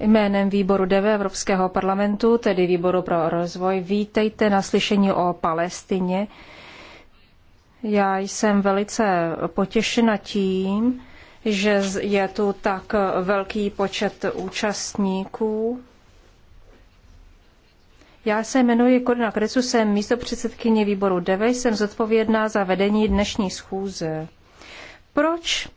Jménem výboru DV Evropského parlamentu, tedy výboru pro rozvoj, vítejte na slyšení o Palestině. Já jsem velice potěšena tím, že je tu tak velký počet účastníků. Já se jmenuji Korina Krecu, jsem místopředsedkyně výboru DV, jsem zodpovědná za vedení dnešní schůze. Proč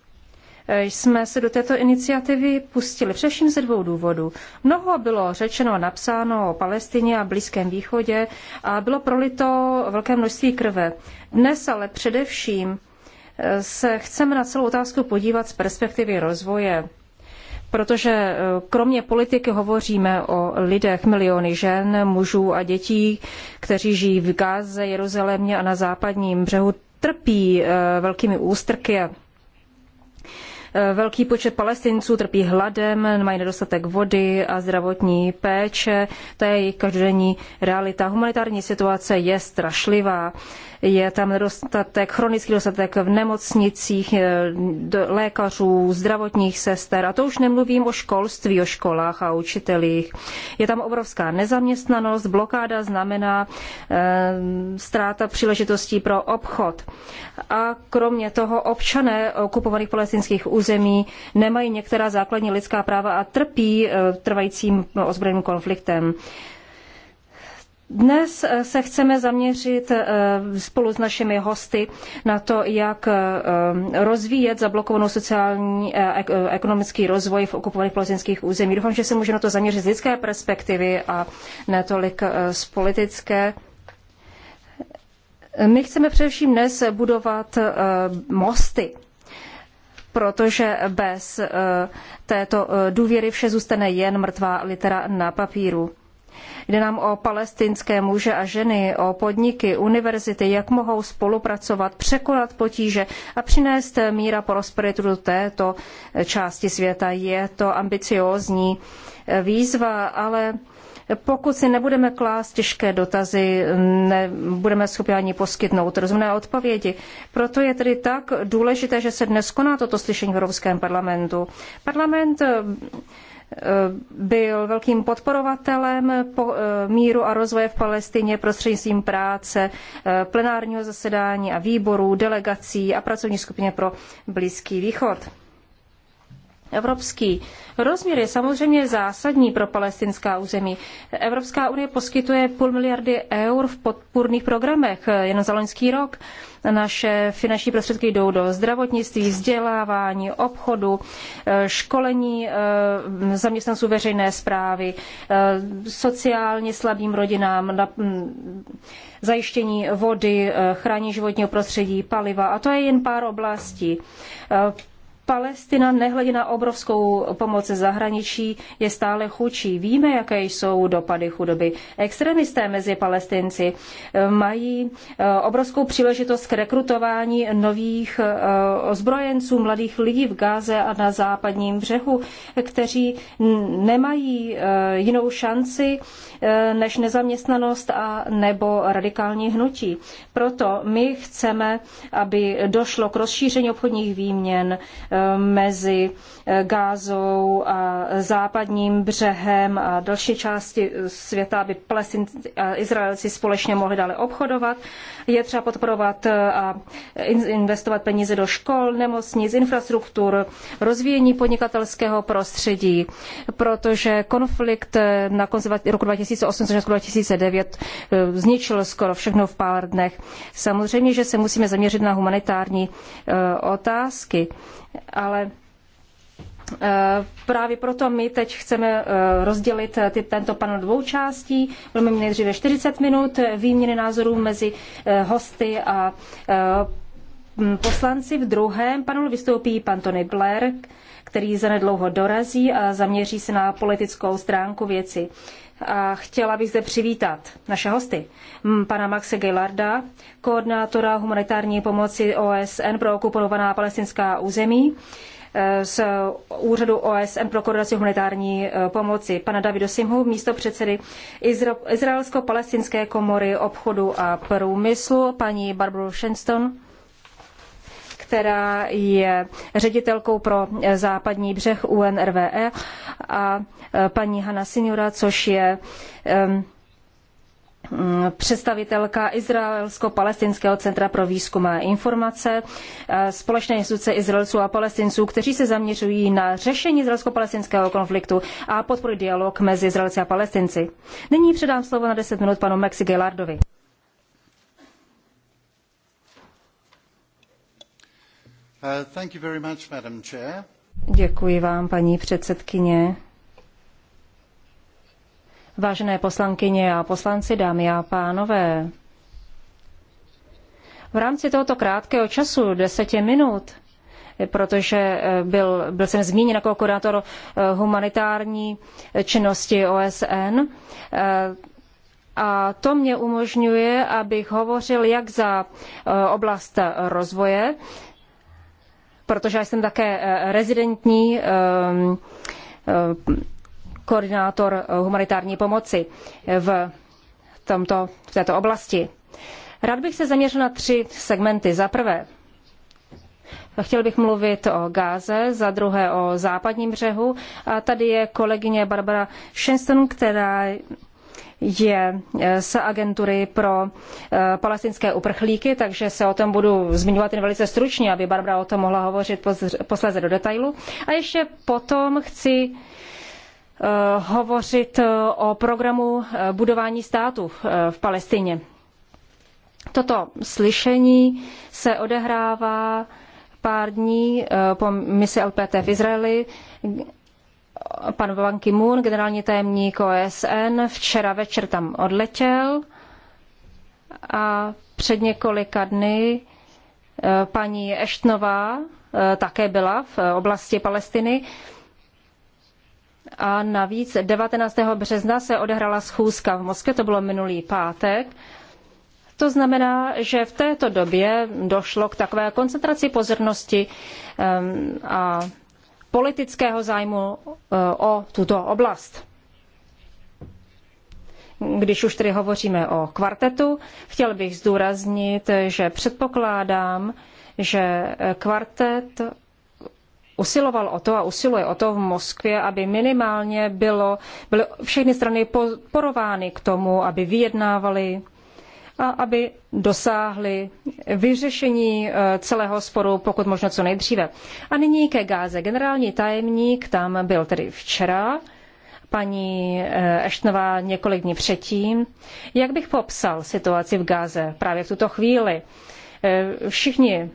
jsme se do této iniciativy pustili především ze dvou důvodů. Mnoho bylo řečeno a napsáno o Palestině a Blízkém východě a bylo prolito velké množství krve. Dnes ale především eh, se chceme na celou otázku podívat z perspektivy rozvoje protože eh, kromě politiky hovoříme o lidech, miliony žen, mužů a dětí, kteří žijí v Gáze, Jeruzalémě a na západním břehu, trpí eh, velkými ústrky Velký počet palestinců trpí hladem, mají nedostatek vody a zdravotní péče. To je jejich každodenní realita. Humanitární situace je strašlivá. Je tam nedostatek, chronický nedostatek v nemocnicích, eh, lékařů, zdravotních sester. A to už nemluvím o školství, o školách a učitelích. Je tam obrovská nezaměstnanost, blokáda znamená e, ztráta příležitostí pro obchod. A kromě toho občané okupovaných palestinských území území nemají některá základní lidská práva a trpí eh, trvajícím ozbrojeným konfliktem. Dnes eh, se chceme zaměřit eh, spolu s našimi hosty na to, jak rozvíjet zablokovanou sociální a ekonomický rozvoj v okupovaných palestinských území. Doufám, že se může na to zaměřit z lidské perspektivy a netolik z politické. My chceme především dnes budovat mosty protože bez eh, této eh, důvěry vše zůstane jen mrtvá litera na papíru. Jde nám o palestinské muže a ženy, o podniky, univerzity, jak mohou spolupracovat, překonat potíže a přinést míra prosperitu do této části světa. Je to ambiciózní eh, výzva, ale pokud si nebudeme klást těžké dotazy, nebudeme schopni ani poskytnout rozumné odpovědi. Proto je tedy tak důležité, že se dnes koná toto slyšení v Evropském parlamentu. Parlament eh, byl velkým podporovatelem eh, míru a rozvoje v Palestině prostřednictvím práce, eh, plenárního zasedání a výborů, delegací a pracovní skupině pro Blízký východ. Evropský rozměr je samozřejmě zásadní pro palestinská území. Evropská unie poskytuje půl miliardy eur v podpůrných programech jen za loňský rok. Naše finanční prostředky jdou do zdravotnictví, vzdělávání, obchodu, školení eh, zaměstnanců veřejné správy, eh, sociálně slabým rodinám, hm, zajištění vody, eh, chrání životního prostředí, paliva. A to je jen pár oblastí. Palestina, nehledě na obrovskou pomoc ze zahraničí, je stále chudší. Víme, jaké jsou dopady chudoby. Extremisté mezi palestinci eh, mají eh, obrovskou příležitost k rekrutování nových eh, ozbrojenců, mladých lidí v Gáze a na západním břehu, kteří nemají jinou šanci než nezaměstnanost a nebo radikální hnutí. Proto my chceme, aby došlo k rozšíření obchodních výměn, mezi Eh, gázou a západním břehem a další části světa, aby a Izraelci společně mohli dále obchodovat. Je třeba podporovat eh, a investovat peníze do škol, nemocnic, infrastruktur, rozvíjení podnikatelského prostředí, protože konflikt eh, na konci roku 2008 roku 2009 zničil skoro všechno v pár dnech. Samozřejmě, že se musíme zaměřit na humanitární otázky, ale Eh, právě proto my teď chceme eh, rozdělit eh, ty, tento panel dvou částí. Budeme mít nejdříve 40 minut výměny názorů mezi hosty a poslanci. V druhém panelu vystoupí pan Tony Blair, který zanedlouho dorazí a zaměří se na politickou stránku věci. A chtěla bych zde přivítat naše hosty, pana Maxe Gellarda, koordinátora humanitární pomoci OSN pro okupovaná palestinská území, z úřadu OSN pro koordinaci humanitární eh, pomoci, pana Davida Simhu, místo předsedy Izraelsko-Palestinské komory obchodu a průmyslu, paní Barbaru Shenston, která je ředitelkou pro eh, západní břeh UNRWE a eh, paní Hanna Sinjura, což je um, představitelka Izraelsko-Palestinského centra pro výzkum a informace, eh, společné instituce Izraelců a Palestinců, kteří se zaměřují na řešení izraelsko-palestinského konfliktu a podporují dialog mezi Izraelci a Palestinci. Nyní předám slovo na 10 minut panu Maxi Gelardovi. Uh, much, Děkuji vám, paní předsedkyně. Vážené poslankyně a poslanci, dámy a pánové, v rámci tohoto krátkého času, deseti minut, protože eh, byl, byl jsem zmíněn jako kurátor eh, humanitární činnosti OSN, eh, a to mě umožňuje, abych hovořil jak za oblast rozvoje, protože jsem také rezidentní koordinátor eh, humanitární pomoci v, tomto, v této oblasti. Rád bych se zaměřil na tři segmenty. Za prvé, chtěl bych mluvit o Gáze, za druhé o západním břehu. A tady je kolegyně Barbara Shenston, která je eh, z agentury pro eh, palestinské uprchlíky, takže se o tom budu zmiňovat jen velice stručně, aby Barbara o tom mohla hovořit posléze do detailu. A ještě potom chci Eh, hovořit eh, o programu eh, budování státu v Palestině. Toto slyšení se odehrává pár dní po misi LPT v Izraeli. Pan Ban Ki-moon, generální tajemník OSN, včera večer tam odletěl a před několika dny paní Eštnová také byla v oblasti Palestiny. A navíc 19. března se odehrála schůzka v Moskvě, to bylo minulý pátek. To znamená, že v této době došlo k takové koncentraci pozornosti ehm, a politického zájmu eh, o tuto oblast. Když už tedy hovoříme o kvartetu, chtěl bych zdůraznit, že předpokládám, že kvartet usiloval o to a usiluje o to v Moskvě, aby minimálně bylo, byly všechny strany podporovány k tomu, aby vyjednávali a aby dosáhli vyřešení eh, celého sporu pokud možno co nejdříve. A nyní ke Gáze. Generální tajemník tam byl tedy včera, paní eh, Eštnová několik dní předtím. Jak bych popsal situaci v Gáze právě v tuto chvíli? Eh, všichni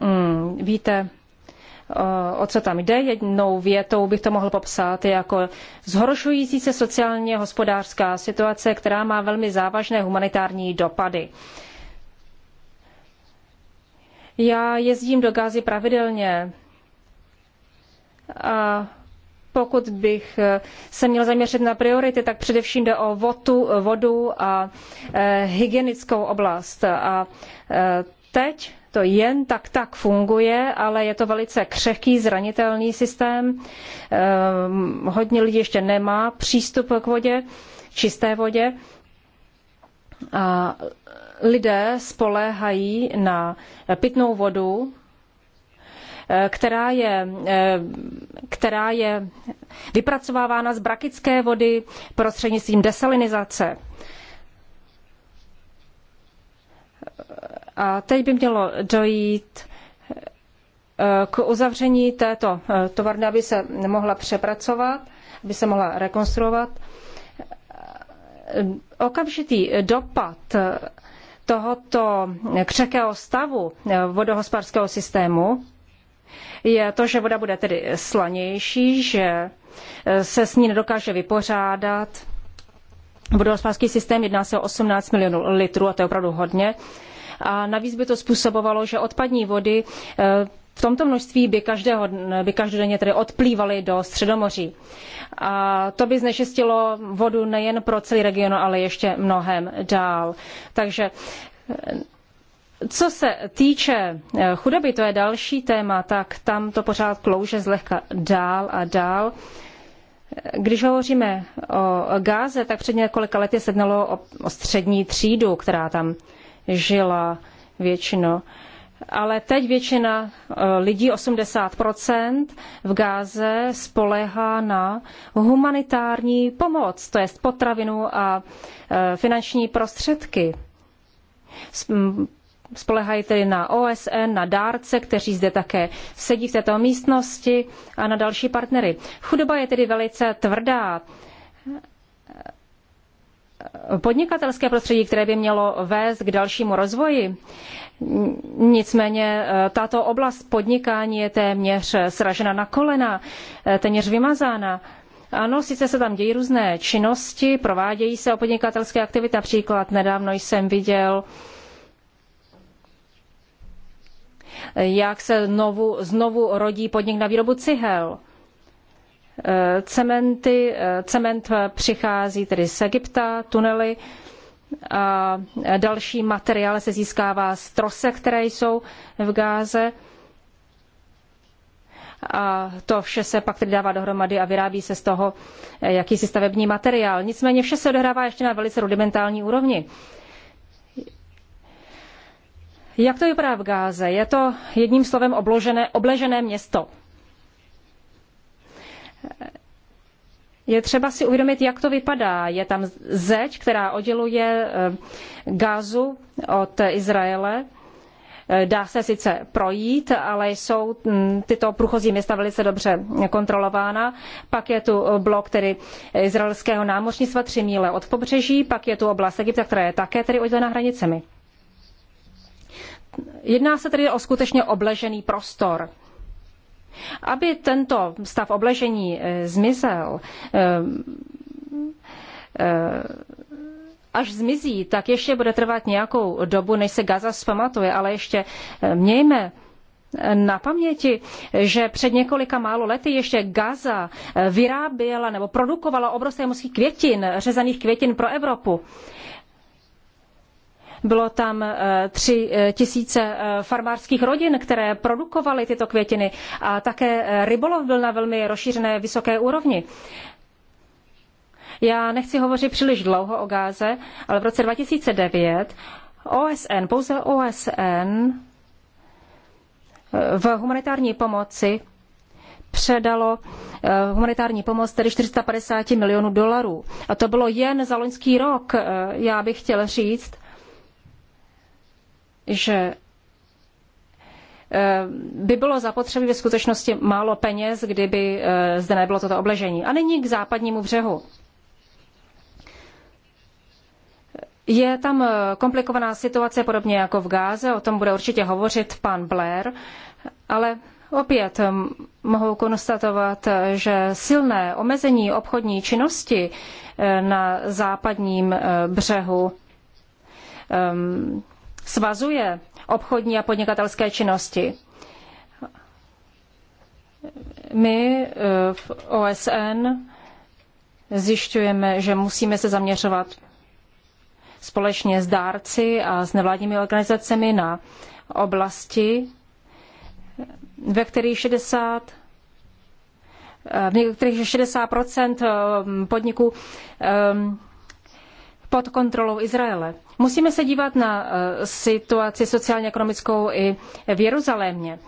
mm, víte, o co tam jde. Jednou větou bych to mohl popsat jako zhoršující se sociálně hospodářská situace, která má velmi závažné humanitární dopady. Já jezdím do Gázy pravidelně a pokud bych se měl zaměřit na priority, tak především jde o vodu, vodu a eh, hygienickou oblast. A eh, teď to jen tak tak funguje, ale je to velice křehký, zranitelný systém. Ehm, hodně lidí ještě nemá přístup k vodě, čisté vodě. A lidé spoléhají na pitnou vodu, eh, která je, eh, která je vypracovávána z brakické vody prostřednictvím desalinizace. A teď by mělo dojít eh, k uzavření této eh, továrny, aby se mohla přepracovat, aby se mohla rekonstruovat. Eh, okamžitý dopad tohoto křehkého stavu vodohospodářského systému je to, že voda bude tedy slanější, že se s ní nedokáže vypořádat vodohospodářský systém, jedná se o 18 milionů litrů a to je opravdu hodně. A navíc by to způsobovalo, že odpadní vody eh, v tomto množství by, každého, by každodenně tedy odplývaly do Středomoří. A to by znečistilo vodu nejen pro celý region, ale ještě mnohem dál. Takže eh, co se týče eh, chudoby, to je další téma, tak tam to pořád klouže zlehka dál a dál. Když hovoříme o Gáze, tak před několika lety se jednalo o, o střední třídu, která tam žila většinou. Ale teď většina e, lidí, 80%, v Gáze spolehá na humanitární pomoc, to jest potravinu a e, finanční prostředky. Spolehají tedy na OSN, na dárce, kteří zde také sedí v této místnosti a na další partnery. Chudoba je tedy velice tvrdá. Podnikatelské prostředí, které by mělo vést k dalšímu rozvoji, nicméně eh, tato oblast podnikání je téměř sražena na kolena, eh, téměř vymazána. Ano, sice se tam dějí různé činnosti, provádějí se o podnikatelské aktivity, například nedávno jsem viděl uh, jak se znovu, znovu rodí podnik na výrobu cihel. Eh, cementy, eh, cement přichází tedy z Egypta, tunely a další materiál se získává z trose, které jsou v Gáze. A to vše se pak tedy dává dohromady a vyrábí se z toho eh, jakýsi stavební materiál. Nicméně vše se odehrává ještě na velice rudimentální úrovni. Jak to vypadá v Gáze? Je to jedním slovem obložené, obležené město. Je třeba si uvědomit, jak to vypadá. Je tam zeď, která odděluje eh, Gázu od Izraele. Eh, dá se sice projít, ale jsou hm, tyto průchozí města velice dobře kontrolována. Pak je tu blok tedy izraelského námořnictva tři míle od pobřeží, pak je tu oblast Egypta, která je také tedy oddělena hranicemi. Jedná se tedy o skutečně obležený prostor. Aby tento stav obležení eh, zmizel, eh, eh, až zmizí, tak ještě bude trvat nějakou dobu, než se Gaza zpamatuje, ale ještě mějme na paměti, že před několika málo lety ještě Gaza vyráběla nebo produkovala obrovské množství květin, řezaných květin pro Evropu. Bylo tam eh, tři eh, tisíce eh, farmářských rodin, které produkovaly tyto květiny a také rybolov byl na velmi rozšířené vysoké úrovni. Já nechci hovořit příliš dlouho o Gáze, ale v roce 2009 OSN, pouze OSN v humanitární pomoci předalo humanitární pomoc tedy 450 milionů dolarů. A to bylo jen za loňský rok. Já bych chtěl říct, že eh, by bylo zapotřebí ve skutečnosti málo peněz, kdyby eh, zde nebylo toto obležení. A nyní k západnímu břehu. Je tam eh, komplikovaná situace, podobně jako v Gáze, o tom bude určitě hovořit pan Blair, ale opět mohu konstatovat, že silné omezení obchodní činnosti na západním břehu ehm, svazuje obchodní a podnikatelské činnosti. My eh, v OSN zjišťujeme, že musíme se zaměřovat společně s dárci a s nevládními organizacemi na oblasti, ve kterých 60 eh, v některých 60 eh, podniků um, pod kontrolou Izraele. Musíme se dívat na eh, situaci sociálně ekonomickou i v Jeruzalémě.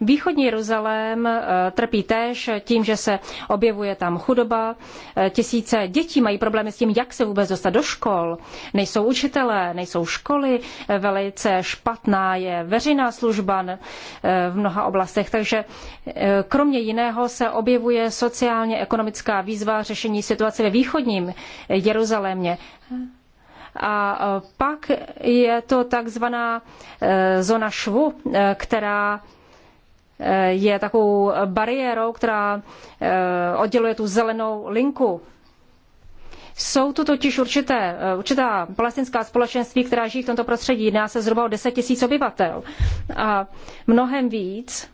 Východní Jeruzalém eh, trpí též tím, že se objevuje tam chudoba. Eh, tisíce dětí mají problémy s tím, jak se vůbec dostat do škol. Nejsou učitelé, nejsou školy, eh, velice špatná je veřejná služba v mnoha oblastech. Takže kromě jiného se objevuje sociálně ekonomická výzva řešení situace ve východním Jeruzalémě. A pak je to takzvaná zóna švu, která Eh, je takovou bariérou, která eh, odděluje tu zelenou linku. Jsou tu totiž určité, eh, určitá palestinská společenství, která žijí v tomto prostředí. Jedná se zhruba o 10 tisíc obyvatel. A mnohem víc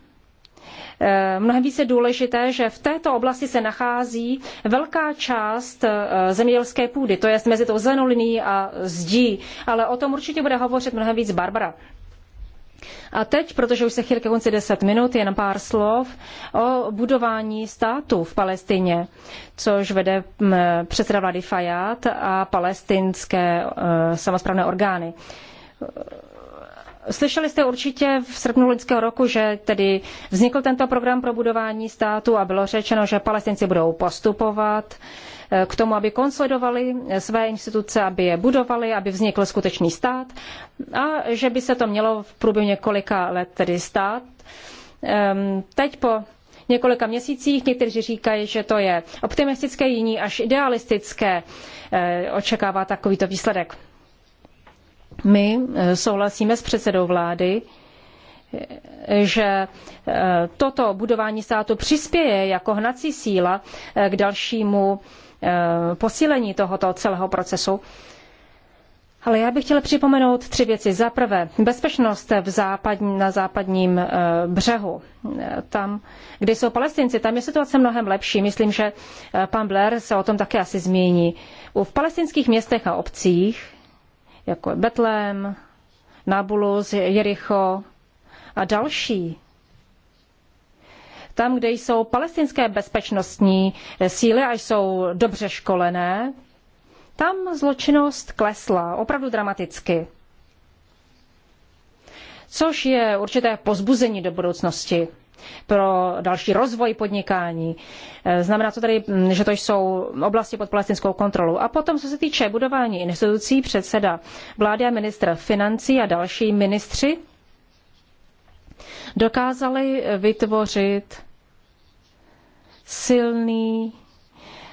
Mnohem více důležité, že v této oblasti se nachází velká část zemědělské půdy, to je mezi tou zelenou linií a zdí, ale o tom určitě bude hovořit mnohem víc Barbara. A teď, protože už se chvíli ke konci 10 minut, jen pár slov o budování státu v Palestině, což vede předseda vlády Fayad a palestinské e, samozprávné orgány. Slyšeli jste určitě v srpnu loňského roku, že tedy vznikl tento program pro budování státu a bylo řečeno, že palestinci budou postupovat uh, k tomu, aby konsolidovali své instituce, aby je budovali, aby vznikl skutečný stát a že by se to mělo v průběhu několika let tedy stát. Ehm, teď po několika měsících. Někteří říkají, že to je optimistické, jiní až idealistické. Eh, očekává takovýto výsledek. My eh, souhlasíme s předsedou vlády, eh, že toto budování státu přispěje jako hnací síla k dalšímu Eh, posílení tohoto celého procesu. Ale já bych chtěla připomenout tři věci. Za prvé, bezpečnost v západní, na západním eh, břehu. Eh, tam, kde jsou palestinci, tam je situace mnohem lepší. Myslím, že pan Blair se o tom také asi zmíní. V palestinských městech a obcích, jako je Betlém, Nabulus, Jericho a další, tam, kde jsou palestinské bezpečnostní síly a jsou dobře školené, tam zločinnost klesla opravdu dramaticky. Což je určité pozbuzení do budoucnosti pro další rozvoj podnikání. Znamená to tedy, že to jsou oblasti pod palestinskou kontrolou. A potom, co se týče budování institucí, předseda vlády a ministr financí a další ministři dokázali vytvořit silný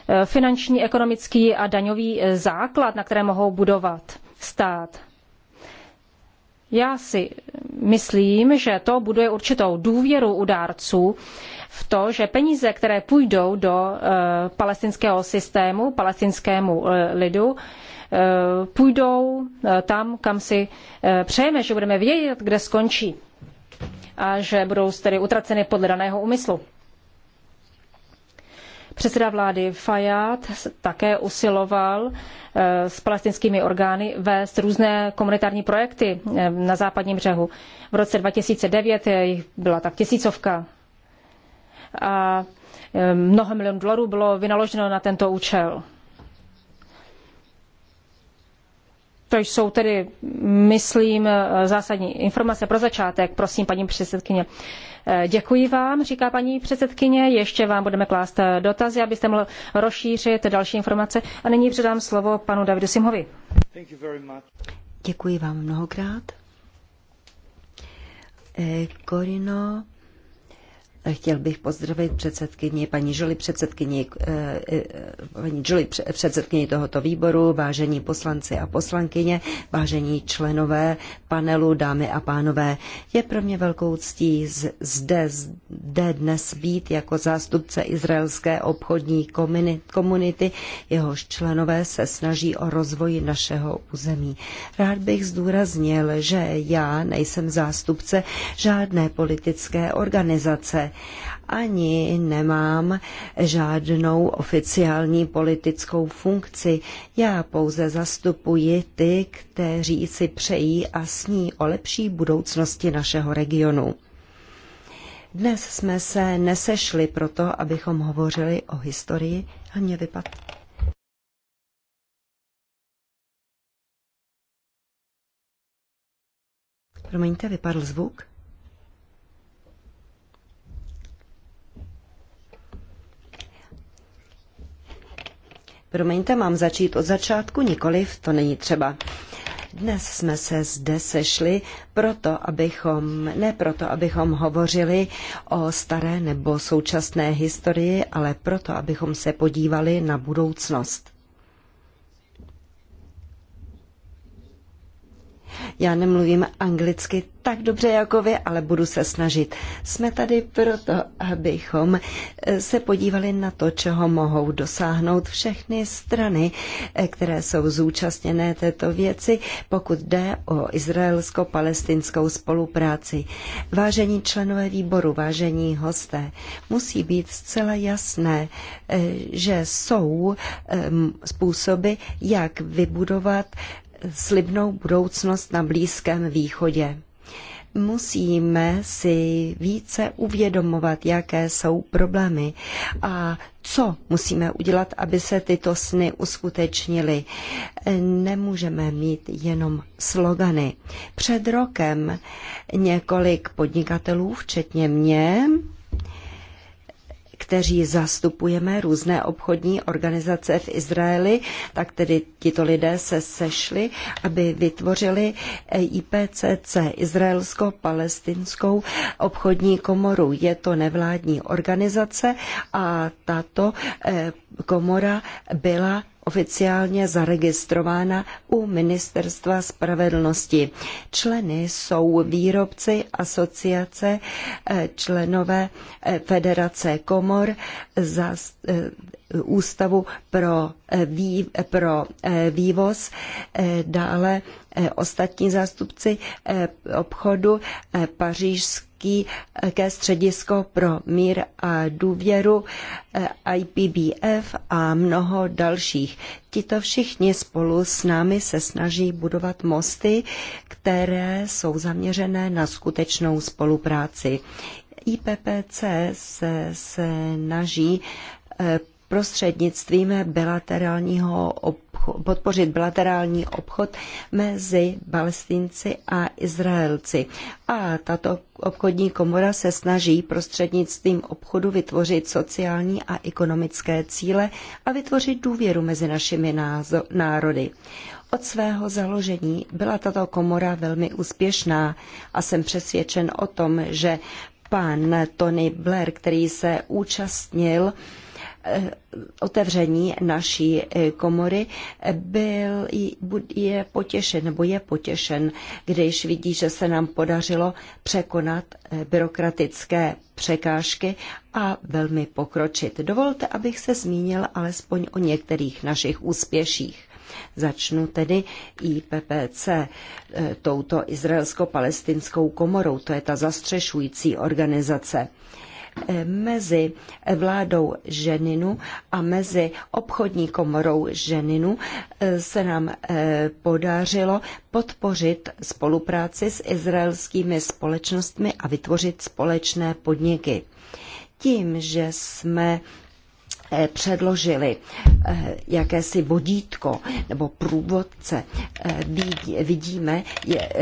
eh, finanční, ekonomický a daňový eh, základ, na které mohou budovat stát. Já si myslím, že to buduje určitou důvěru u dárců v to, že peníze, které půjdou do eh, palestinského systému, palestinskému lidu, půjdou tam, kam si přejeme, že budeme vědět, kde skončí a že budou tedy utraceny podle daného úmyslu. Předseda vlády Fayad také usiloval eh, s palestinskými orgány vést různé komunitární projekty eh, na západním břehu. V roce 2009 eh, byla tak tisícovka a mnoho milionů dolarů bylo vynaloženo na tento účel. To jsou tedy, mm, myslím, zásadní informace pro začátek. Prosím, paní předsedkyně. Eh, děkuji vám, říká paní předsedkyně. Ještě vám budeme klást eh, dotazy, abyste mohl rozšířit další informace. A nyní předám slovo panu Davidu Simhovi. Děkuji vám mnohokrát. Korino, eh, Chtěl bych pozdravit předsedkyni, paní Žuli předsedkyni, eh, eh, paní Žuli předsedkyni tohoto výboru, vážení poslanci a poslankyně, vážení členové panelu, dámy a pánové. Je pro mě velkou ctí zde, zde dnes být jako zástupce izraelské obchodní komunity, jehož členové se snaží o rozvoj našeho území. Rád bych zdůraznil, že já nejsem zástupce žádné politické organizace, ani nemám žádnou oficiální politickou funkci. Já pouze zastupuji ty, kteří si přejí a sní o lepší budoucnosti našeho regionu. Dnes jsme se nesešli proto, abychom hovořili o historii. A mě vypad. Promiňte, vypadl zvuk. Promiňte, mám začít od začátku, nikoliv, to není třeba. Dnes jsme se zde sešli proto, abychom, ne proto, abychom hovořili o staré nebo současné historii, ale proto, abychom se podívali na budoucnost. Já nemluvím anglicky tak dobře jako vy, ale budu se snažit. Jsme tady proto, abychom eh, se podívali na to, čeho mohou dosáhnout všechny strany, eh, které jsou zúčastněné této věci, pokud jde o izraelsko-palestinskou spolupráci. Vážení členové výboru, vážení hosté, musí být zcela jasné, eh, že jsou ehm, způsoby, jak vybudovat slibnou budoucnost na Blízkém východě. Musíme si více uvědomovat, jaké jsou problémy a co musíme udělat, aby se tyto sny uskutečnily. Nemůžeme mít jenom slogany. Před rokem několik podnikatelů, včetně mě, kteří zastupujeme různé obchodní organizace v Izraeli, tak tedy tito lidé se sešli, aby vytvořili IPCC, Izraelsko-Palestinskou obchodní komoru. Je to nevládní organizace a tato eh, komora byla oficiálně zaregistrována u Ministerstva spravedlnosti. Členy jsou výrobci, asociace, eh, členové eh, Federace komor, za eh, Ústavu pro, vý, pro vývoz, dále ostatní zástupci obchodu Pařížské Evropské eh, středisko pro mír a důvěru, eh, IPBF a mnoho dalších. Tito všichni spolu s námi se snaží budovat mosty, které jsou zaměřené na skutečnou spolupráci. IPPC se snaží eh, prostřednictvím bilaterálního obchod, podpořit bilaterální obchod mezi Palestinci a Izraelci. A tato obchodní komora se snaží prostřednictvím obchodu vytvořit sociální a ekonomické cíle a vytvořit důvěru mezi našimi národy. Od svého založení byla tato komora velmi úspěšná a jsem přesvědčen o tom, že pan Tony Blair, který se účastnil Eh, otevření naší eh, komory byl, je potěšen, nebo je potěšen, když vidí, že se nám podařilo překonat eh, byrokratické překážky a velmi pokročit. Dovolte, abych se zmínil alespoň o některých našich úspěších. Začnu tedy IPPC, touto izraelsko-palestinskou komorou, to je ta zastřešující organizace. Eh, mezi vládou Ženinu a mezi obchodní komorou Ženinu eh, se nám eh, podařilo podpořit spolupráci s izraelskými společnostmi a vytvořit společné podniky. Tím, že jsme Eh, předložili eh, jakési vodítko nebo průvodce, eh, vidíme,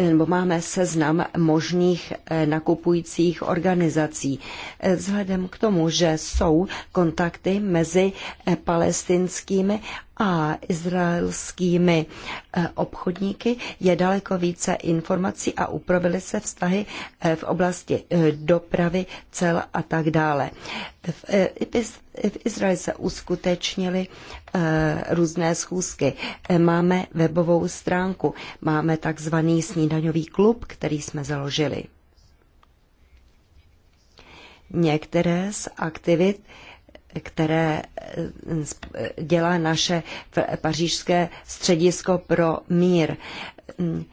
nebo máme seznam možných nakupujících organizací. Vzhledem k tomu, že jsou kontakty mezi palestinskými a izraelskými eh, obchodníky je daleko více informací a upravily se vztahy eh, v oblasti eh, dopravy, cel a tak dále. V Izraeli se uskutečnily různé schůzky. Máme webovou stránku, máme takzvaný snídaňový klub, který jsme založili. Některé z aktivit které eh, eh, dělá naše pařížské středisko pro mír. Mm,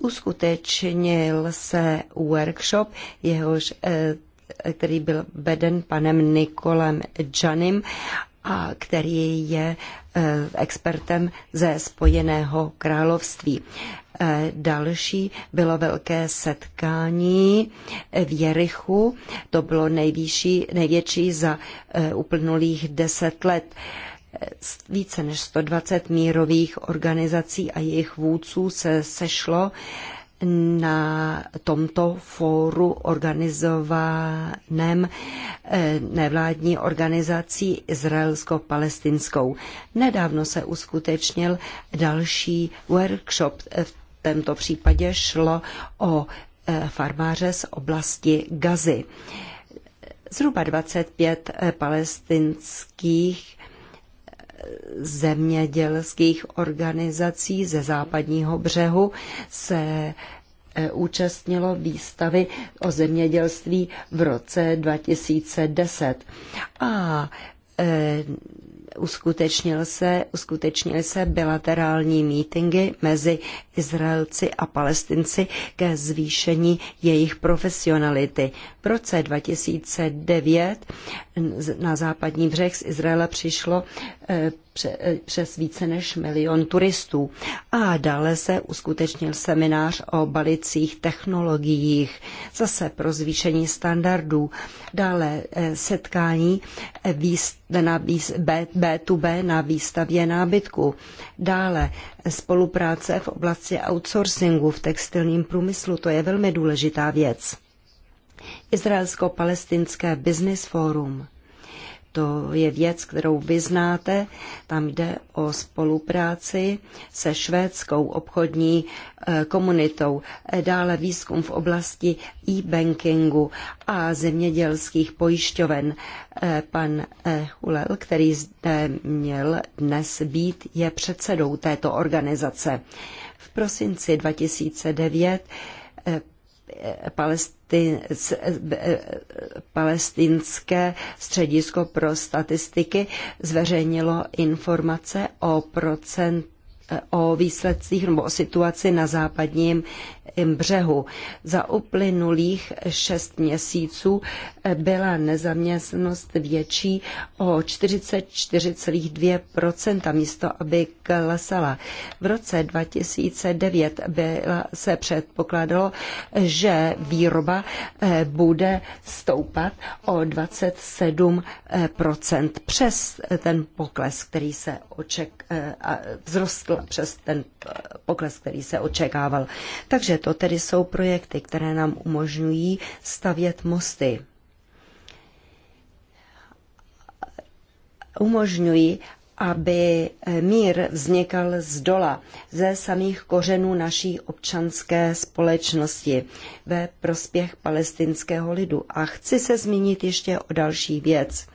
uskutečnil se workshop, jehož eh, který byl veden panem Nikolem Janim a který je eh, expertem ze Spojeného království. Eh, další bylo velké setkání v Jerichu, to bylo nejvyšší, největší za eh, uplynulých deset let. Více než 120 mírových organizací a jejich vůdců se sešlo na tomto fóru organizovaném eh, nevládní organizací izraelsko-palestinskou. Nedávno se uskutečnil další workshop. V tomto případě šlo o eh, farmáře z oblasti Gazy. Zhruba 25 eh, palestinských zemědělských organizací ze západního břehu se eh, účastnilo výstavy o zemědělství v roce 2010. A eh, uskutečnil se, uskutečnily se bilaterální mítingy mezi Izraelci a Palestinci ke zvýšení jejich profesionality. V roce 2009 na západní břeh z Izraela přišlo eh, Eh, přes více než milion turistů. A dále se uskutečnil seminář o balicích technologiích, zase pro zvýšení standardů. Dále eh, setkání eh, na B2B na výstavě nábytku. Dále spolupráce v oblasti outsourcingu v textilním průmyslu, to je velmi důležitá věc. Izraelsko-palestinské business forum to je věc, kterou vy znáte. Tam jde o spolupráci se švédskou obchodní eh, komunitou, dále výzkum v oblasti e-bankingu a zemědělských pojišťoven. Eh, pan eh, Hulel, který zde měl dnes být, je předsedou této organizace. V prosinci 2009 palestinské středisko pro statistiky zveřejnilo informace o procent o výsledcích nebo o situaci na západním břehu. Za uplynulých šest měsíců eh, byla nezaměstnost větší o 44,2% místo, aby klesala. V roce 2009 byla, se předpokládalo, že výroba eh, bude stoupat o 27% přes ten pokles, který se oček eh, vzrostl přes ten Eh, pokles, který se očekával. Takže to tedy jsou projekty, které nám umožňují stavět mosty. Umožňují, aby mír vznikal z dola, ze samých kořenů naší občanské společnosti ve prospěch palestinského lidu. A chci se zmínit ještě o další věc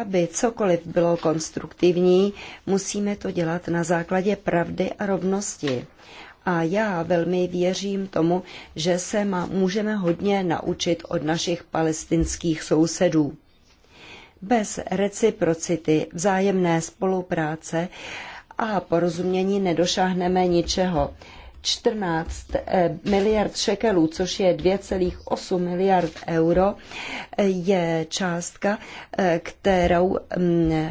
aby cokoliv bylo konstruktivní, musíme to dělat na základě pravdy a rovnosti. A já velmi věřím tomu, že se ma, můžeme hodně naučit od našich palestinských sousedů. Bez reciprocity, vzájemné spolupráce a porozumění nedošáhneme ničeho. 14 eh, miliard šekelů, což je 2,8 miliard euro, eh, je částka, eh, kterou mm,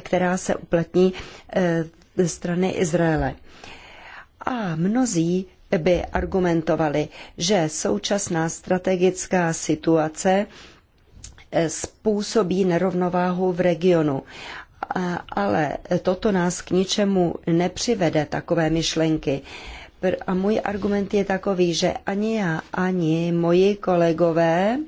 která se uplatní ze strany Izraele. A mnozí by argumentovali, že současná strategická situace způsobí nerovnováhu v regionu ale toto nás k ničemu nepřivede, takové myšlenky. A můj argument je takový, že ani já, ani moji kolegové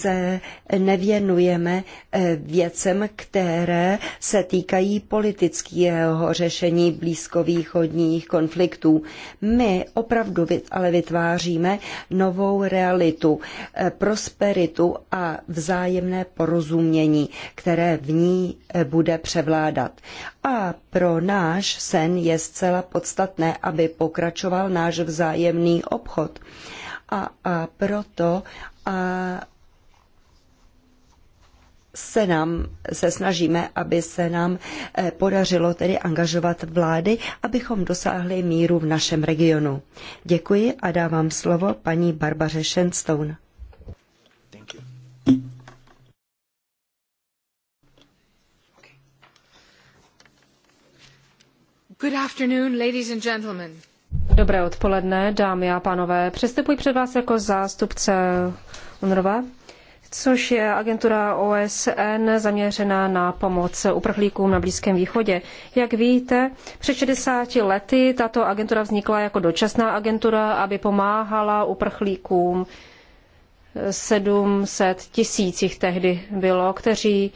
se nevěnujeme eh, věcem, které se týkají politického řešení blízkovýchodních konfliktů. My opravdu ale vytváříme novou realitu, eh, prosperitu a vzájemné porozumění, které v ní eh, bude převládat. A pro náš sen je zcela podstatné, aby pokračoval náš vzájemný obchod. A, a proto a se nám, se snažíme, aby se nám eh, podařilo tedy angažovat vlády, abychom dosáhli míru v našem regionu. Děkuji a dávám slovo paní Barbaře Shenstone. Good afternoon, ladies and gentlemen. Dobré odpoledne, dámy a pánové. Přestupuji před vás jako zástupce UNRWA což je agentura OSN zaměřená na pomoc uprchlíkům na Blízkém východě. Jak víte, před 60 lety tato agentura vznikla jako dočasná agentura, aby pomáhala uprchlíkům 700 tisíc jich tehdy bylo, kteří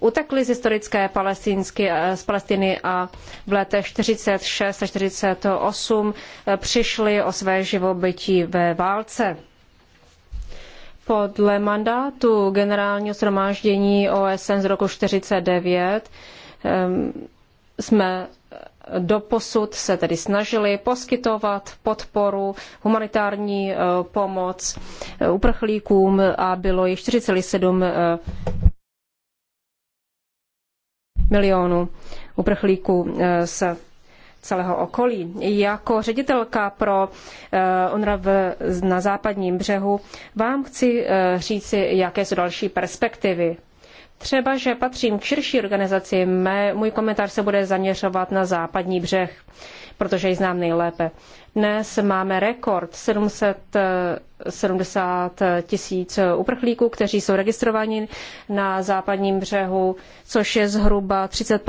utekli z historické Palestinsky, z Palestiny a v letech 46 a 48 přišli o své živobytí ve válce. Podle mandátu generálního shromáždění OSN z roku 49 ehm, jsme doposud se tedy snažili poskytovat podporu, humanitární e, pomoc e, uprchlíkům a bylo jich 4,7 e, milionů uprchlíků se celého okolí. Jako ředitelka pro UNRWA eh, na západním břehu vám chci eh, říci, jaké jsou další perspektivy. Třeba, že patřím k širší organizaci, mé, můj komentář se bude zaměřovat na západní břeh protože ji znám nejlépe. Dnes máme rekord 770 tisíc uprchlíků, kteří jsou registrováni na západním břehu, což je zhruba 30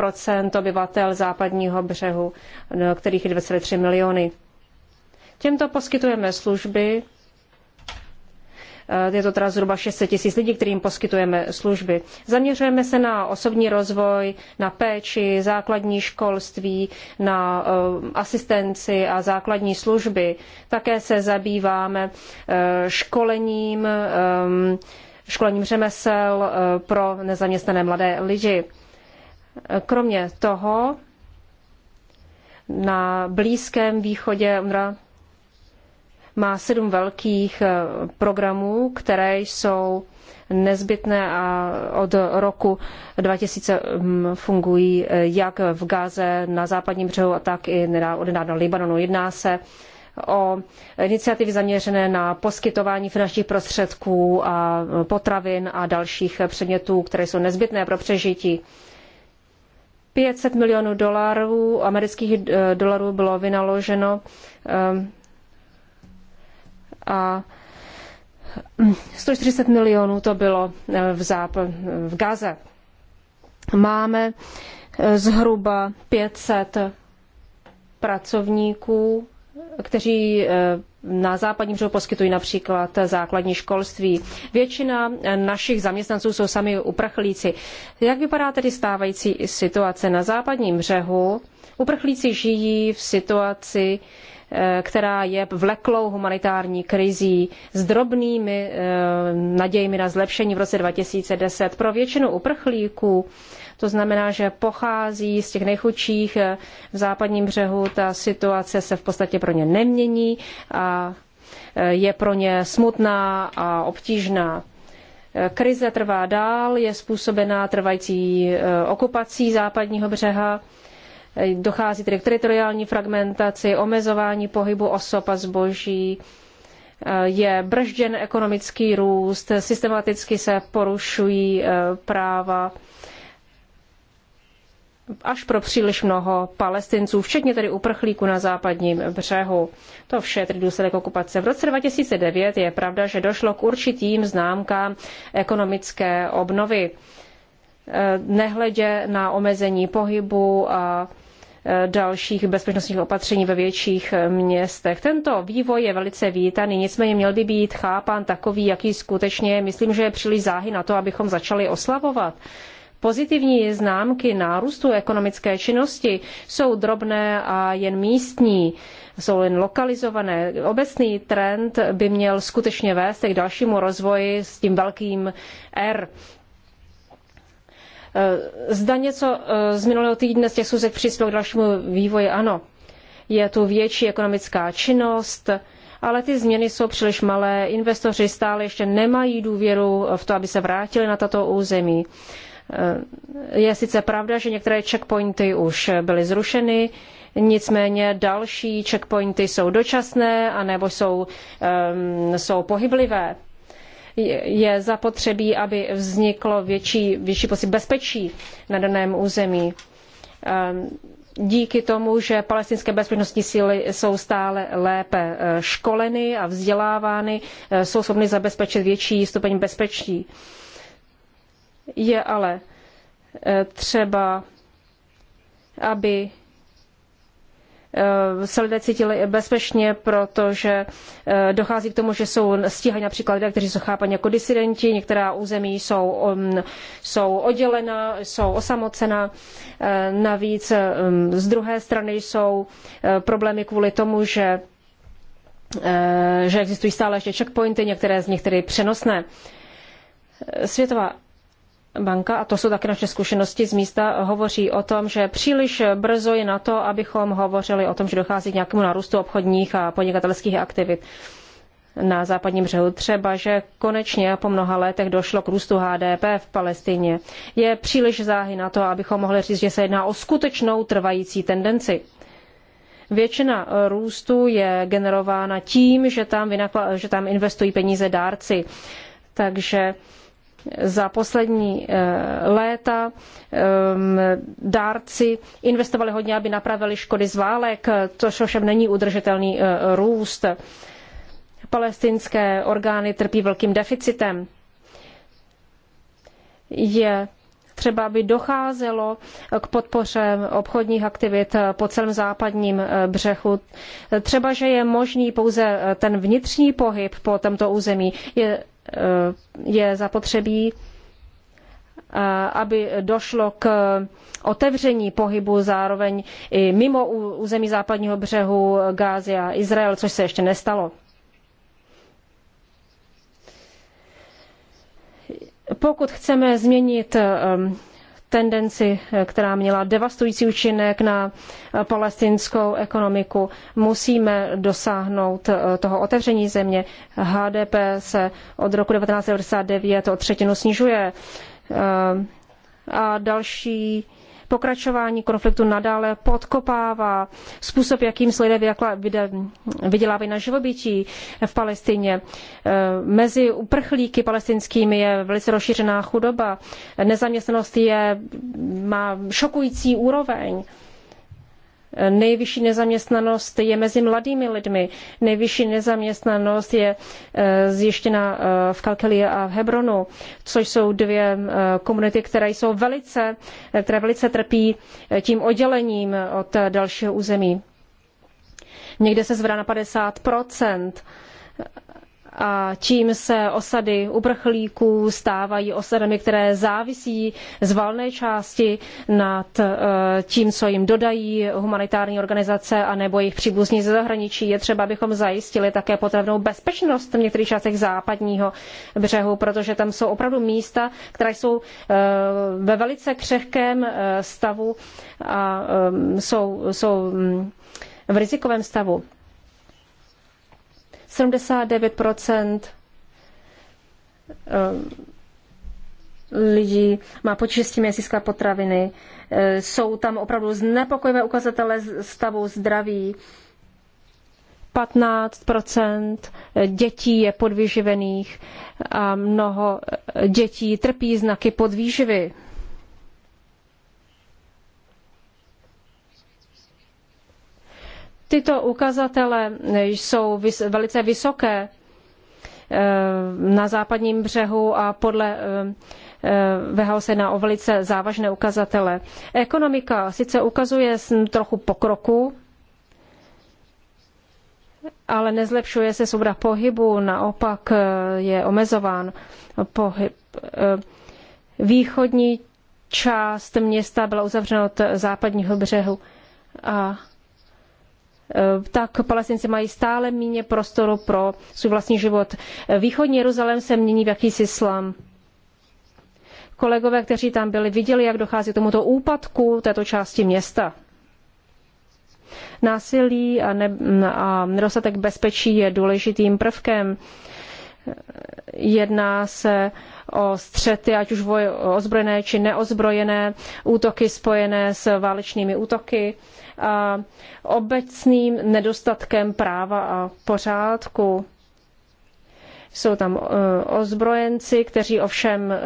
obyvatel západního břehu, kterých je 2,3 miliony. Těmto poskytujeme služby, Eh, je to teda zhruba 600 tisíc lidí, kterým poskytujeme služby. Zaměřujeme se na osobní rozvoj, na péči, základní školství, na eh, asistenci a základní služby. Také se zabýváme eh, školením, školením řemesel pro nezaměstnané mladé lidi. Kromě toho na Blízkém východě má sedm velkých eh, programů, které jsou nezbytné a od roku 2000 hm, fungují eh, jak v Gaze na západním břehu, tak i nedávno Libanonu. Jedná se o iniciativy zaměřené na poskytování finančních prostředků a potravin a dalších předmětů, které jsou nezbytné pro přežití. 500 milionů dolarů, amerických eh, dolarů bylo vynaloženo ehm, a 140 mm, milionů to bylo eh, v, záp- v Gaze. Máme eh, zhruba 500 pracovníků, kteří eh, na západním břehu poskytují například základní školství. Většina našich zaměstnanců jsou sami uprchlíci. Jak vypadá tedy stávající situace na západním břehu? Uprchlíci žijí v situaci, eh, která je vleklou humanitární krizí s drobnými eh, nadějemi na zlepšení v roce 2010. Pro většinu uprchlíků to znamená, že pochází z těch nejchudších eh, v západním břehu, ta situace se v podstatě pro ně nemění a je pro ně smutná a obtížná. Krize trvá dál, je způsobená trvající eh, okupací západního břeha, dochází tedy k teritoriální fragmentaci, omezování pohybu osob a zboží, eh, je bržděn ekonomický růst, systematicky se porušují eh, práva až pro příliš mnoho palestinců, včetně tedy uprchlíků na západním břehu. To vše tedy důsledek okupace. V roce 2009 je pravda, že došlo k určitým známkám ekonomické obnovy. Eh, nehledě na omezení pohybu a eh, dalších bezpečnostních opatření ve větších eh, městech. Tento vývoj je velice vítaný, nicméně měl by být chápán takový, jaký skutečně je. Myslím, že je příliš záhy na to, abychom začali oslavovat Pozitivní známky nárůstu ekonomické činnosti jsou drobné a jen místní, jsou jen lokalizované. Obecný trend by měl skutečně vést k dalšímu rozvoji s tím velkým R. Eh, zda něco eh, z minulého týdne z těch suzek přispělo k dalšímu vývoji? Ano. Je tu větší ekonomická činnost, ale ty změny jsou příliš malé. Investoři stále ještě nemají důvěru v to, aby se vrátili na tato území. Eh, je sice pravda, že některé checkpointy už byly zrušeny, nicméně další checkpointy jsou dočasné anebo jsou, um, jsou pohyblivé. Je zapotřebí, aby vzniklo větší, větší pocit bezpečí na daném území. Um, díky tomu, že palestinské bezpečnostní síly jsou stále lépe eh, školeny a vzdělávány, eh, jsou schopny zabezpečit větší stupeň bezpečí. Je ale eh, třeba, aby eh, se lidé cítili bezpečně, protože eh, dochází k tomu, že jsou stíhaní například lidé, kteří jsou chápaní jako disidenti, některá území jsou, mm, jsou oddělena, jsou osamocena. Navíc mm, z druhé strany jsou problémy kvůli tomu, že že existují stále ještě checkpointy, některé z nich tedy přenosné. Světová banka, a to jsou také naše zkušenosti z místa, hovoří o tom, že příliš brzo je na to, abychom hovořili o tom, že dochází k nějakému nárůstu obchodních a podnikatelských aktivit na západním břehu. Třeba, že konečně po mnoha letech došlo k růstu HDP v Palestině. Je příliš záhy na to, abychom mohli říct, že se jedná o skutečnou trvající tendenci. Většina růstu je generována tím, že tam, vynakla- že tam investují peníze dárci. Takže za poslední eh, léta ehm, dárci investovali hodně, aby napravili škody z válek, což ovšem není udržitelný eh, růst. Palestinské orgány trpí velkým deficitem. Je třeba, aby docházelo k podpoře obchodních aktivit po celém západním eh, břehu. Třeba, že je možný pouze ten vnitřní pohyb po tomto území. Je Eh, je zapotřebí, eh, aby došlo k otevření pohybu zároveň i mimo území západního břehu Gázy a Izrael, což se ještě nestalo. Pokud chceme změnit eh, tendenci, eh, která měla devastující účinek na eh, palestinskou ekonomiku. Musíme dosáhnout eh, toho otevření země. HDP se od roku 1999 o třetinu snižuje. A další Pokračování konfliktu nadále podkopává způsob, jakým se lidé vydělávají na živobytí v Palestině. E, mezi uprchlíky palestinskými je velice rozšířená chudoba. Nezaměstnanost je, má šokující úroveň. Nejvyšší nezaměstnanost je mezi mladými lidmi. Nejvyšší nezaměstnanost je eh, zjištěna eh, v Kalkelii a v Hebronu, což jsou dvě eh, komunity, které jsou velice, které velice trpí tím oddělením od dalšího území. Někde se zvedá na 50 a tím se osady uprchlíků stávají osadami, které závisí z valné části nad e, tím, co jim dodají humanitární organizace a nebo jejich příbuzní ze zahraničí. Je třeba, abychom zajistili také potravnou bezpečnost v některých částech západního břehu, protože tam jsou opravdu místa, která jsou e, ve velice křehkém e, stavu a jsou, jsou mm, v rizikovém stavu. 79 eh, lidí má potíže s tím, jak získá potraviny. Eh, jsou tam opravdu znepokojivé ukazatele stavu zdraví. 15 eh, dětí je podvyživených a mnoho dětí trpí znaky podvýživy. Tyto ukazatele jsou velice vysoké eh, na západním břehu a podle eh, eh, VHO se na o velice závažné ukazatele. Ekonomika sice ukazuje trochu pokroku, ale nezlepšuje se svoboda pohybu, naopak je omezován pohyb. Východní část města byla uzavřena od západního břehu a Eh, tak palestinci mají stále méně prostoru pro svůj vlastní život. Eh, východní Jeruzalém se mění v jakýsi slum. Kolegové, kteří tam byli, viděli, jak dochází k tomuto úpadku této části města. Násilí a, ne, a nedostatek bezpečí je důležitým prvkem. Eh, jedná se o střety, ať už voj, ozbrojené či neozbrojené, útoky spojené s válečnými útoky a obecným nedostatkem práva a pořádku. Jsou tam e, ozbrojenci, kteří ovšem e,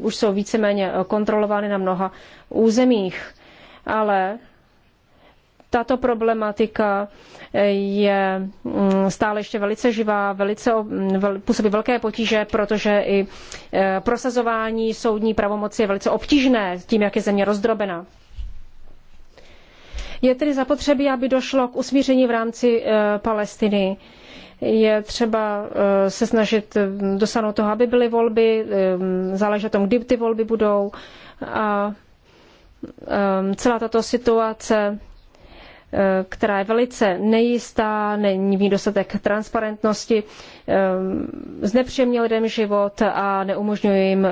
už jsou víceméně kontrolovány na mnoha územích. Ale tato problematika je mm, stále ještě velice živá, velice působí velké potíže, protože i e, prosazování soudní pravomoci je velice obtížné tím, jak je země rozdrobena. Je tedy zapotřebí, aby došlo k usmíření v rámci e, Palestiny. Je třeba e, se snažit e, dosáhnout toho, aby byly volby, záleží na tom, kdy ty volby budou. A celá tato situace která je velice nejistá, není v ní dostatek transparentnosti, znepříjemňuje lidem život a neumožňuje jim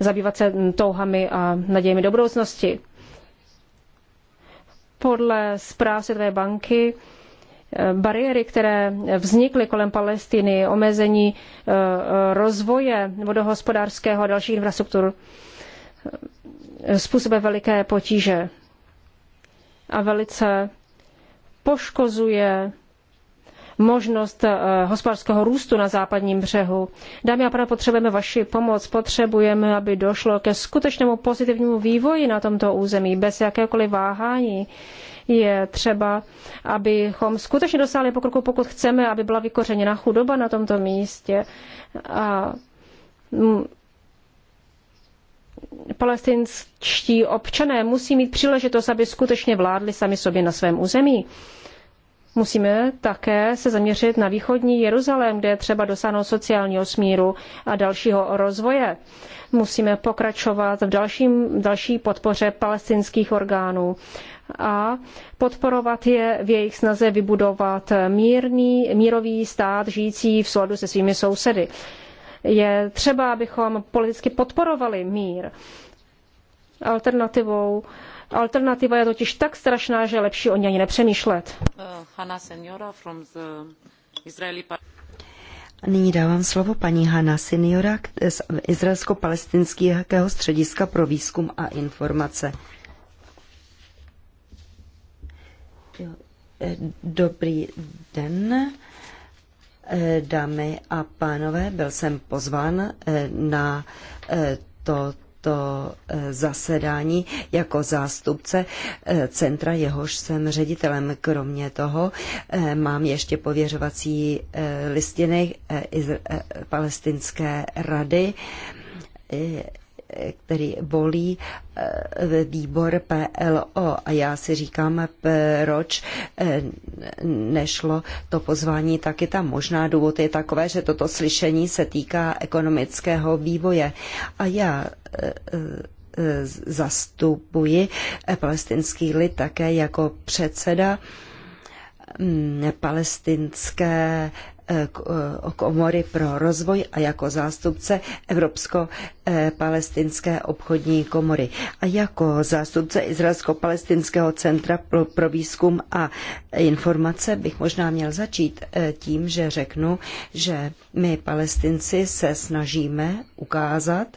zabývat se touhami a nadějemi do budoucnosti. Podle zpráv Světové banky eh, bariéry, které vznikly kolem Palestiny, omezení eh, rozvoje vodohospodářského a dalších infrastruktur, eh, způsobuje veliké potíže a velice poškozuje možnost eh, hospodářského růstu na západním břehu. Dámy a pánové, potřebujeme vaši pomoc, potřebujeme, aby došlo ke skutečnému pozitivnímu vývoji na tomto území bez jakékoliv váhání. Je třeba, abychom skutečně dosáhli pokroku, pokud chceme, aby byla vykořeněna chudoba na tomto místě. A mm, palestinští občané musí mít příležitost, aby skutečně vládli sami sobě na svém území. Musíme také se zaměřit na východní Jeruzalém, kde je třeba dosáhnout sociálního smíru a dalšího rozvoje. Musíme pokračovat v dalším, další podpoře palestinských orgánů a podporovat je v jejich snaze vybudovat mírný, mírový stát žijící v souladu se svými sousedy. Je třeba, abychom politicky podporovali mír. Alternativou Alternativa je totiž tak strašná, že je lepší o ní ani nepřemýšlet. Eh, Nyní dávám slovo paní Hanna Seniora z Izraelsko-palestinského střediska pro výzkum a informace. Eh, dobrý den, eh, dámy a pánové. Byl jsem pozván na to to eh, zasedání jako zástupce eh, centra, jehož jsem ředitelem. Kromě toho eh, mám ještě pověřovací listiny Palestinské rady který volí eh, výbor PLO. A já si říkám, proč eh, nešlo to pozvání taky tam. Možná důvod je takové, že toto slyšení se týká ekonomického vývoje. A já eh, zastupuji palestinský lid také jako předseda mm, palestinské Eh, eh, komory pro rozvoj a jako zástupce Evropsko-palestinské obchodní komory a jako zástupce Izraelsko-palestinského centra pro výzkum a informace bych možná měl začít eh, tím, že řeknu, že my palestinci se snažíme ukázat,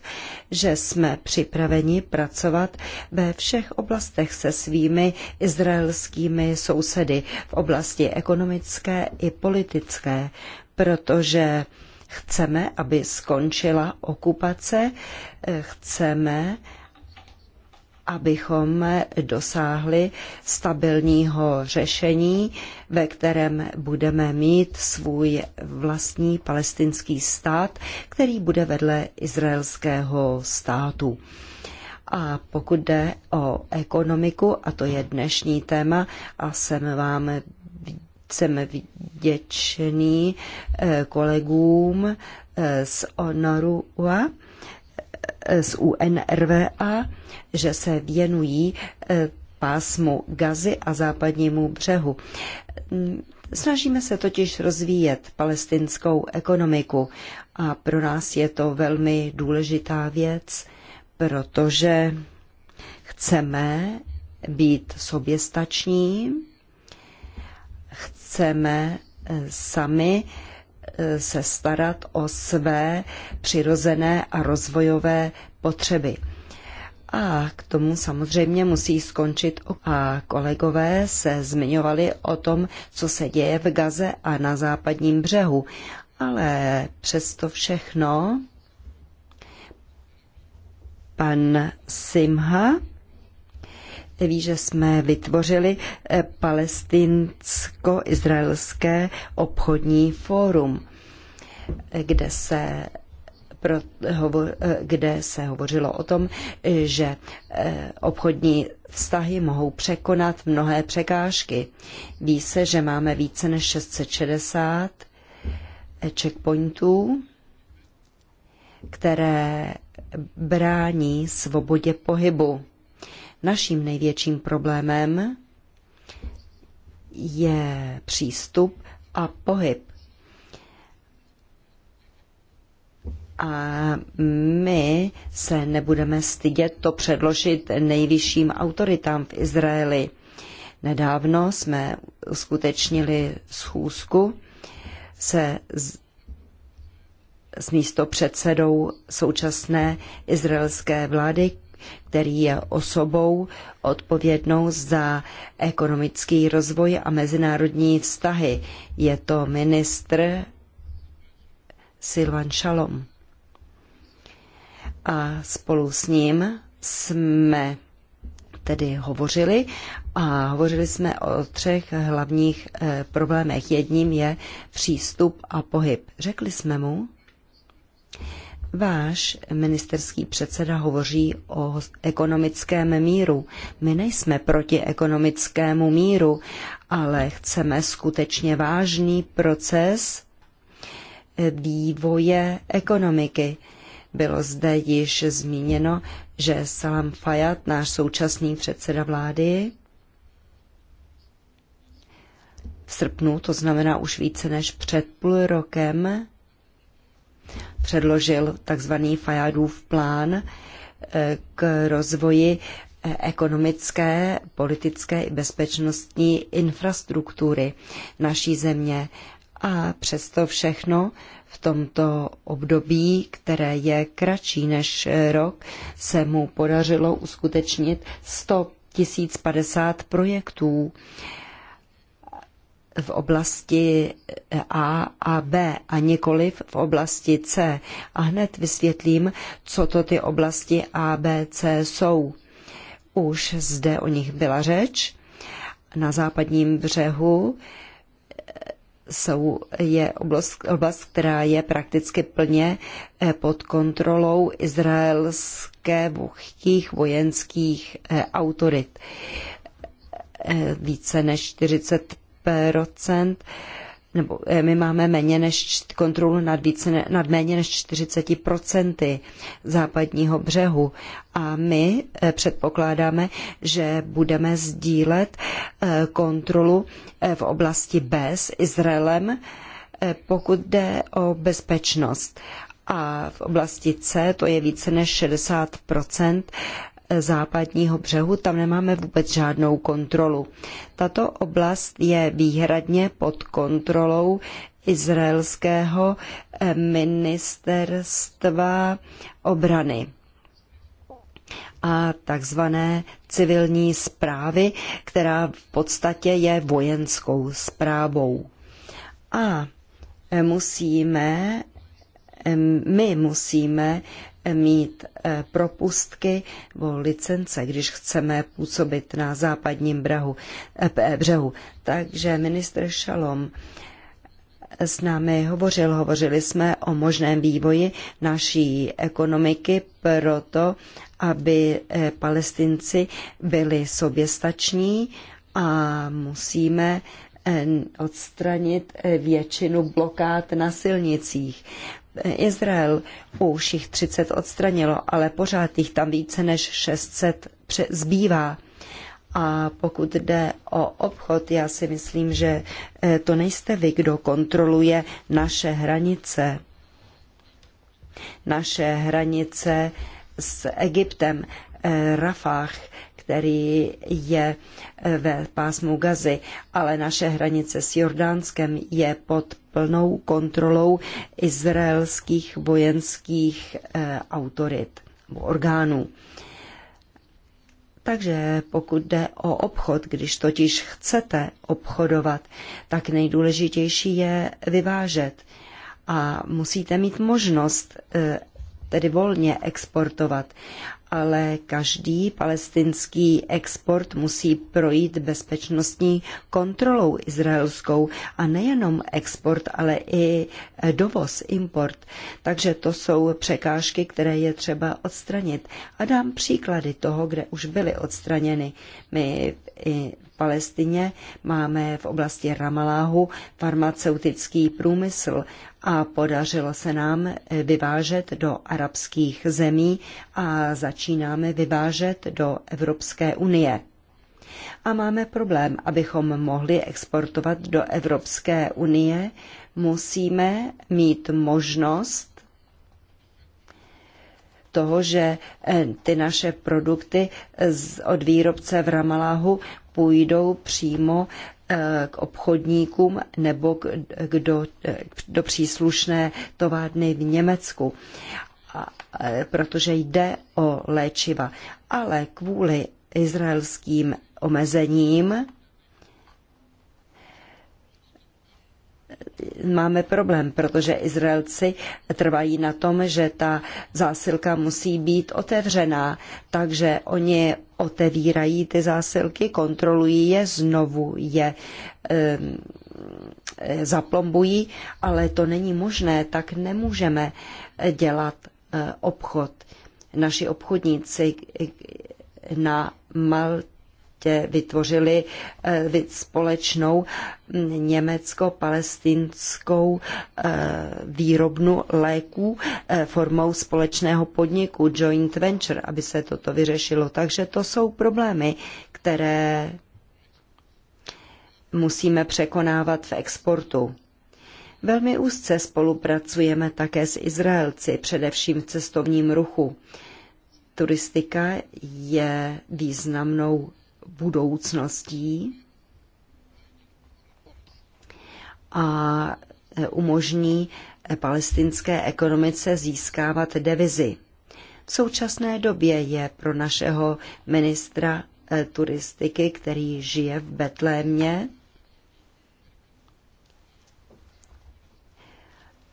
že jsme připraveni pracovat ve všech oblastech se svými izraelskými sousedy v oblasti ekonomické i politické protože chceme, aby skončila okupace, chceme, abychom dosáhli stabilního řešení, ve kterém budeme mít svůj vlastní palestinský stát, který bude vedle izraelského státu. A pokud jde o ekonomiku, a to je dnešní téma, a jsem vám jsem vděčný eh, kolegům eh, z Honorua, eh, z UNRVA, že se věnují pásmu Gazy a západnímu břehu. Mm, snažíme se totiž rozvíjet palestinskou ekonomiku a pro nás je to velmi důležitá věc, protože chceme být soběstační chceme eh, sami eh, se starat o své přirozené a rozvojové potřeby. A k tomu samozřejmě musí skončit. A kolegové se zmiňovali o tom, co se děje v Gaze a na západním břehu. Ale přesto všechno pan Simha ví, že jsme vytvořili eh, palestinsko-izraelské obchodní fórum, eh, kde se pro, eh, kde se hovořilo o tom, že obchodní vztahy mohou překonat mnohé překážky. Ví se, že máme více než 660 checkpointů, které brání svobodě pohybu. Naším největším problémem je přístup a pohyb. A my se nebudeme stydět to předložit nejvyšším autoritám v Izraeli. Nedávno jsme uskutečnili schůzku se z, s místopředsedou současné izraelské vlády který je osobou odpovědnou za ekonomický rozvoj a mezinárodní vztahy. Je to ministr Silvan Šalom. A spolu s ním jsme tedy hovořili a hovořili jsme o třech hlavních e, problémech. Jedním je přístup a pohyb. Řekli jsme mu, Váš ministerský předseda hovoří o ekonomickém míru. My nejsme proti ekonomickému míru, ale chceme skutečně vážný proces vývoje ekonomiky. Bylo zde již zmíněno, že Salam Fayad, náš současný předseda vlády, v srpnu, to znamená už více než před půl rokem, předložil takzvaný Fajadův plán eh, k rozvoji eh, ekonomické, politické i bezpečnostní infrastruktury naší země. A přesto všechno v tomto období, které je kratší než eh, rok, se mu podařilo uskutečnit 100 050 projektů v oblasti A a B a nikoliv v oblasti C. A hned vysvětlím, co to ty oblasti A, B, C jsou. Už zde o nich byla řeč. Na západním břehu eh, jsou, je oblast, oblast, která je prakticky plně eh, pod kontrolou izraelských vojenských eh, autorit. Více než 40 nebo eh, my máme méně než kontrolu nad, více, nad méně než 40 západního břehu a my eh, předpokládáme, že budeme sdílet eh, kontrolu v oblasti B s Izraelem, pokud jde o bezpečnost. A v oblasti C to je více než 60 západního břehu, tam nemáme vůbec žádnou kontrolu. Tato oblast je výhradně pod kontrolou izraelského eh, ministerstva obrany a takzvané civilní zprávy, která v podstatě je vojenskou zprávou. A eh, musíme, eh, my musíme mít eh, propustky nebo licence, když chceme působit na západním brahu, eh, břehu. Takže ministr Šalom eh, s námi hovořil. Hovořili jsme o možném vývoji naší ekonomiky proto, aby palestinci byli soběstační a musíme odstranit většinu blokád na silnicích. Izrael už jich 30 odstranilo, ale pořád jich tam více než 600 zbývá. A pokud jde o obchod, já si myslím, že eh, to nejste vy, kdo kontroluje naše hranice. Naše hranice s Egyptem, eh, Rafah který je eh, ve pásmu Gazy, ale naše hranice s Jordánskem je pod plnou kontrolou izraelských vojenských eh, autorit orgánů. Takže pokud jde o obchod, když totiž chcete obchodovat, tak nejdůležitější je vyvážet. A musíte mít možnost eh, tedy volně exportovat ale každý palestinský export musí projít bezpečnostní kontrolou izraelskou a nejenom export, ale i dovoz, import. Takže to jsou překážky, které je třeba odstranit. A dám příklady toho, kde už byly odstraněny. My i v Palestině máme v oblasti Ramaláhu farmaceutický průmysl a podařilo se nám vyvážet do arabských zemí a začínáme vyvážet do Evropské unie. A máme problém, abychom mohli exportovat do Evropské unie, musíme mít možnost toho, že eh, ty naše produkty od výrobce v Ramalahu půjdou přímo k obchodníkům nebo k, k do, do příslušné továrny v Německu, a, protože jde o léčiva. Ale kvůli izraelským omezením máme problém, protože Izraelci trvají na tom, že ta zásilka musí být otevřená, takže oni otevírají ty zásilky, kontrolují je, znovu je zaplombují, ale to není možné, tak nemůžeme dělat eh, obchod. Naši obchodníci na Maltě vytvořili eh, společnou mm, německo-palestinskou eh, výrobnu léků eh, formou společného podniku joint venture, aby se toto vyřešilo. Takže to jsou problémy, které musíme překonávat v exportu. Velmi úzce spolupracujeme také s Izraelci, především v cestovním ruchu. Turistika je významnou budoucností a umožní palestinské ekonomice získávat devizi. V současné době je pro našeho ministra eh, turistiky, který žije v Betlémě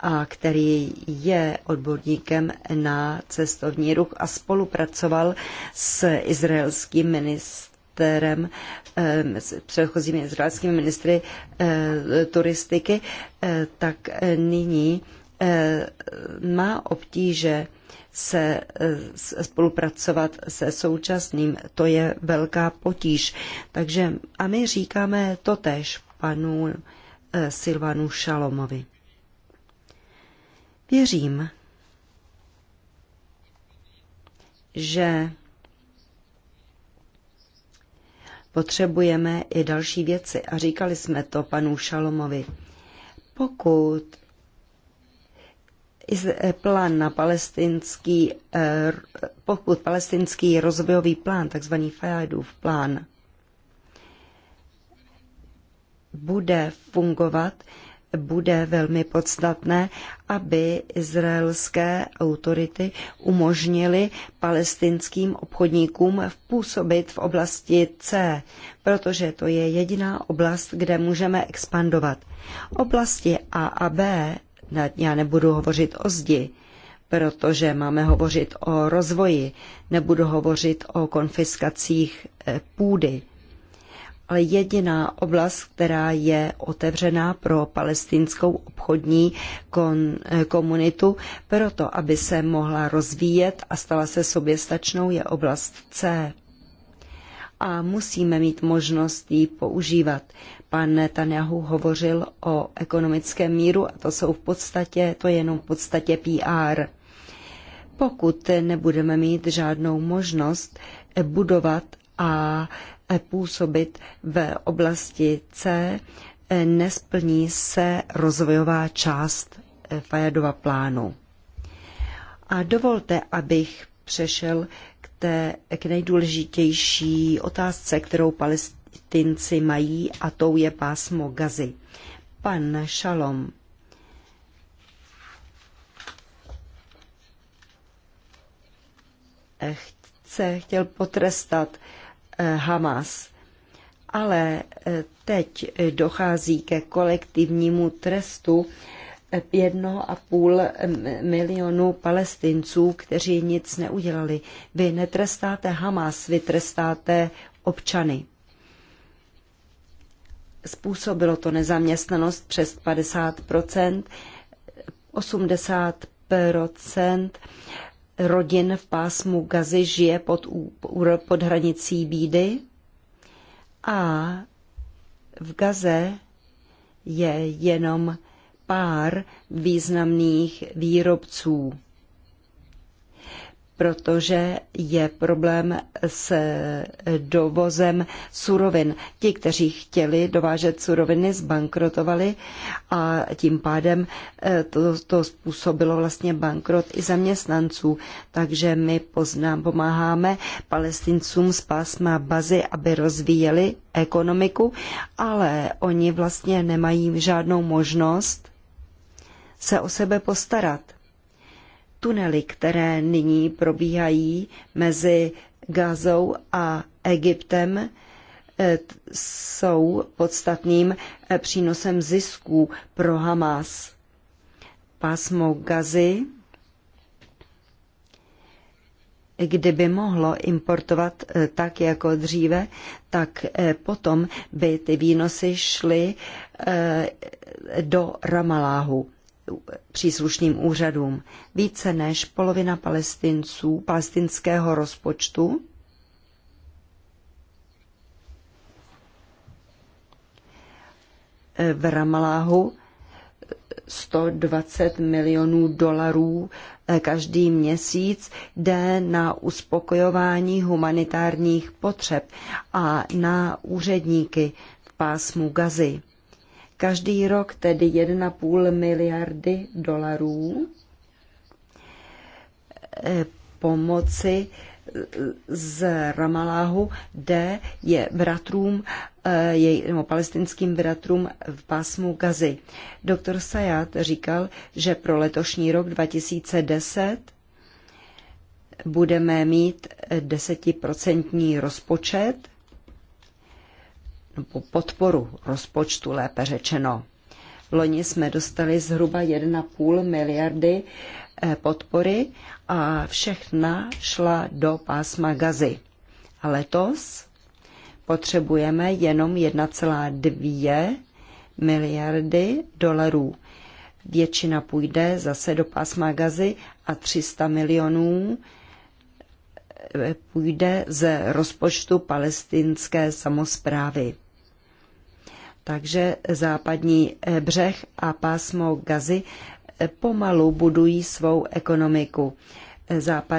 a který je odborníkem na cestovní ruch a spolupracoval s izraelským ministrem kterém eh, s předchozími izraelskými ministry eh, turistiky, eh, tak nyní má obtíže se spolupracovat se současným. To je velká potíž. Takže a my říkáme to tež panu Silvanu Šalomovi. Věřím, že Potřebujeme i další věci a říkali jsme to panu Šalomovi. Pokud plán na palestinský, eh, pokud palestinský rozvojový plán, takzvaný Fajadův plán, bude fungovat, bude velmi podstatné, aby izraelské autority umožnili palestinským obchodníkům působit v oblasti C, protože to je jediná oblast, kde můžeme expandovat. Oblasti A a B, já nebudu hovořit o zdi, protože máme hovořit o rozvoji, nebudu hovořit o konfiskacích eh, půdy ale jediná oblast, která je otevřená pro palestinskou obchodní kon, eh, komunitu, proto aby se mohla rozvíjet a stala se soběstačnou, je oblast C. A musíme mít možnost ji používat. Pan Netanyahu hovořil o ekonomickém míru a to jsou v podstatě, to je jenom v podstatě PR. Pokud nebudeme mít žádnou možnost budovat a působit v oblasti C, eh, nesplní se rozvojová část eh, Fajadova plánu. A dovolte, abych přešel k, té, k nejdůležitější otázce, kterou palestinci mají, a tou je pásmo Gazy. Pan Šalom. Eh, chce, chtěl potrestat Eh, Hamas. Ale eh, teď dochází ke kolektivnímu trestu eh, jednoho a půl milionu palestinců, kteří nic neudělali. Vy netrestáte Hamas, vy trestáte občany. Způsobilo to nezaměstnanost přes 50 80 rodin v pásmu Gazy žije pod, pod hranicí bídy a v Gaze je jenom pár významných výrobců protože je problém s dovozem surovin. Ti, kteří chtěli dovážet suroviny, zbankrotovali a tím pádem eh, to, to způsobilo vlastně bankrot i zaměstnanců. Takže my poznám, pomáháme palestincům z pásma bazy, aby rozvíjeli ekonomiku, ale oni vlastně nemají žádnou možnost se o sebe postarat tunely, které nyní probíhají mezi Gazou a Egyptem, eh, jsou podstatným eh, přínosem zisků pro Hamas. Pásmo Gazy, kdyby mohlo importovat eh, tak jako dříve, tak potom by ty výnosy šly do Ramaláhu příslušným úřadům. Více než polovina palestinců palestinského rozpočtu v Ramaláhu 120 milionů dolarů eh, každý měsíc jde na uspokojování humanitárních potřeb a na úředníky v pásmu Gazy. Každý rok tedy 1,5 miliardy dolarů eh, pomoci z Ramaláhu d je bratrům, eh, jej, nebo palestinským bratrům v pásmu Gazy. Doktor Sayat říkal, že pro letošní rok 2010 budeme mít eh, desetiprocentní rozpočet nebo podporu rozpočtu, lépe řečeno. Loni jsme dostali zhruba 1,5 miliardy eh, podpory a všechna šla do pásma gazy. A letos potřebujeme jenom 1,2 miliardy dolarů. Většina půjde zase do pásma gazy a 300 milionů eh, půjde ze rozpočtu palestinské samozprávy. Takže západní břeh a pásmo Gazy pomalu budují svou ekonomiku.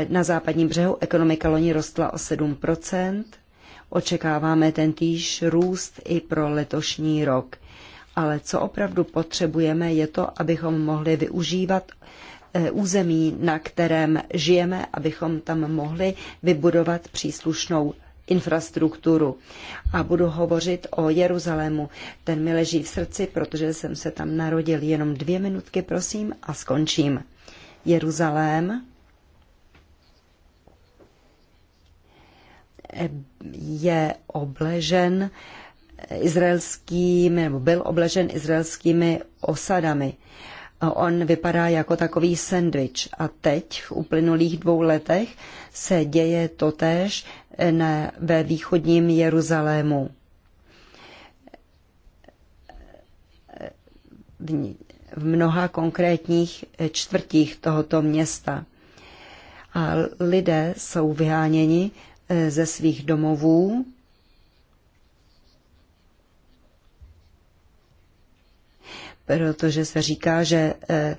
na západním břehu ekonomika loni rostla o 7 Očekáváme týž růst i pro letošní rok. Ale co opravdu potřebujeme, je to, abychom mohli využívat e, území, na kterém žijeme, abychom tam mohli vybudovat příslušnou infrastrukturu. A budu hovořit o Jeruzalému. Ten mi leží v srdci, protože jsem se tam narodil. Jenom dvě minutky, prosím, a skončím. Jeruzalém eh, je obležen eh, izraelskými, nebo byl obležen izraelskými osadami. On vypadá jako takový sendvič a teď v uplynulých dvou letech se děje totéž na, ve východním Jeruzalému. V, v mnoha konkrétních čtvrtích tohoto města. A lidé jsou vyháněni eh, ze svých domovů, protože se říká, že eh,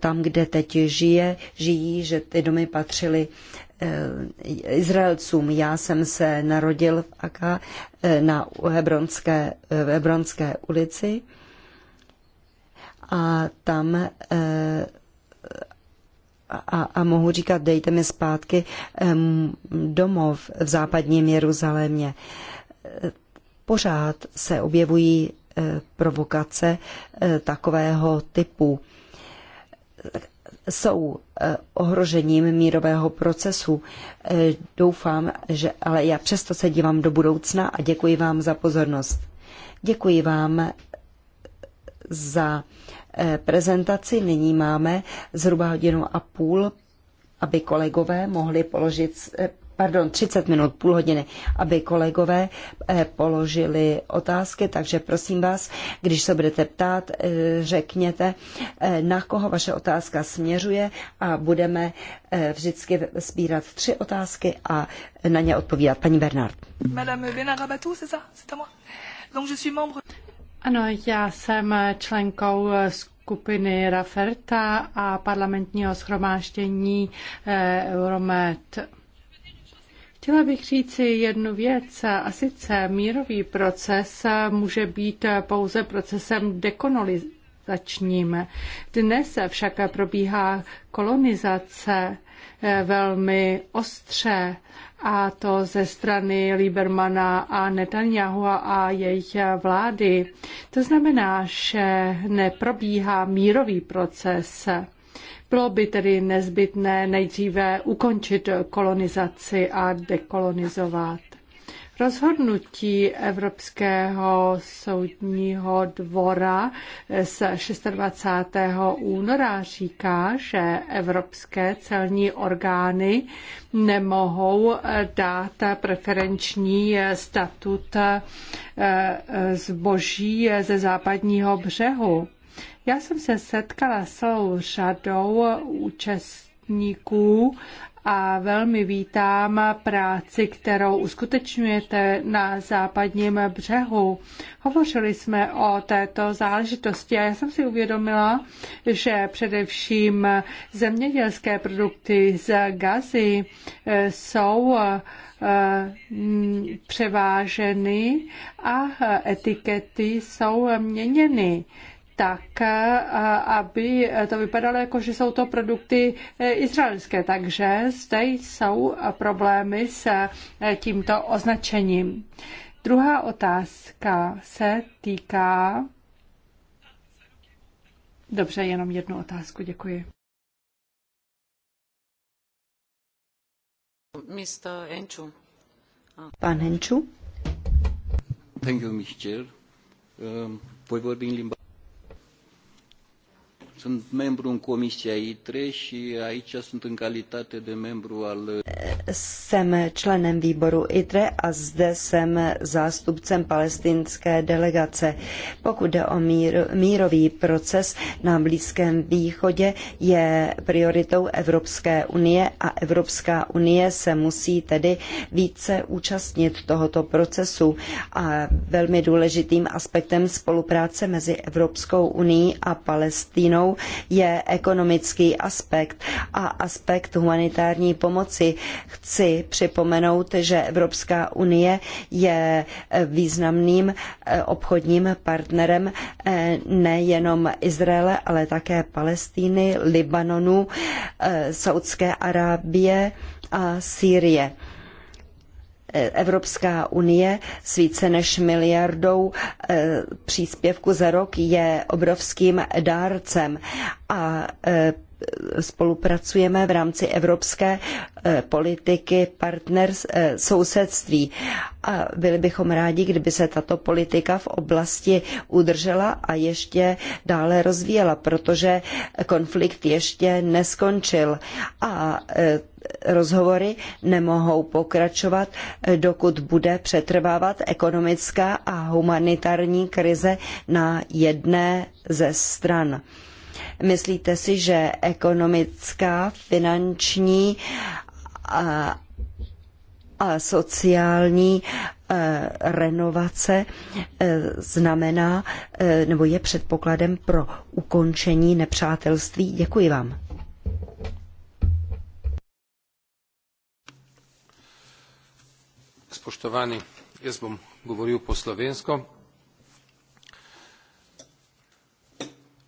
tam, kde teď žije, žijí, že ty domy patřily Eh, Izraelcům. Já jsem se narodil v Aká eh, na Hebronské, v eh, Hebronské ulici a tam a, a mohu říkat, dejte mi zpátky domov v západním Jeruzalémě. Pořád se objevují provokace takového typu jsou eh, ohrožením mírového procesu. Eh, doufám, že, ale já přesto se dívám do budoucna a děkuji vám za pozornost. Děkuji vám eh, za prezentaci. Nyní máme zhruba hodinu a půl, aby kolegové mohli položit pardon, 30 minut, půl hodiny, aby kolegové eh, položili otázky, takže prosím vás, když se budete ptát, eh, řekněte, eh, na koho vaše otázka směřuje a budeme vždycky sbírat tři otázky a na ně odpovídat. Paní Bernard. Madame Donc Ano, já jsem členkou skupiny Raferta a parlamentního schromáždění Euromed. Chtěla bych říci jednu věc, a sice mírový proces může být pouze procesem dekolonizačním. Dnes však probíhá kolonizace eh, velmi ostře, a to ze strany Liebermana a Netanyahu a jejich vlády. To znamená, že neprobíhá mírový proces. Bylo by tedy nezbytné nejdříve ukončit kolonizaci a dekolonizovat. Rozhodnutí Evropského soudního dvora z 26. února říká, že evropské celní orgány nemohou dát preferenční statut eh, eh, zboží ze západního břehu. Já jsem se setkala s celou řadou účastníků a velmi vítám práci, kterou uskutečňujete na západním břehu. Hovořili jsme o této záležitosti a já jsem si uvědomila, že především zemědělské produkty z gazy eh, jsou eh, převáženy a etikety jsou měněny tak, aby to vypadalo jako, že jsou to produkty e, izraelské. Takže zde jsou problémy s e, tímto označením. Druhá otázka se týká. Dobře, jenom jednu otázku, děkuji. Mr. Pan Henču. Thank you, Mr. Sunt membru în Comisia ITRE și aici sunt în calitate de membru al... Jsem členem výboru ITRE a zde jsem zástupcem palestinské delegace. Pokud jde o mír, mírový proces na Blízkém východě, je prioritou Evropské unie a Evropská unie se musí tedy více účastnit tohoto procesu. A velmi důležitým aspektem spolupráce mezi Evropskou unii a Palestínou stranou je ekonomický aspekt a aspekt humanitární pomoci. Chci připomenout, že Evropská unie je významným eh, obchodním partnerem eh, nejenom Izraele, ale také Palestíny, Libanonu, eh, Saudské Arábie a Sýrie Evropská unie s více než miliardou eh, příspěvku za rok je obrovským dárcem a eh, spolupracujeme v rámci evropské eh, politiky partner eh, sousedství. A byli bychom rádi, kdyby se tato politika v oblasti udržela a ještě dále rozvíjela, protože konflikt ještě neskončil. A eh, rozhovory nemohou pokračovat, dokud bude přetrvávat ekonomická a humanitární krize na jedné ze stran. Myslíte si, že ekonomická, finanční a, a sociální e, renovace e, znamená e, nebo je předpokladem pro ukončení nepřátelství? Děkuji vám. Spoštovani, jaz bom govoril po slovensko.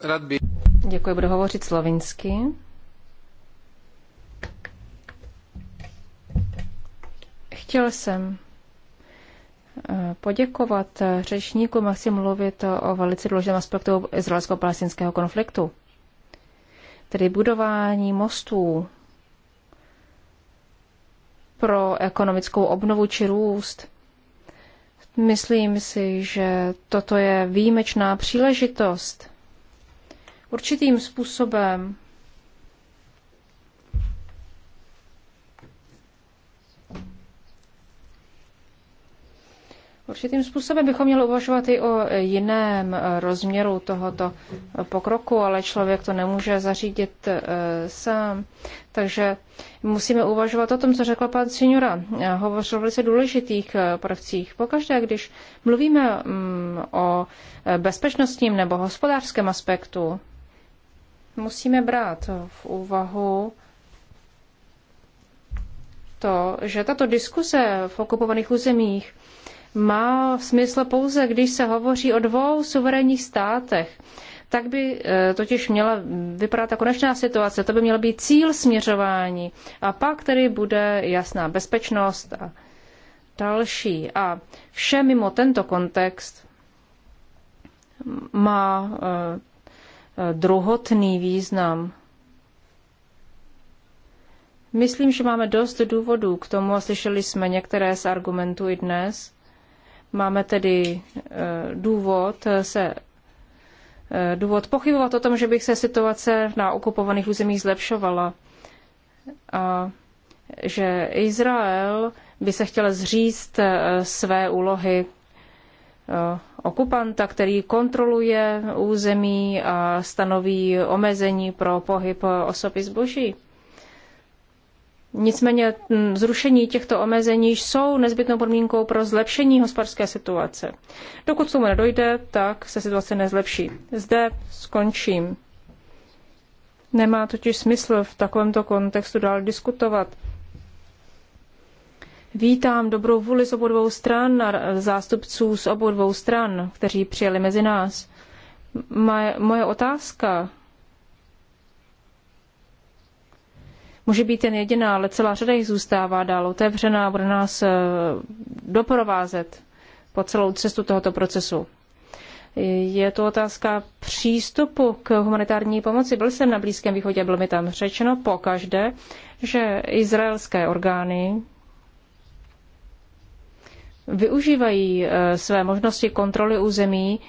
Rad bi Děkuji, budu hovořit slovinsky. Chtěl jsem eh, poděkovat eh, řečníkům a chci mluvit o velice důležitém aspektu izraelsko-palestinského konfliktu, tedy budování mostů pro ekonomickou obnovu či růst. Myslím si, že toto je výjimečná příležitost určitým způsobem Určitým způsobem bychom měli uvažovat i o jiném eh, rozměru tohoto eh, pokroku, ale člověk to nemůže zařídit eh, sám. Takže musíme uvažovat o tom, co řekla pan Signora. Hovořil o velice důležitých prvcích. Pokaždé, když mluvíme mm, o bezpečnostním nebo hospodářském aspektu, musíme brát v úvahu to, že tato diskuse v okupovaných územích má smysl pouze, když se hovoří o dvou suverénních státech. Tak by eh, totiž měla vypadat ta konečná situace, to by měl být cíl směřování. A pak tedy bude jasná bezpečnost a další. A vše mimo tento kontext má eh, druhotný význam. Myslím, že máme dost důvodů k tomu a slyšeli jsme některé z argumentů i dnes. Máme tedy e, důvod se e, důvod pochybovat o tom, že bych se situace na okupovaných územích zlepšovala. A že Izrael by se chtěl zříct e, své úlohy Eh, okupanta, který kontroluje území a stanoví omezení pro pohyb osoby zboží. Nicméně hm, zrušení těchto omezení jsou nezbytnou podmínkou pro zlepšení hospodářské situace. Dokud tomu nedojde, tak se situace nezlepší. Zde skončím. Nemá totiž smysl v takovémto kontextu dál diskutovat. Vítám dobrou vůli z obou dvou stran a zástupců z obou dvou stran, kteří přijeli mezi nás. Moje otázka může být jen jediná, ale celá řada jich zůstává dál otevřená a bude nás eh, doprovázet po celou cestu tohoto procesu. Je to otázka přístupu k humanitární pomoci. Byl jsem na Blízkém východě, bylo mi tam řečeno pokaždé, že izraelské orgány využívají eh, své možnosti kontroly území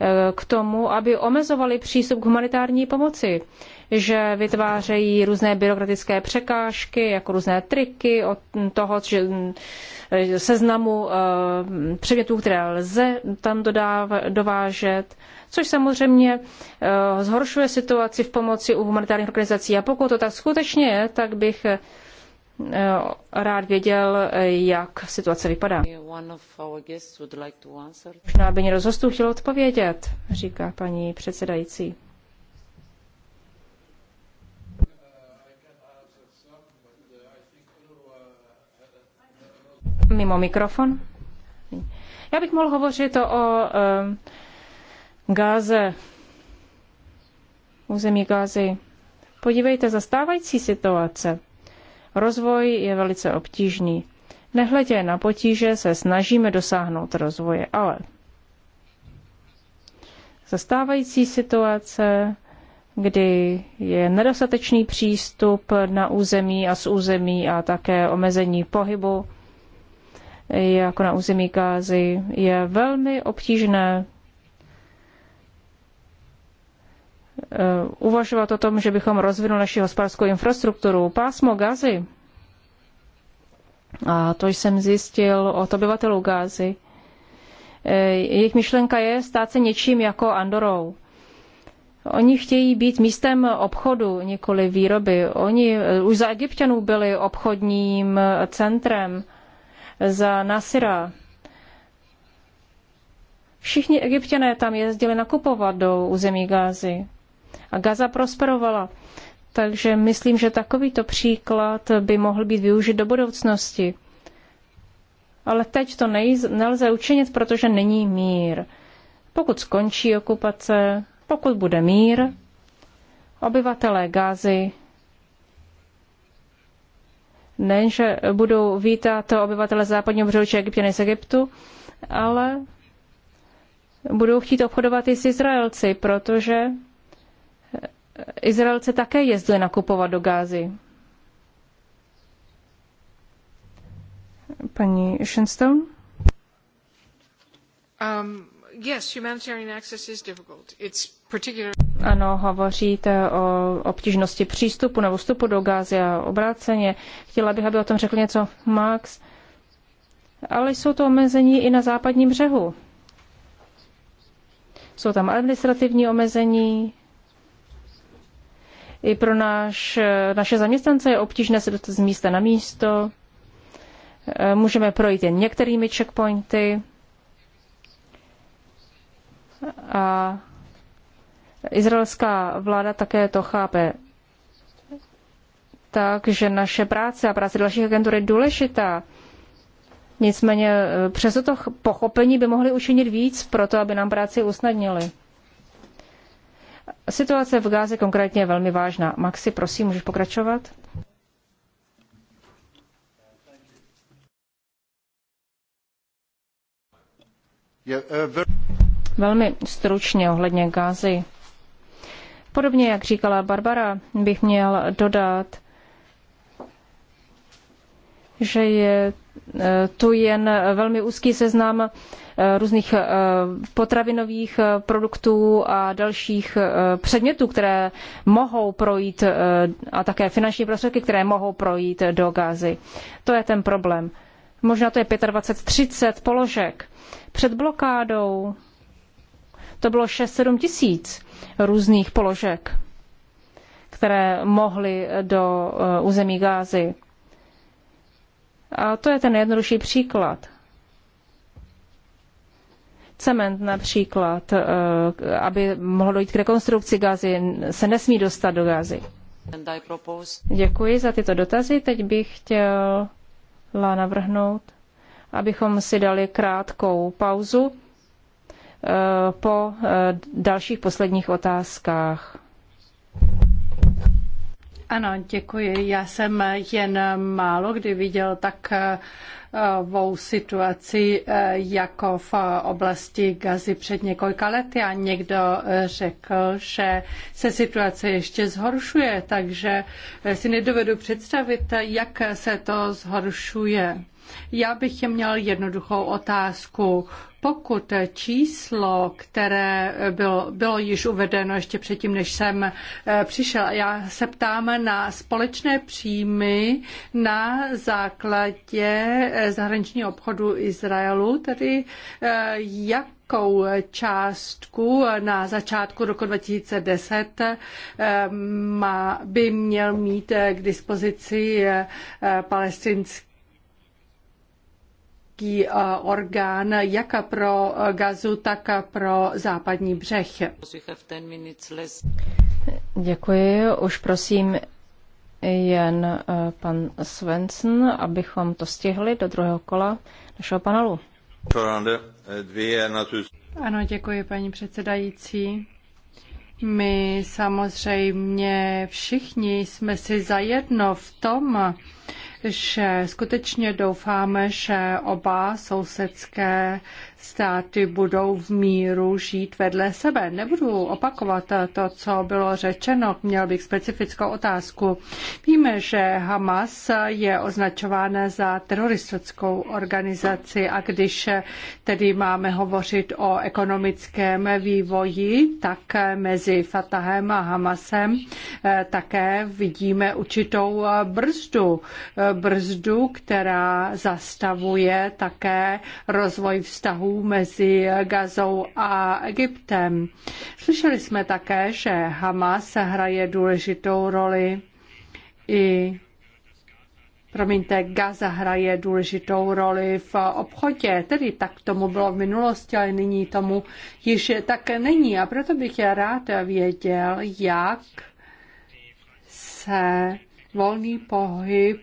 eh, k tomu, aby omezovali přístup k humanitární pomoci, že vytvářejí různé byrokratické překážky, jako různé triky od toho že eh, seznamu předmětů, které lze tam dodáv, dovážet, což samozřejmě zhoršuje situaci v pomoci u humanitárních organizací. A pokud to tak skutečně je, tak bych Eh, rád věděl, eh, jak situace vypadá. Možná by někdo z hostů chtěl odpovědět, říká paní předsedající. Mimo mikrofon. Já bych mohl hovořit o, o eh, Gáze, území Gázy. Podívejte, zastávající situace Rozvoj je velice obtížný. Nehledě na potíže se snažíme dosáhnout rozvoje, ale zastávající situace, kdy je nedostatečný přístup na území a z území a také omezení pohybu, jako na území Gázy, je velmi obtížné Eh, uvažovat o tom, že bychom rozvinuli naši hospodářskou infrastrukturu. Pásmo Gazy, a to jsem zjistil od obyvatelů Gazy, eh, jejich myšlenka je stát se něčím jako Andorou. Oni chtějí být místem obchodu, nikoli výroby. Oni eh, už za egyptianů byli obchodním centrem, za Nasira. Všichni egyptiané tam jezdili nakupovat do území Gázy. A Gaza prosperovala. Takže myslím, že takovýto příklad by mohl být využit do budoucnosti. Ale teď to nejz, nelze učinit, protože není mír. Pokud skončí okupace, pokud bude mír, obyvatelé Gázy nejenže budou vítat obyvatele západního břehu či egyptěny z Egyptu, ale budou chtít obchodovat i s Izraelci, protože Izraelci také jezdili nakupovat do Gázy. Paní Shenstone? Um, yes, humanitarian access is difficult. It's particular... Ano, hovoříte o obtížnosti přístupu nebo vstupu do Gázy a obráceně. Chtěla bych, aby o tom řekl něco Max. Ale jsou to omezení i na západním břehu. Jsou tam administrativní omezení, i pro náš, naše zaměstnance je obtížné se dostat z místa na místo. E, můžeme projít jen některými checkpointy. A izraelská vláda také to chápe tak, že naše práce a práce dalších agentů je důležitá. Nicméně e, přes to pochopení by mohli učinit víc pro to, aby nám práci usnadnili. Situace v Gáze konkrétně je velmi vážná. Maxi, prosím, můžeš pokračovat? Uh, velmi stručně ohledně Gázy. Podobně, jak říkala Barbara, bych měl dodat, že je eh, tu jen velmi úzký seznam různých eh, potravinových eh, produktů a dalších eh, předmětů, které mohou projít a také finanční prostředky, které mohou projít do Gázy. To je ten problém. Možná to je 25-30 položek. Před blokádou to bylo 6-7 tisíc různých položek, které mohly do území Gázy. A to je ten nejjednodušší příklad. Cement například, eh, aby mohlo dojít k rekonstrukci gazy, se nesmí dostat do gazy. Děkuji za tyto dotazy. Teď bych chtěla navrhnout, abychom si dali krátkou pauzu eh, po eh, dalších posledních otázkách. Ano, děkuji. Já jsem jen málo kdy viděl tak takovou situaci eh, jako v oblasti Gazy před několika lety a někdo řekl, že se situace ještě zhoršuje, takže si nedovedu představit, jak se to zhoršuje. Já bych měl jednoduchou otázku. Pokud číslo, které bylo, bylo již uvedeno ještě předtím, než jsem eh, přišel, já se ptám na společné příjmy na základě eh, zahraničního obchodu Izraelu, tedy jak eh, jakou částku na začátku roku 2010 má, by měl mít k dispozici palestinský nějaký eh, orgán jak pro eh, gazu, tak pro západní břeh. Děkuji. Už prosím jen eh, pan Svensson, abychom to stihli do druhého kola našeho panelu. Ano, děkuji, paní předsedající. My samozřejmě všichni jsme si zajedno v tom, že skutečně doufáme, že oba sousedské státy budou v míru žít vedle sebe. Nebudu opakovat to, co bylo řečeno, měl bych specifickou otázku. Víme, že Hamas je označována za teroristickou organizaci a když tedy máme hovořit o ekonomickém vývoji, tak mezi Fatahem a Hamasem eh, také vidíme určitou brzdu. Brzdu, která zastavuje také rozvoj vztahů vztahů mezi Gazou a Egyptem. Slyšeli jsme také, že Hamas hraje důležitou roli i Promiňte, Gaza hraje důležitou roli v obchodě, tedy tak tomu bylo v minulosti, ale nyní tomu již tak není. A proto bych já rád věděl, jak se volný pohyb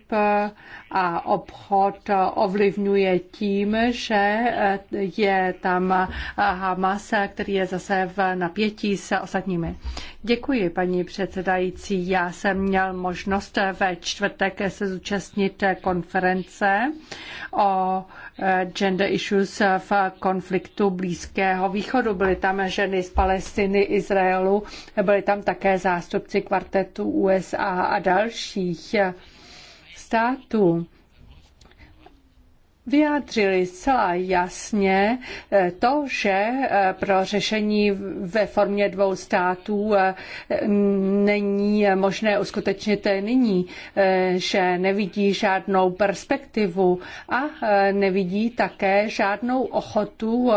a obchod ovlivňuje tím, že eh, je tam eh, Hamas, který je zase v napětí s ostatními. Děkuji, paní předsedající. Já jsem měl možnost ve čtvrtek se zúčastnit konference o eh, gender issues v konfliktu Blízkého východu. Byly tam ženy z Palestiny, Izraelu, byly tam také zástupci kvartetu USA a dalších státu vyjádřili zcela jasně eh, to, že eh, pro řešení ve formě dvou států eh, není možné uskutečnit nyní, že nevidí žádnou perspektivu a nevidí také žádnou ochotu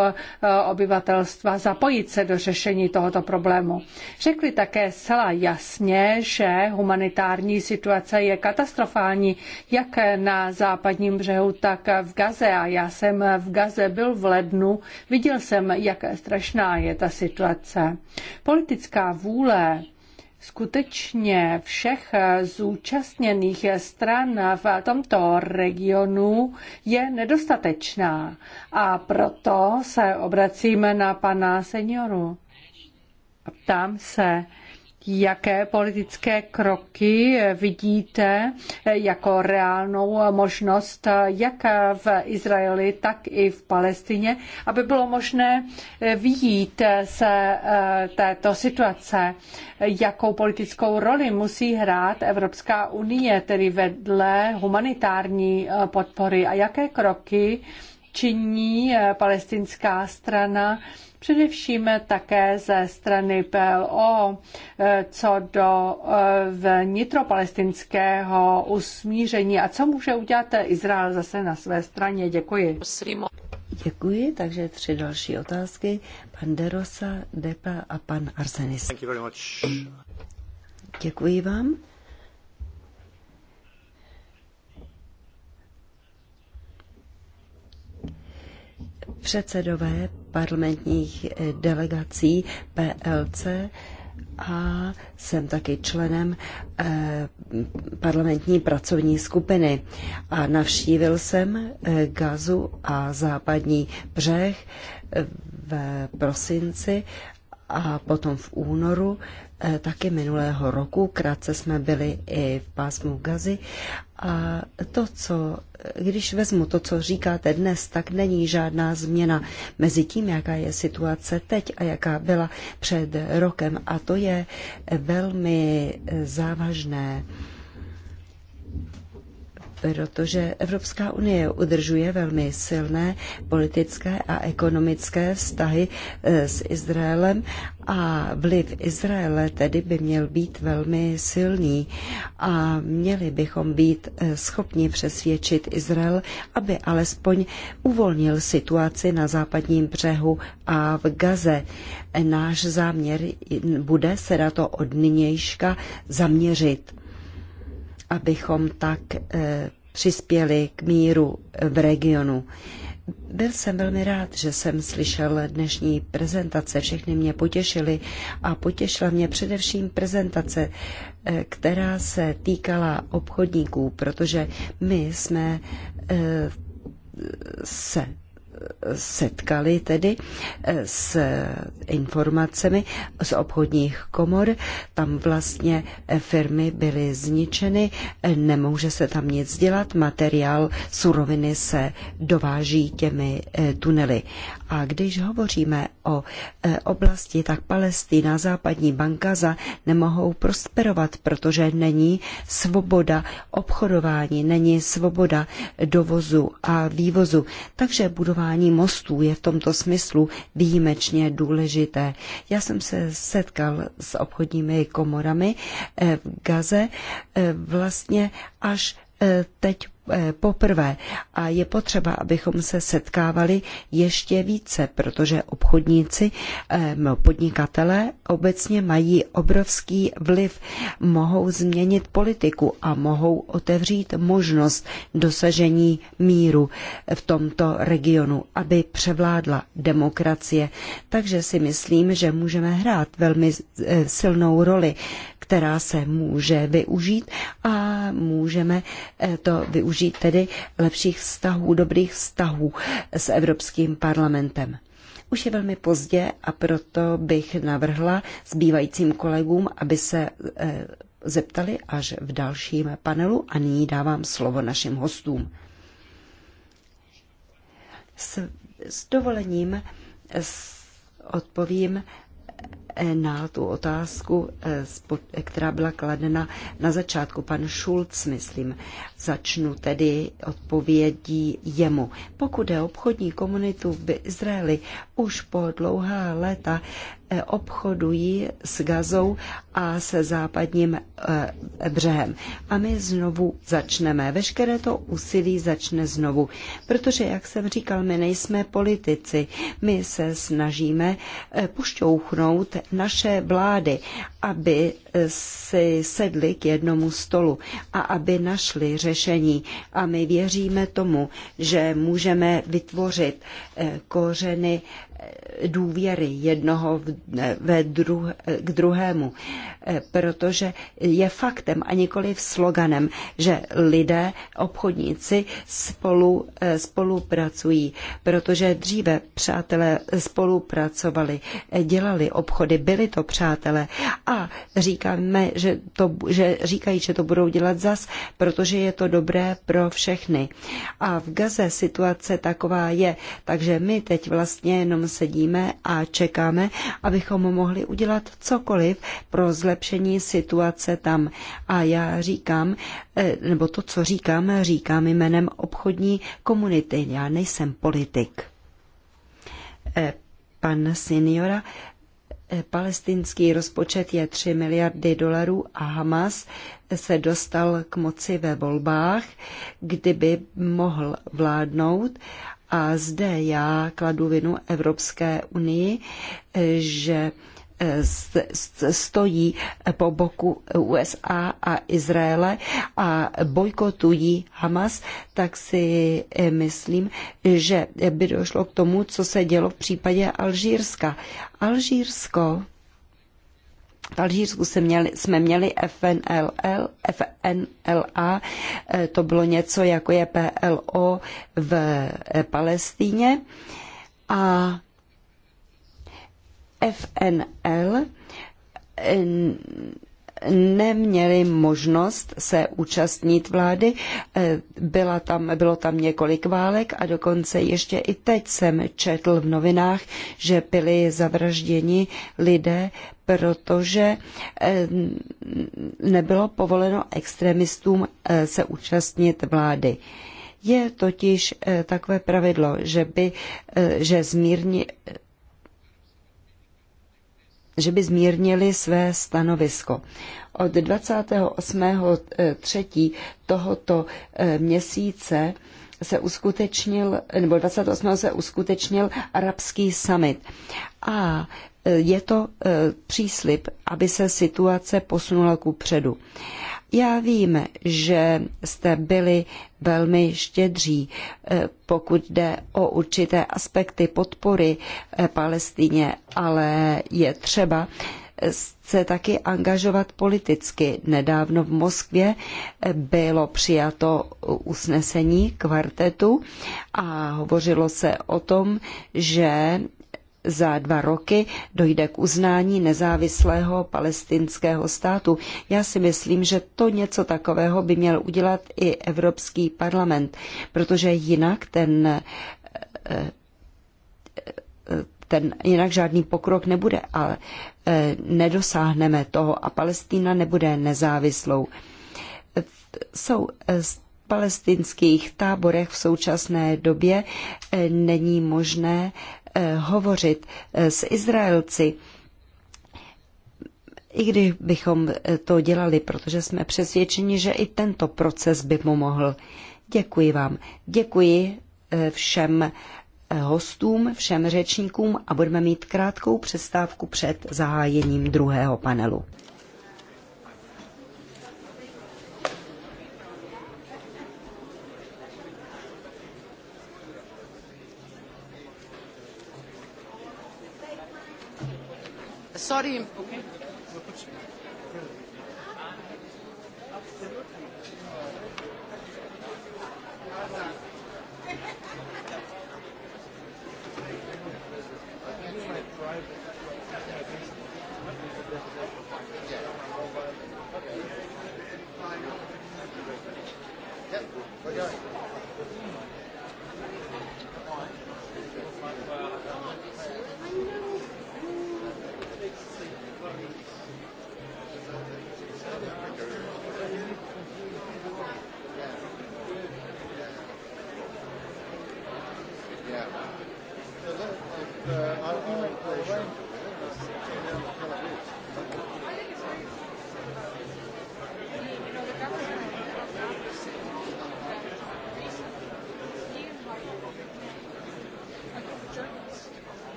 obyvatelstva zapojit se do řešení tohoto problému. Řekli také zcela jasně, že humanitární situace je katastrofální jak na západním břehu, tak v Gaze a já jsem v Gaze byl v lednu, viděl jsem, jak strašná je ta situace. Politická vůle skutečně všech zúčastněných stran v tomto regionu je nedostatečná. A proto se obracíme na pana senioru. Ptám se, jaké politické kroky vidíte jako reálnou možnost jak v Izraeli, tak i v Palestině, aby bylo možné vyjít se eh, této situace. Jakou politickou roli musí hrát Evropská unie, tedy vedle humanitární eh, podpory a jaké kroky činí eh, palestinská strana především také ze strany PLO eh, co do eh, vnitropalestinského usmíření a co může udělat Izrael zase na své straně. Děkuji. Děkuji, takže tři další otázky. Pan Derosa, Depa a pan Arsenis. Děkuji vám. Předsedové parlamentních eh, delegací PLC a jsem taky členem eh, parlamentní pracovní skupiny. A navštívil jsem eh, Gazu a západní břeh v prosinci a potom v únoru Eh, taky minulého roku. Krátce jsme byli i v pásmu Gazy. A to, co, když vezmu to, co říkáte dnes, tak není žádná změna mezi tím, jaká je situace teď a jaká byla před rokem. A to je eh, velmi eh, závažné protože Evropská unie udržuje velmi silné politické a ekonomické vztahy eh, s Izraelem a vliv Izraele tedy by měl být velmi silný a měli bychom být eh, schopni přesvědčit Izrael, aby alespoň uvolnil situaci na západním břehu a v Gaze. Náš záměr bude se na to od nynějška zaměřit abychom tak eh, přispěli k míru v regionu. Byl jsem velmi rád, že jsem slyšel dnešní prezentace. Všechny mě potěšily a potěšila mě především prezentace, eh, která se týkala obchodníků, protože my jsme eh, se setkali tedy eh, s informacemi z obchodních komor. Tam vlastně eh, firmy byly zničeny, eh, nemůže se tam nic dělat, materiál, suroviny se dováží těmi tunely. A když hovoříme o oblasti, tak Palestina, západní banka za nemohou prosperovat, protože není svoboda obchodování, není svoboda dovozu a vývozu. Takže budování budování mostů je v tomto smyslu výjimečně důležité. Já jsem se setkal s obchodními komorami eh, v Gaze eh, vlastně až eh, teď Eh, poprvé a je potřeba, abychom se setkávali ještě více, protože obchodníci, eh, no, podnikatelé obecně mají obrovský vliv, mohou změnit politiku a mohou otevřít možnost dosažení míru v tomto regionu, aby převládla demokracie. Takže si myslím, že můžeme hrát velmi eh, silnou roli, která se může využít a můžeme to využít využít tedy lepších vztahů, dobrých vztahů s Evropským parlamentem. Už je velmi pozdě a proto bych navrhla zbývajícím kolegům, aby se eh, zeptali až v dalším panelu a nyní dávám slovo našim hostům. S, s dovolením s, odpovím na tu otázku, eh, eh, která byla kladena na začátku. Pan Schulz, myslím, začnu tedy odpovědí jemu. Pokud je obchodní komunitu v Izraeli, už po dlouhá léta obchodují s Gazou a se západním eh, břehem. A my znovu začneme. Veškeré to úsilí začne znovu. Protože, jak jsem říkal, my nejsme politici. My se snažíme eh, pošťouchnout naše vlády, aby eh, si sedli k jednomu stolu a aby našli řešení. A my věříme tomu, že můžeme vytvořit kořeny důvěry jednoho ve druh, k druhému, eh, protože je faktem a nikoli sloganem, že lidé, obchodníci spolu, eh, spolupracují, protože dříve přátelé spolupracovali, eh, dělali obchody, byli to přátelé a říkáme, že, to, že říkají, že to budou dělat zas, protože je to dobré pro všechny. A v Gaze situace taková je, takže my teď vlastně jenom sedíme a čekáme, abychom mohli udělat cokoliv pro zlepšení situace tam. A já říkám, eh, nebo to, co říkám, říkám jménem obchodní komunity. Já nejsem politik. Eh, pan seniora, eh, palestinský rozpočet je 3 miliardy dolarů a Hamas se dostal k moci ve volbách, kdyby mohl vládnout a zde já kladu vinu Evropské unii, eh, že eh, stojí po boku USA a Izraele a bojkotují Hamas, tak si eh, myslím, že by došlo k tomu, co se dělo v případě Alžírska. Alžírsko v Alžírsku jsme měli, jsme měli FNLL, FNLA, eh, to bylo něco jako je PLO v eh, Palestíně a FNL eh, neměli možnost se účastnit vlády. Eh, byla tam, bylo tam několik válek a dokonce ještě i teď jsem četl v novinách, že byli zavražděni lidé, protože eh, nebylo povoleno extremistům eh, se účastnit vlády. Je totiž takové pravidlo, že by, že zmírně, že by zmírnili své stanovisko. Od 28.3. tohoto eh, měsíce se uskutečnil, nebo 28. se uskutečnil arabský summit. A eh, je to eh, příslip, aby se situace posunula ku předu. Já vím, že jste byli velmi štědří, eh, pokud jde o určité aspekty podpory eh, Palestině, ale je třeba eh, se taky angažovat politicky. Nedávno v Moskvě bylo přijato usnesení kvartetu a hovořilo se o tom, že za dva roky dojde k uznání nezávislého palestinského státu. Já si myslím, že to něco takového by měl udělat i Evropský parlament, protože jinak ten, eh, eh, ten jinak žádný pokrok nebude, ale eh, nedosáhneme toho a Palestína nebude nezávislou. Jsou palestinských táborech v současné době není možné Eh, hovořit eh, s Izraelci, i když bychom eh, to dělali, protože jsme přesvědčeni, že i tento proces by pomohl. Děkuji vám. Děkuji všem hostům, všem řečníkům a budeme mít krátkou přestávku před zahájením druhého panelu. sorry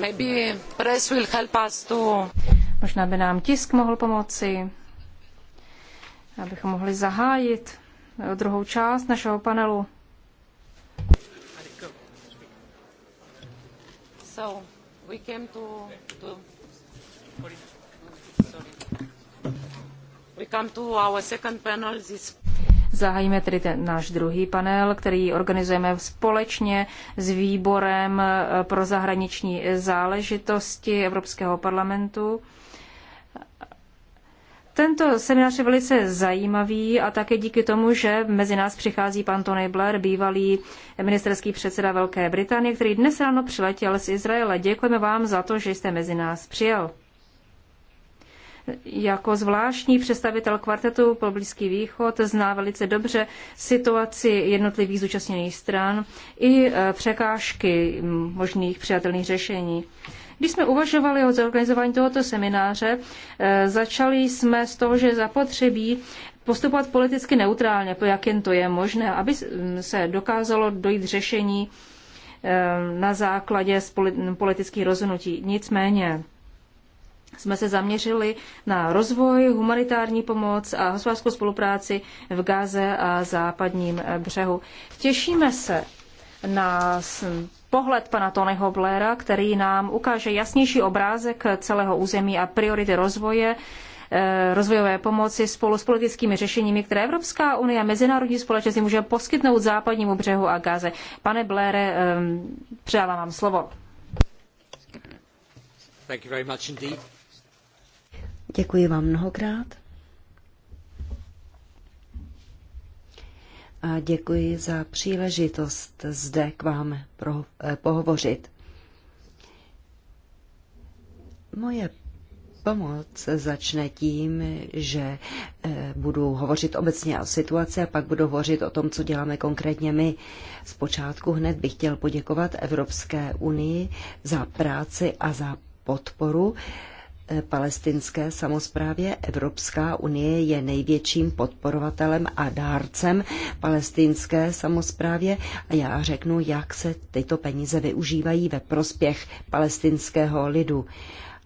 Maybe press will help us to... Možná by nám tisk mohl pomoci, abychom mohli zahájit eh, druhou část našeho panelu. So, we came to, to we come to our second panel this Zahájíme tedy ten náš druhý panel, který organizujeme společně s výborem eh, pro zahraniční eh, záležitosti Evropského parlamentu. Tento seminář je velice zajímavý a také díky tomu, že mezi nás přichází pan Tony Blair, bývalý ministerský předseda Velké Británie, který dnes ráno přiletěl z Izraele. Děkujeme vám za to, že jste mezi nás přijel jako zvláštní představitel kvartetu pro Blízký východ zná velice dobře situaci jednotlivých zúčastněných stran i e, překážky možných přijatelných řešení. Když jsme uvažovali o zorganizování tohoto semináře, e, začali jsme z toho, že zapotřebí postupovat politicky neutrálně, po jak jen to je možné, aby se dokázalo dojít řešení e, na základě politických rozhodnutí. Nicméně jsme se zaměřili na rozvoj, humanitární pomoc a hospodářskou spolupráci v Gaze a západním břehu. Těšíme se na pohled pana Tonyho Blaira, který nám ukáže jasnější obrázek celého území a priority rozvoje, eh, rozvojové pomoci spolu s politickými řešeními, které Evropská unie a mezinárodní společnosti může poskytnout západnímu břehu a Gaze. Pane Blaire, eh, předávám vám slovo. Thank you very much indeed. Děkuji vám mnohokrát. A děkuji za příležitost zde k vám pro, eh, pohovořit. Moje pomoc začne tím, že eh, budu hovořit obecně o situaci a pak budu hovořit o tom, co děláme konkrétně my. Zpočátku hned bych chtěl poděkovat Evropské unii za práci a za podporu, palestinské samozprávě. Evropská unie je největším podporovatelem a dárcem palestinské samozprávě a já řeknu, jak se tyto peníze využívají ve prospěch palestinského lidu.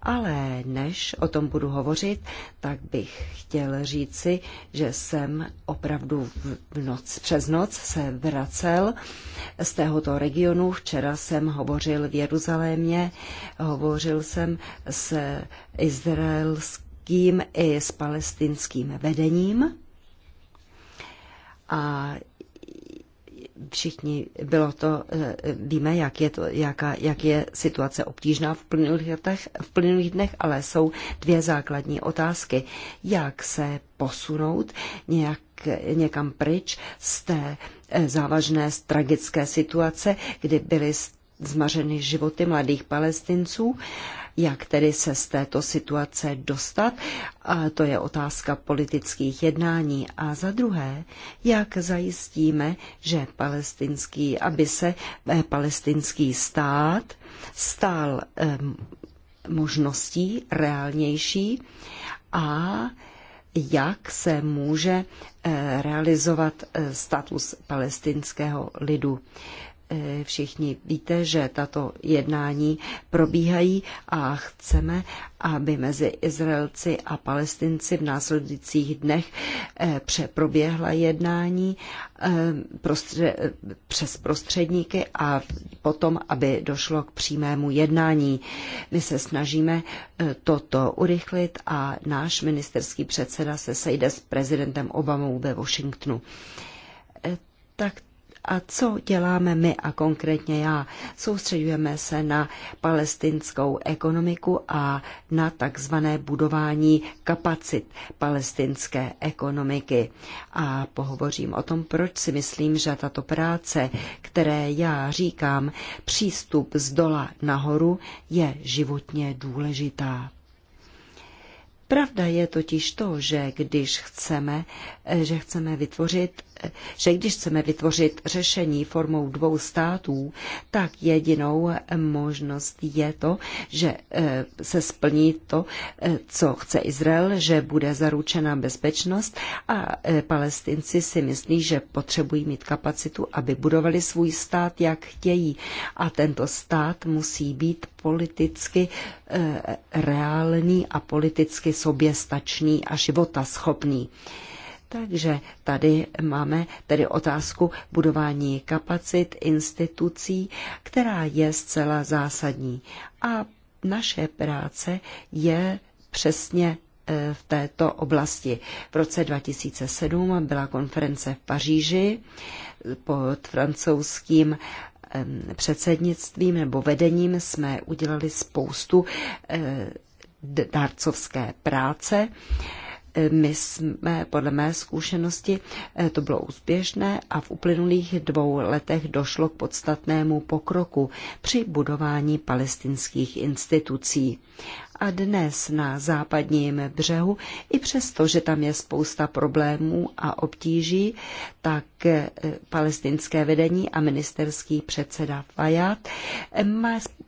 Ale než o tom budu hovořit, tak bych chtěl říci, že jsem opravdu v noc, přes noc se vracel z tohoto regionu. Včera jsem hovořil v Jeruzalémě, hovořil jsem s izraelským i s palestinským vedením. A všichni, bylo to, eh, víme, jak je, to, jaká, jak je situace obtížná v plynulých, dnech, v plynulých dnech, ale jsou dvě základní otázky. Jak se posunout nějak někam pryč z té eh, závažné, z tragické situace, kdy byly zmařeny životy mladých palestinců jak tedy se z této situace dostat? A to je otázka politických jednání. A za druhé, jak zajistíme, že palestinský, aby se eh, palestinský stát stál možností reálnější a jak se může eh, realizovat eh, status palestinského lidu. E, všichni víte, že tato jednání probíhají a chceme, aby mezi Izraelci a Palestinci v následujících dnech e, přeproběhla jednání e, přes prostředníky a potom, aby došlo k přímému jednání. My se snažíme toto urychlit a náš ministerský předseda se sejde s prezidentem Obamou ve Washingtonu. Tak a co děláme my a konkrétně já? Soustředujeme se na palestinskou ekonomiku a na takzvané budování kapacit palestinské ekonomiky. A pohovořím o tom, proč si myslím, že tato práce, které já říkám, přístup z dola nahoru, je životně důležitá. Pravda je totiž to, že když chceme, že chceme vytvořit že když chceme vytvořit řešení formou dvou států, tak jedinou možnost je to, že eh, se splní to, eh, co chce Izrael, že bude zaručena bezpečnost a eh, palestinci si myslí, že potřebují mít kapacitu, aby budovali svůj stát, jak chtějí. A tento stát musí být politicky reálný a politicky soběstačný a životaschopný. schopný. Takže tady máme tedy otázku budování kapacit institucí, která je zcela zásadní. A naše práce je přesně e, v této oblasti. V roce 2007 byla konference v Paříži pod francouzským předsednictvím nebo vedením jsme udělali spoustu e, dárcovské práce. My jsme, podle mé zkušenosti, eh, to bylo úspěšné a v uplynulých dvou letech došlo k podstatnému pokroku při budování palestinských institucí. A dnes na západním břehu, i přesto, že tam je spousta problémů a obtíží, tak eh, palestinské vedení a ministerský předseda Fayad eh,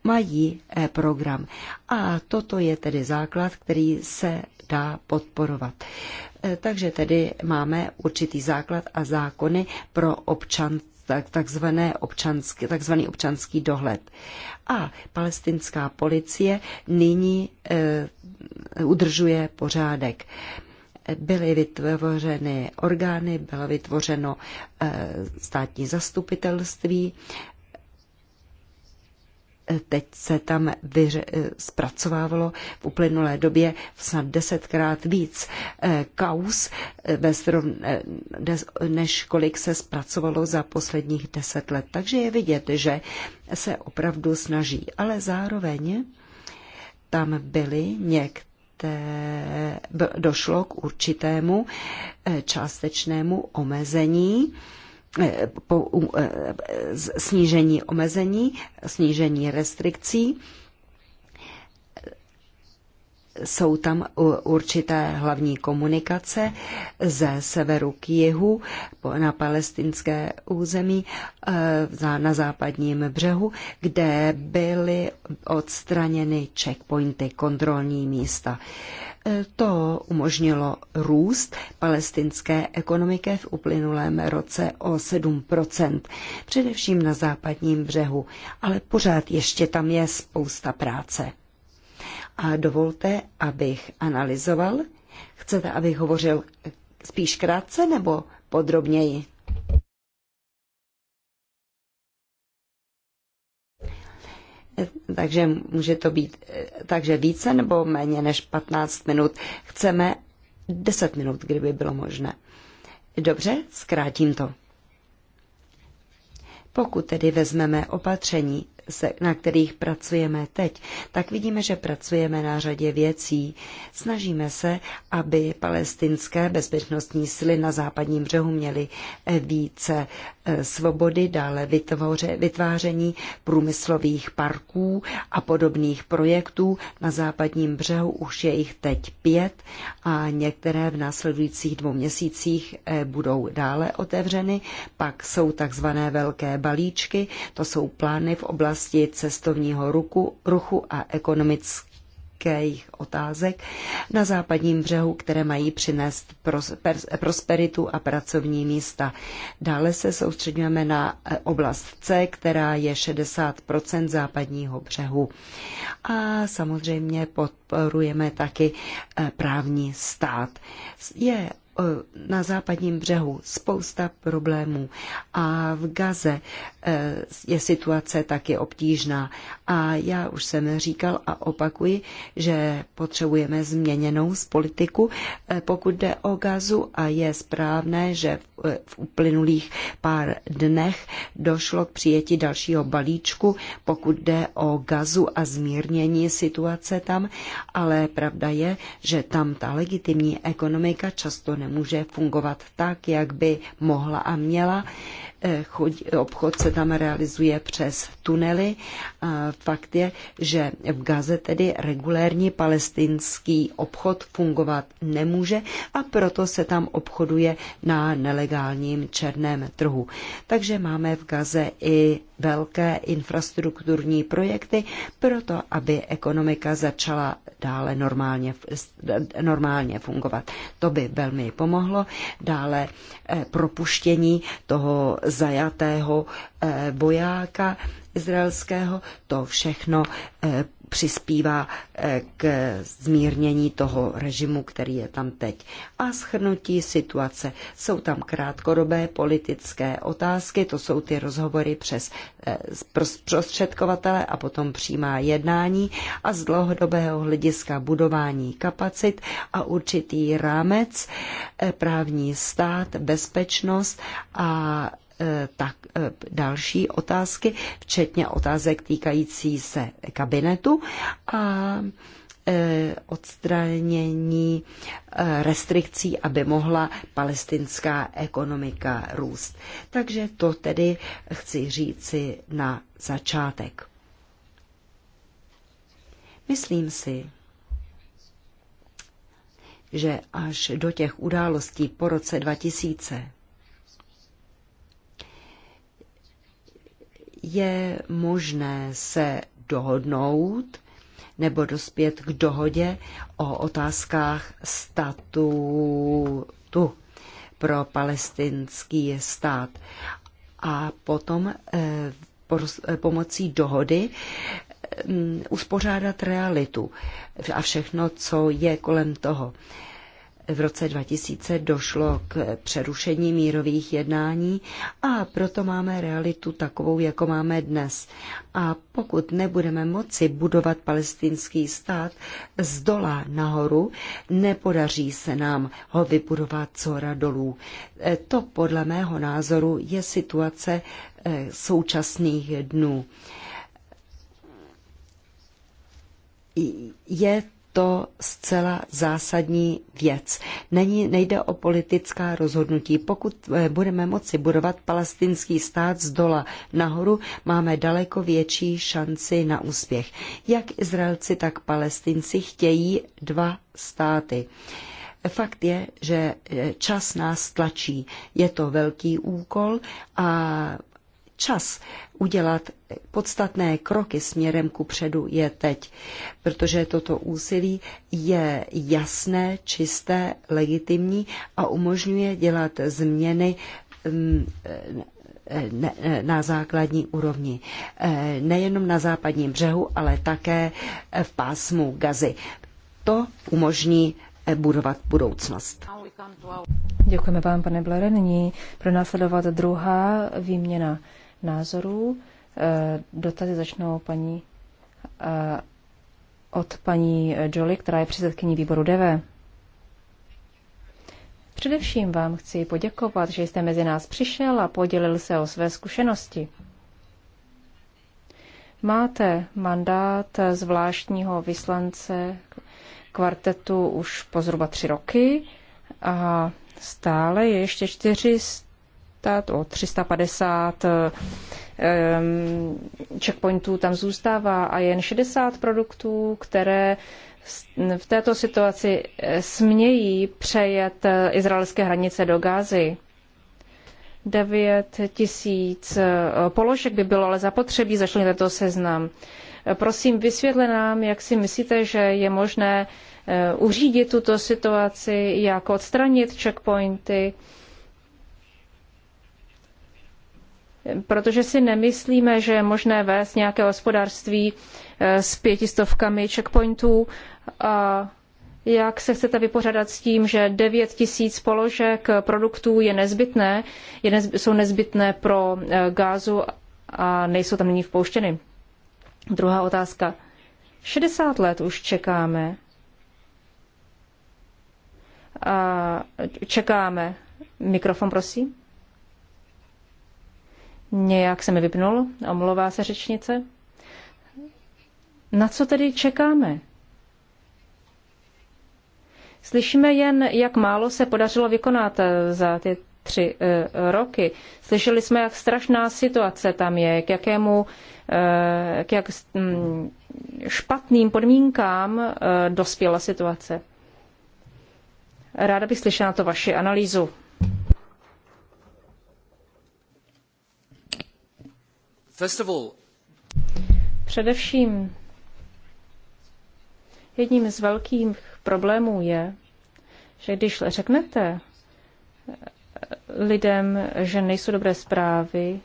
mají program. A toto je tedy základ, který se dá podporovat. E, takže tedy máme určitý základ a zákony pro občan, tak, takzvané občanský, takzvaný občanský dohled. A palestinská policie nyní e, udržuje pořádek. Byly vytvořeny orgány, bylo vytvořeno e, státní zastupitelství, Teď se tam vyře- eh, zpracovávalo v uplynulé době snad desetkrát víc eh, kaus, eh, než kolik se zpracovalo za posledních deset let. Takže je vidět, že se opravdu snaží, ale zároveň tam byly některé došlo k určitému částečnému omezení E, snížení omezení, snížení restrikcí. Jsou tam určité hlavní komunikace ze severu k jihu na palestinské území e, na západním břehu, kde byly odstraněny checkpointy, kontrolní místa. To umožnilo růst palestinské ekonomiky v uplynulém roce o 7 především na západním břehu, ale pořád ještě tam je spousta práce. A dovolte, abych analyzoval. Chcete, abych hovořil spíš krátce nebo podrobněji? takže může to být takže více nebo méně než 15 minut. Chceme 10 minut, kdyby bylo možné. Dobře, zkrátím to. Pokud tedy vezmeme opatření, se, na kterých pracujeme teď, tak vidíme, že pracujeme na řadě věcí. Snažíme se, aby palestinské bezpečnostní sily na západním břehu měly eh, více eh, svobody, dále vytvoře, vytváření průmyslových parků a podobných projektů. Na západním břehu už je jich teď pět a některé v následujících dvou měsících eh, budou dále otevřeny. Pak jsou takzvané velké balíčky, to jsou plány v oblasti oblasti cestovního ruku, ruchu a ekonomických otázek na západním břehu, které mají přinést prosperitu a pracovní místa. Dále se soustředňujeme na e, oblast C, která je 60 západního břehu. A samozřejmě podporujeme taky e, právní stát. Je na západním břehu spousta problémů a v Gaze e, je situace taky obtížná a já už jsem říkal a opakuji, že potřebujeme změněnou z politiku, e, pokud jde o gazu a je správné, že e, v uplynulých pár dnech došlo k přijetí dalšího balíčku, pokud jde o gazu a zmírnění situace tam, ale pravda je, že tam ta legitimní ekonomika často nemůže fungovat tak, jak by mohla a měla. E, obchod se tam realizuje přes tunely. A fakt je, že v Gaze tedy regulérní palestinský obchod fungovat nemůže a proto se tam obchoduje na nelegálním černém trhu. Takže máme v Gaze i velké infrastrukturní projekty proto, aby ekonomika začala dále normálně, normálně fungovat. To by velmi pomohlo. Dále eh, propuštění toho zajatého Eh, vojáka izraelského. To všechno eh, přispívá eh, k zmírnění toho režimu, který je tam teď. A schrnutí situace. Jsou tam krátkodobé politické otázky, to jsou ty rozhovory přes prostředkovatele a potom přímá jednání a z dlouhodobého hlediska budování kapacit a určitý rámec, právní stát, bezpečnost a tak eh, další otázky, včetně otázek týkající se kabinetu a eh, odstranění eh, restrikcí, aby mohla palestinská ekonomika růst. Takže to tedy chci říci na začátek. Myslím si, že až do těch událostí po roce 2000 je možné se dohodnout nebo dospět k dohodě o otázkách statutu pro palestinský stát. A potom eh, eh, pomocí dohody mm, uspořádat realitu a všechno, co je kolem toho v roce 2000 došlo k přerušení mírových jednání a proto máme realitu takovou, jako máme dnes. A pokud nebudeme moci budovat palestinský stát z dola nahoru, nepodaří se nám ho vybudovat hora dolů. E, to podle mého názoru je situace e, současných dnů je to zcela zásadní věc. Není, nejde o politická rozhodnutí. Pokud eh, budeme moci budovat palestinský stát z dola nahoru, máme daleko větší šanci na úspěch. Jak Izraelci, tak palestinci chtějí dva státy. Fakt je, že eh, čas nás tlačí. Je to velký úkol a čas udělat podstatné kroky směrem ku předu je teď, protože toto úsilí je jasné, čisté, legitimní a umožňuje dělat změny mm, e, e, e, na základní úrovni. Nejenom na západním břehu, ale také v pásmu Gazy. To umožní budovat budoucnost. Děkujeme vám, pane Blere. Nyní pronásledovat druhá výměna názorů. Eh, dotazy začnou paní, eh, od paní Jolie, která je předsedkyní výboru DV. Především vám chci poděkovat, že jste mezi nás přišel a podělil se o své zkušenosti. Máte mandát zvláštního vyslance kvartetu už po zhruba tři roky a stále je ještě 400 zůstat, o 350 ehm, checkpointů tam zůstává a jen 60 produktů, které v této situaci eh, smějí přejet eh, izraelské hranice do Gázy. 9 tisíc eh, položek by bylo ale zapotřebí na tento seznam. Prosím, vysvětle nám, jak si myslíte, že je možné uřídit tuto situaci, jak odstranit checkpointy, protože si nemyslíme, že je možné vést nějaké hospodářství eh, s pětistovkami checkpointů. A jak se chcete vypořádat s tím, že 9 tisíc položek produktů je nezbytné, je nezb, jsou nezbytné pro eh, gázu a nejsou tam nyní vpouštěny? Druhá otázka. 60 let už čekáme. A čekáme. Mikrofon, prosím. Nějak se mi vypnul, omlouvá se řečnice. Na co tedy čekáme? Slyšíme jen, jak málo se podařilo vykonat eh, za ty tři e, roky. Slyšeli jsme, jak strašná situace tam je, k jakému e, k jak m, mm, špatným podmínkám e, dospěla situace. Ráda bych slyšela to vaši analýzu. Především jedním z velkých problémů je, že když řeknete eh, lidem, že nejsou dobré zprávy,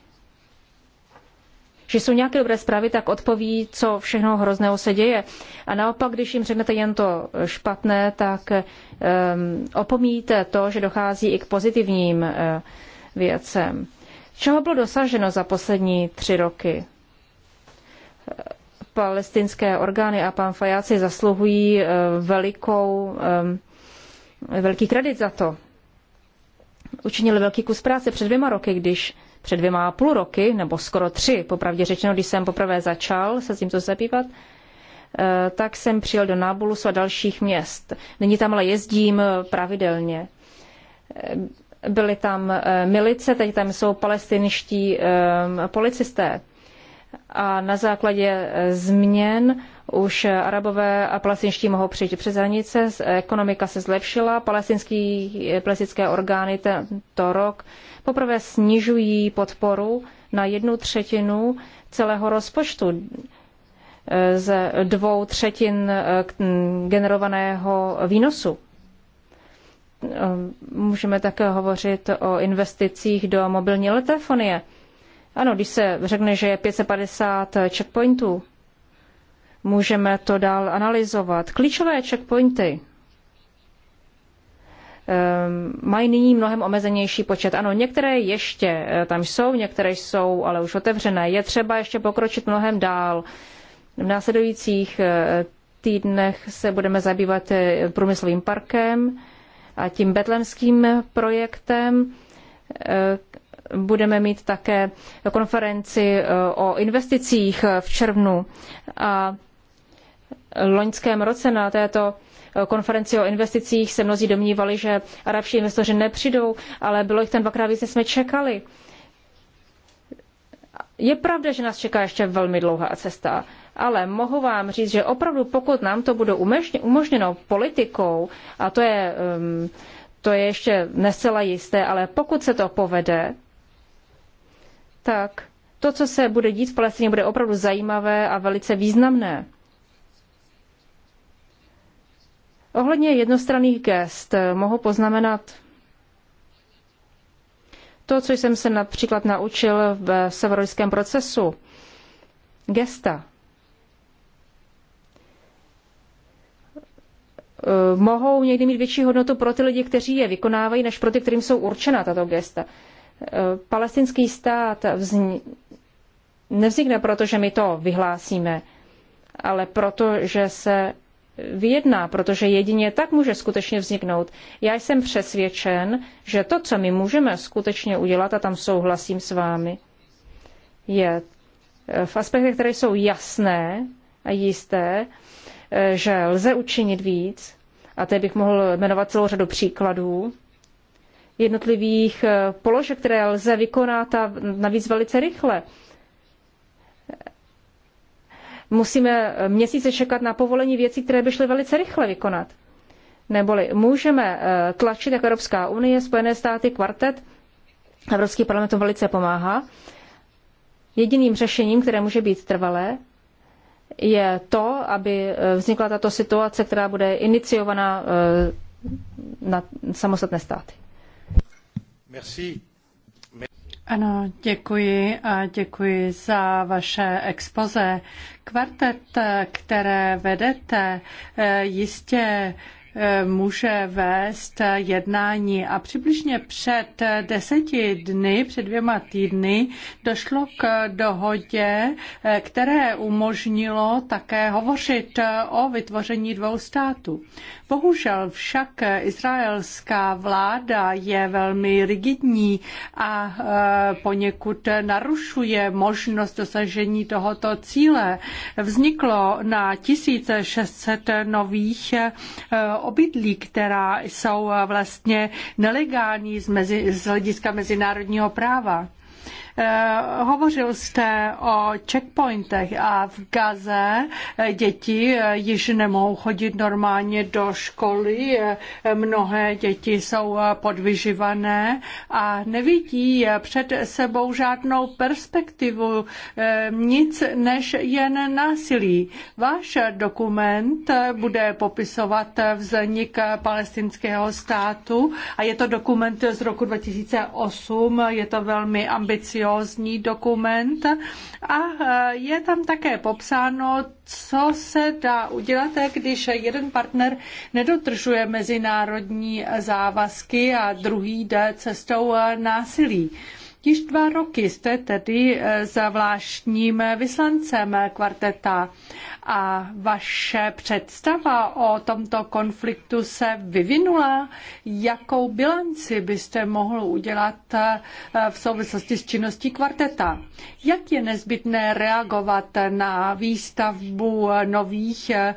že jsou nějaké dobré zprávy, tak odpoví, co všechno hrozného se děje. A naopak, když jim řeknete jen to špatné, tak um, eh, opomíte to, že dochází i k pozitivním uh, věcem. Čeho bylo dosaženo za poslední tři roky? Palestinské orgány a pan Fajáci zasluhují eh, velikou, eh, velký kredit za to. Učinili velký kus práce před dvěma roky, když před dvěma a půl roky, nebo skoro tři, popravdě řečeno, když jsem poprvé začal se tímto zabývat, eh, tak jsem přijel do Nábulusu a dalších měst. Nyní tam ale jezdím pravidelně byly tam eh, milice, teď tam jsou palestinští eh, policisté. A na základě eh, změn už arabové a palestinští mohou přijít přes hranice, ekonomika se zlepšila, palestinský, palestinské orgány tento rok poprvé snižují podporu na jednu třetinu celého rozpočtu ze dvou třetin generovaného výnosu. Eh, můžeme také hovořit o investicích do mobilní telefonie. Ano, když se řekne, že je 550 checkpointů, můžeme to dál analyzovat. Klíčové checkpointy eh, mají nyní mnohem omezenější počet. Ano, některé ještě eh, tam jsou, některé jsou, ale už otevřené. Je třeba ještě pokročit mnohem dál. V následujících týdnech se budeme zabývat průmyslovým parkem, a tím betlemským projektem. Eh, budeme mít také konferenci eh, o investicích eh, v červnu a loňském roce na této konferenci o investicích se mnozí domnívali, že arabští investoři nepřijdou, ale bylo jich tam dvakrát víc, než jsme čekali. Je pravda, že nás čeká ještě velmi dlouhá cesta, ale mohu vám říct, že opravdu pokud nám to bude umožněno politikou, a to je, um, to je ještě nesela jisté, ale pokud se to povede, tak to, co se bude dít v Palestině, bude opravdu zajímavé a velice významné. Ohledně jednostranných gest mohu poznamenat to, co jsem se například naučil v severojském procesu, gesta, eh, mohou někdy mít větší hodnotu pro ty lidi, kteří je vykonávají, než pro ty, kterým jsou určena tato gesta. Eh, palestinský stát vzni- nevznikne proto, že my to vyhlásíme, ale proto, že se vyjedná, protože jedině tak může skutečně vzniknout. Já jsem přesvědčen, že to, co my můžeme skutečně udělat, a tam souhlasím s vámi, je eh, v aspektech, které jsou jasné a jisté, eh, že lze učinit víc, a tady bych mohl jmenovat celou řadu příkladů, jednotlivých eh, položek, které lze vykonat a navíc velice rychle musíme měsíce čekat na povolení věcí, které by šly velice rychle vykonat. Neboli můžeme eh, tlačit, jako Evropská unie, Spojené státy, kvartet, Evropský parlament to velice pomáhá. Jediným řešením, které může být trvalé, je to, aby eh, vznikla tato situace, která bude iniciovaná eh, na samostatné státy. Merci. Ano, děkuji a děkuji za vaše expoze. Kvartet, které vedete, eh, jistě Eh, může vést jednání. A přibližně před deseti dny, před dvěma týdny, došlo k dohodě, eh, které umožnilo také hovořit o vytvoření dvou států. Bohužel však izraelská vláda je velmi rigidní a eh, poněkud narušuje možnost dosažení tohoto cíle. Vzniklo na 1600 nových obydlí, která jsou eh, vlastně nelegální z, mezi, z hlediska mezinárodního práva. Eh, hovořil jste o checkpointech a v Gaze eh, děti eh, již nemohou chodit normálně do školy. Mnohé děti jsou podvyživané a nevidí před sebou žádnou perspektivu, nic než jen násilí. Váš dokument bude popisovat vznik palestinského státu a je to dokument z roku 2008, je to velmi ambiciozní ambiciózní dokument a e, je tam také popsáno, co se dá udělat, když jeden partner nedotržuje mezinárodní závazky a druhý jde cestou e, násilí. Již dva roky jste tedy eh, za vláštním vyslancem kvarteta a vaše představa o tomto konfliktu se vyvinula. Jakou bilanci byste mohl udělat eh, v souvislosti s činností kvarteta? Jak je nezbytné reagovat na výstavbu nových eh,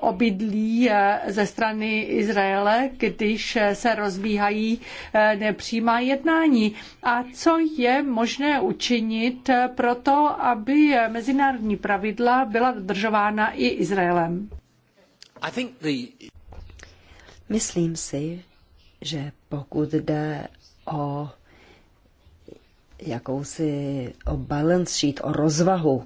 obydlí ze strany Izraele, když se rozbíhají nepřímá jednání? A co co je možné učinit pro to, aby mezinárodní pravidla byla dodržována i Izraelem? Myslím si, že pokud jde o jakousi o balance sheet, o rozvahu,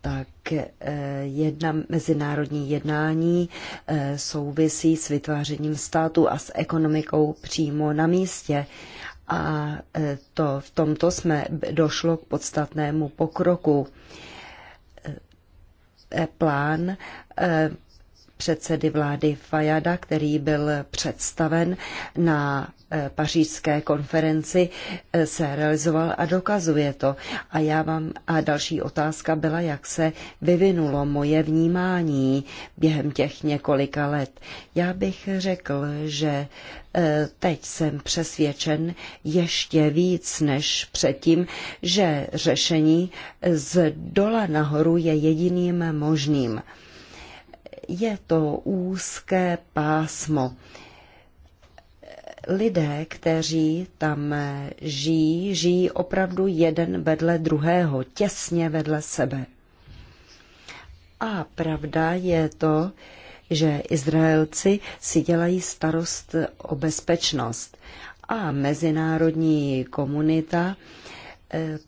tak eh, jedna mezinárodní jednání eh, souvisí s vytvářením státu a s ekonomikou přímo na místě a e, to, v tomto jsme došlo k podstatnému pokroku. E, e, plán předsedy vlády Fajada, který byl představen na eh, pařížské konferenci, eh, se realizoval a dokazuje to. A já vám a další otázka byla, jak se vyvinulo moje vnímání během těch několika let. Já bych řekl, že eh, teď jsem přesvědčen ještě víc než předtím, že řešení z dola nahoru je jediným možným je to úzké pásmo. Lidé, kteří tam žijí, žijí opravdu jeden vedle druhého, těsně vedle sebe. A pravda je to, že Izraelci si dělají starost o bezpečnost a mezinárodní komunita eh,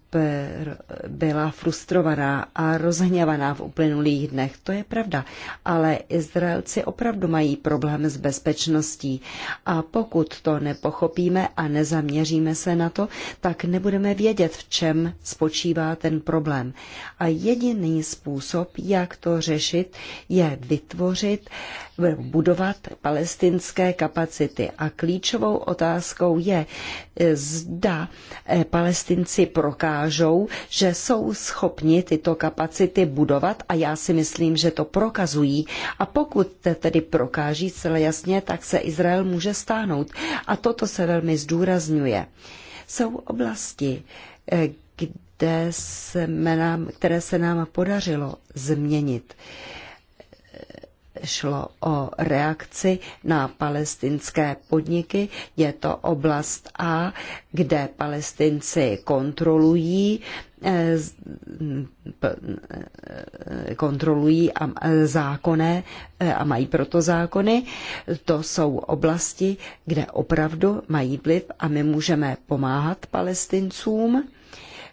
byla frustrovaná a rozhněvaná v uplynulých dnech. To je pravda, ale Izraelci opravdu mají problém s bezpečností a pokud to nepochopíme a nezaměříme se na to, tak nebudeme vědět, v čem spočívá ten problém. A jediný způsob, jak to řešit, je vytvořit, budovat palestinské kapacity. A klíčovou otázkou je, zda eh, palestinci prokázali, ukážou, že jsou schopni tyto kapacity budovat a já si myslím, že to prokazují. A pokud te tedy prokáží celé jasně, tak se Izrael může stáhnout. A toto se velmi zdůrazňuje. Jsou oblasti, eh, kde se nám, které se nám podařilo změnit šlo o reakci na palestinské podniky. Je to oblast A, kde palestinci kontrolují eh, eh, kontrolují a eh, zákonné a mají proto zákony. To jsou oblasti, kde opravdu mají vliv a my můžeme pomáhat palestincům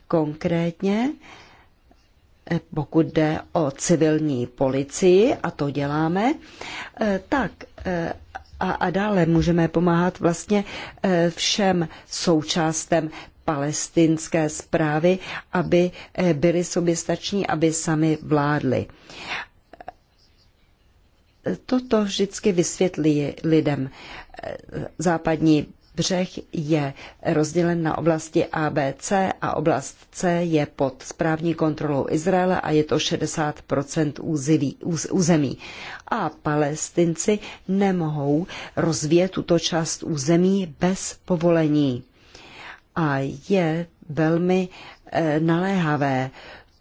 konkrétně Eh, pokud jde o civilní policii, a to děláme, eh, tak eh, a, a dále můžeme pomáhat vlastně všem součástem palestinské zprávy, aby byli soběstační, aby sami vládli. Toto vždycky vysvětlí lidem západní břeh je rozdělen na oblasti A, B, C a oblast C je pod správní kontrolou Izraele a je to 60 úzilí, úz, území. A palestinci nemohou rozvíjet tuto část území bez povolení. A je velmi e, naléhavé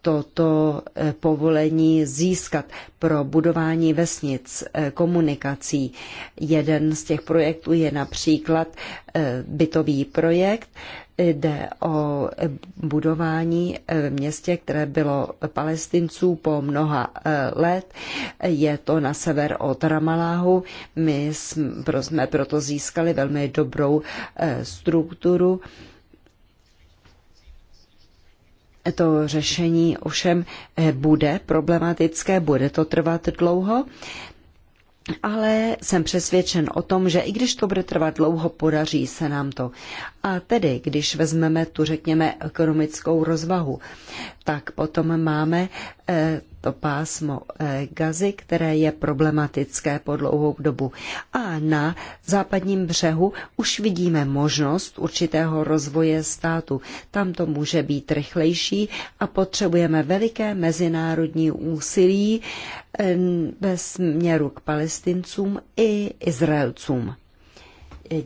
toto eh, povolení získat pro budování vesnic eh, komunikací. Jeden z těch projektů je například eh, bytový projekt, jde o budování v městě, které bylo palestinců po mnoha let. Je to na sever od Ramaláhu. My jsme proto získali velmi dobrou strukturu to řešení ovšem eh, bude problematické, bude to trvat dlouho, ale jsem přesvědčen o tom, že i když to bude trvat dlouho, podaří se nám to. A tedy, když vezmeme tu, řekněme, ekonomickou rozvahu, tak potom máme Eh, to pásmo eh, Gazy, které je problematické po dlouhou dobu. A na západním břehu už vidíme možnost určitého rozvoje státu. Tam to může být rychlejší a potřebujeme veliké mezinárodní úsilí eh, ve směru k palestincům i Izraelcům.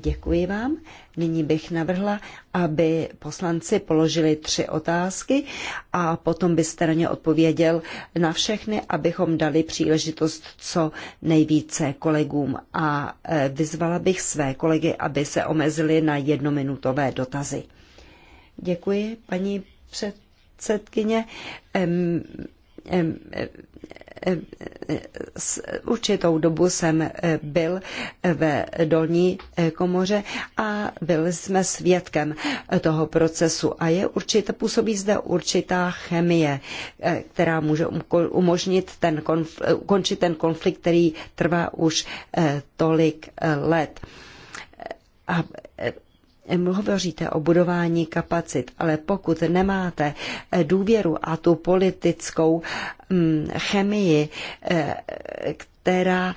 Děkuji vám. Nyní bych navrhla, aby poslanci položili tři otázky a potom byste na ně odpověděl na všechny, abychom dali příležitost co nejvíce kolegům. A e, vyzvala bych své kolegy, aby se omezili na jednominutové dotazy. Děkuji, paní předsedkyně s určitou dobu jsem e, byl e, ve dolní e, komoře a byli jsme svědkem toho procesu a je určitě, působí zde určitá chemie, která může umožnit ten konflikt, ukončit ten konflikt, který trvá už tolik let. A Eh, hovoříte o budování kapacit, ale pokud nemáte eh, důvěru a tu politickou mm, chemii, eh, která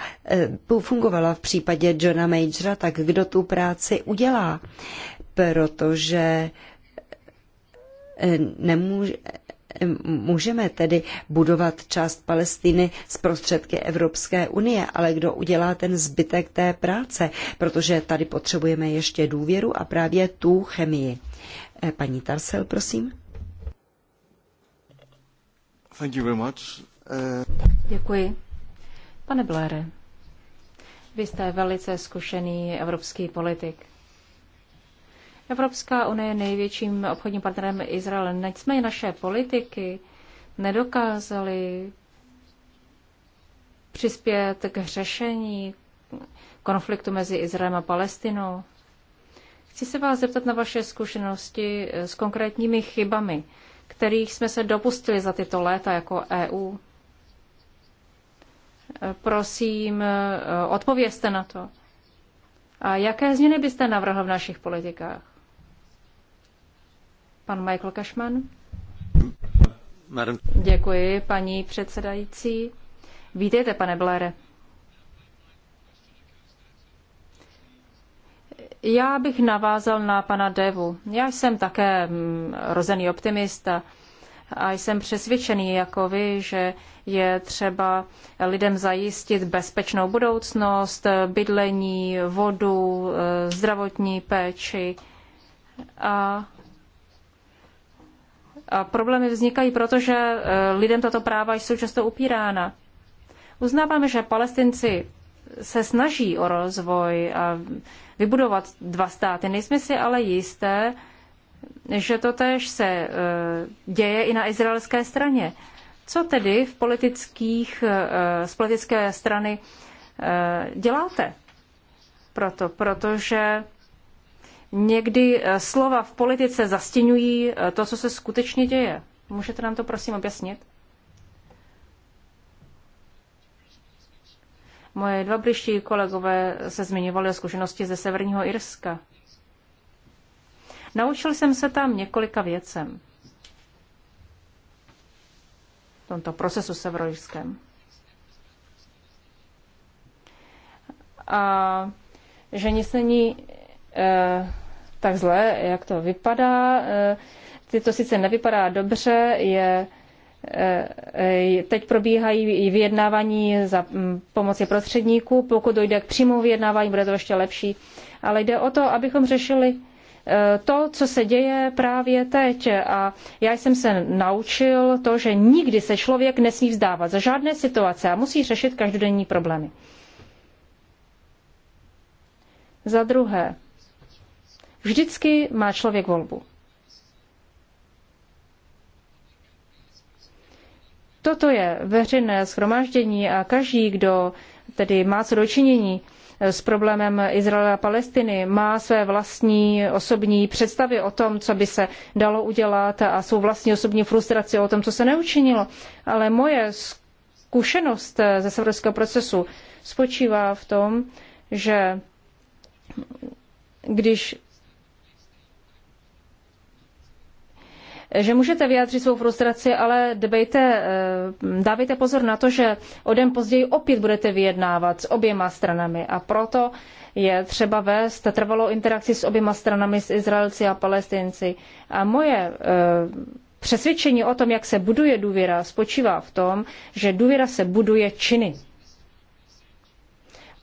fungovala v případě Johna Majora, tak kdo tu práci udělá? Protože nemůže, Můžeme tedy budovat část Palestiny z prostředky Evropské unie, ale kdo udělá ten zbytek té práce? Protože tady potřebujeme ještě důvěru a právě tu chemii. Eh, paní Tarsel, prosím. Thank you very much. Uh... Děkuji. Pane Blaire, vy jste velice zkušený evropský politik. Evropská unie je největším obchodním partnerem Izraele. Nicméně naše politiky nedokázaly přispět k řešení konfliktu mezi Izraelem a Palestinou. Chci se vás zeptat na vaše zkušenosti s konkrétními chybami, kterých jsme se dopustili za tyto léta jako EU. Prosím, odpovězte na to. A jaké změny byste navrhl v našich politikách? Pan Michael Cashman. Děkuji, paní předsedající. Vítejte, pane Blaire. Já bych navázal na pana Devu. Já jsem také mm, rozený optimista a jsem přesvědčený jako vy, že je třeba lidem zajistit bezpečnou budoucnost, bydlení, vodu, e, zdravotní péči. A problémy vznikají, protože eh, lidem tato práva jsou často upírána. Uznáváme, že palestinci se snaží o rozvoj a vybudovat dva státy. Nejsme si ale jisté, že to tež se eh, děje i na izraelské straně. Co tedy v politických, eh, z politické strany děláte? Proto, protože někdy eh, slova v politice zastěňují eh, to, co se skutečně děje. Můžete nám to prosím objasnit? Moje dva blížší kolegové se zmiňovali o zkušenosti ze Severního Irska. Naučil jsem se tam několika věcem. V tomto procesu severoirském. A že nic není eh, tak zle, jak to vypadá. Eh, to sice nevypadá dobře, je eh, eh, Teď probíhají vyjednávání za mm, pomoci prostředníků. Pokud dojde k přímou vyjednávání, bude to ještě lepší. Ale jde o to, abychom řešili to, co se děje právě teď. A já jsem se naučil to, že nikdy se člověk nesmí vzdávat za žádné situace a musí řešit každodenní problémy. Za druhé, Vždycky má člověk volbu. Toto je veřejné schromáždění a každý, kdo tedy má co dočinění eh, s problémem izraela a Palestiny, má své vlastní osobní představy o tom, co by se dalo udělat a svou vlastní osobní frustraci o tom, co se neučinilo. Ale moje zkušenost eh, ze severského procesu spočívá v tom, že když že můžete vyjádřit svou frustraci, ale dbejte, eh, dávejte pozor na to, že o den později opět budete vyjednávat s oběma stranami a proto je třeba vést trvalou interakci s oběma stranami, s Izraelci a Palestinci. A moje eh, přesvědčení o tom, jak se buduje důvěra, spočívá v tom, že důvěra se buduje činy.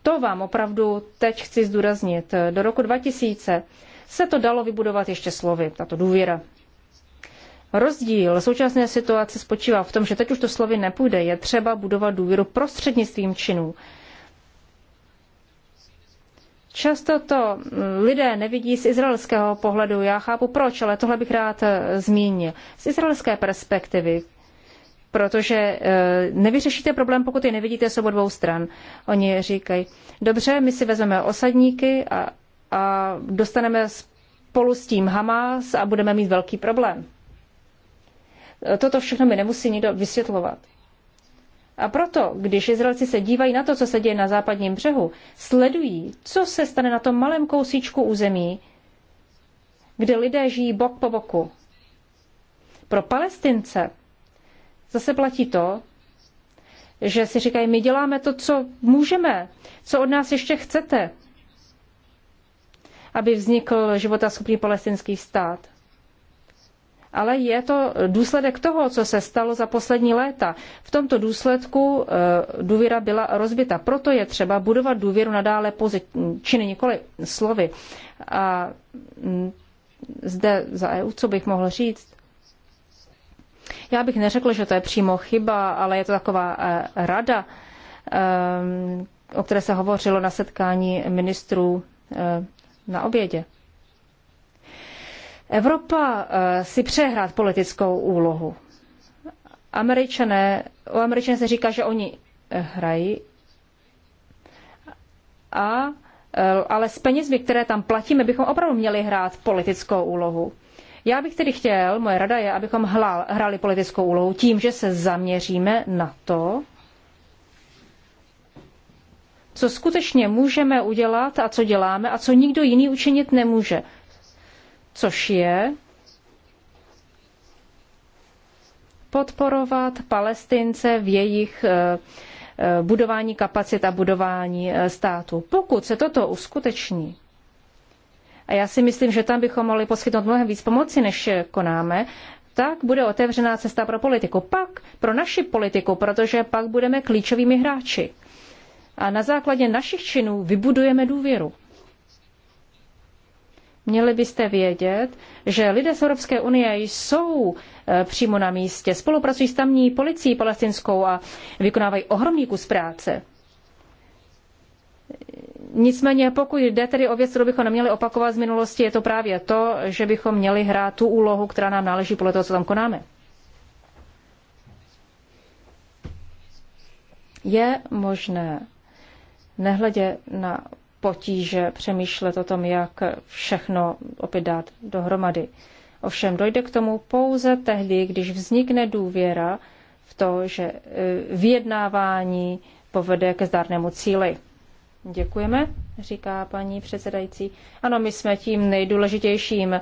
To vám opravdu teď chci zdůraznit. Do roku 2000 se to dalo vybudovat ještě slovy, tato důvěra. Rozdíl současné situace spočívá v tom, že teď už to slovy nepůjde, je třeba budovat důvěru prostřednictvím činů. Často to mm, lidé nevidí z izraelského pohledu, já chápu proč, ale tohle bych rád eh, zmínil. Z izraelské perspektivy, protože eh, nevyřešíte problém, pokud je nevidíte s obou dvou stran. Oni říkají, dobře, my si vezmeme osadníky a, a dostaneme spolu s tím Hamas a budeme mít velký problém. Toto všechno mi nemusí nikdo vysvětlovat. A proto, když Izraelci se dívají na to, co se děje na západním břehu, sledují, co se stane na tom malém kousíčku území, kde lidé žijí bok po boku. Pro Palestince zase platí to, že si říkají, my děláme to, co můžeme, co od nás ještě chcete, aby vznikl životaschopný palestinský stát ale je to důsledek toho, co se stalo za poslední léta. V tomto důsledku eh, důvěra byla rozbita. Proto je třeba budovat důvěru nadále pozit, činy nikoli slovy. A mm, zde za EU, co bych mohl říct? Já bych neřekl, že to je přímo chyba, ale je to taková eh, rada, eh, o které se hovořilo na setkání ministrů na obědě. Evropa eh, si přehrát politickou úlohu. Američané, o Američané se říká, že oni eh, hrají, a, eh, ale s penězmi, které tam platíme, bychom opravdu měli hrát politickou úlohu. Já bych tedy chtěl, moje rada je, abychom hlal, hrali politickou úlohu tím, že se zaměříme na to, co skutečně můžeme udělat a co děláme a co nikdo jiný učinit nemůže což je podporovat Palestince v jejich eh, eh, budování kapacit a budování eh, státu. Pokud se toto uskuteční, a já si myslím, že tam bychom mohli poskytnout mnohem víc pomoci, než konáme, tak bude otevřená cesta pro politiku. Pak pro naši politiku, protože pak budeme klíčovými hráči. A na základě našich činů vybudujeme důvěru. Měli byste vědět, že lidé z Evropské unie jsou e, přímo na místě, spolupracují s tamní policií palestinskou a vykonávají ohromný kus práce. Nicméně pokud jde tedy o věc, kterou bychom neměli opakovat z minulosti, je to právě to, že bychom měli hrát tu úlohu, která nám náleží podle toho, co tam konáme. Je možné, nehledě na potíže přemýšlet o tom, jak všechno opět dát dohromady. Ovšem dojde k tomu pouze tehdy, když vznikne důvěra v to, že e, vyjednávání povede ke zdárnému cíli. Děkujeme, říká paní předsedající. Ano, my jsme tím nejdůležitějším e,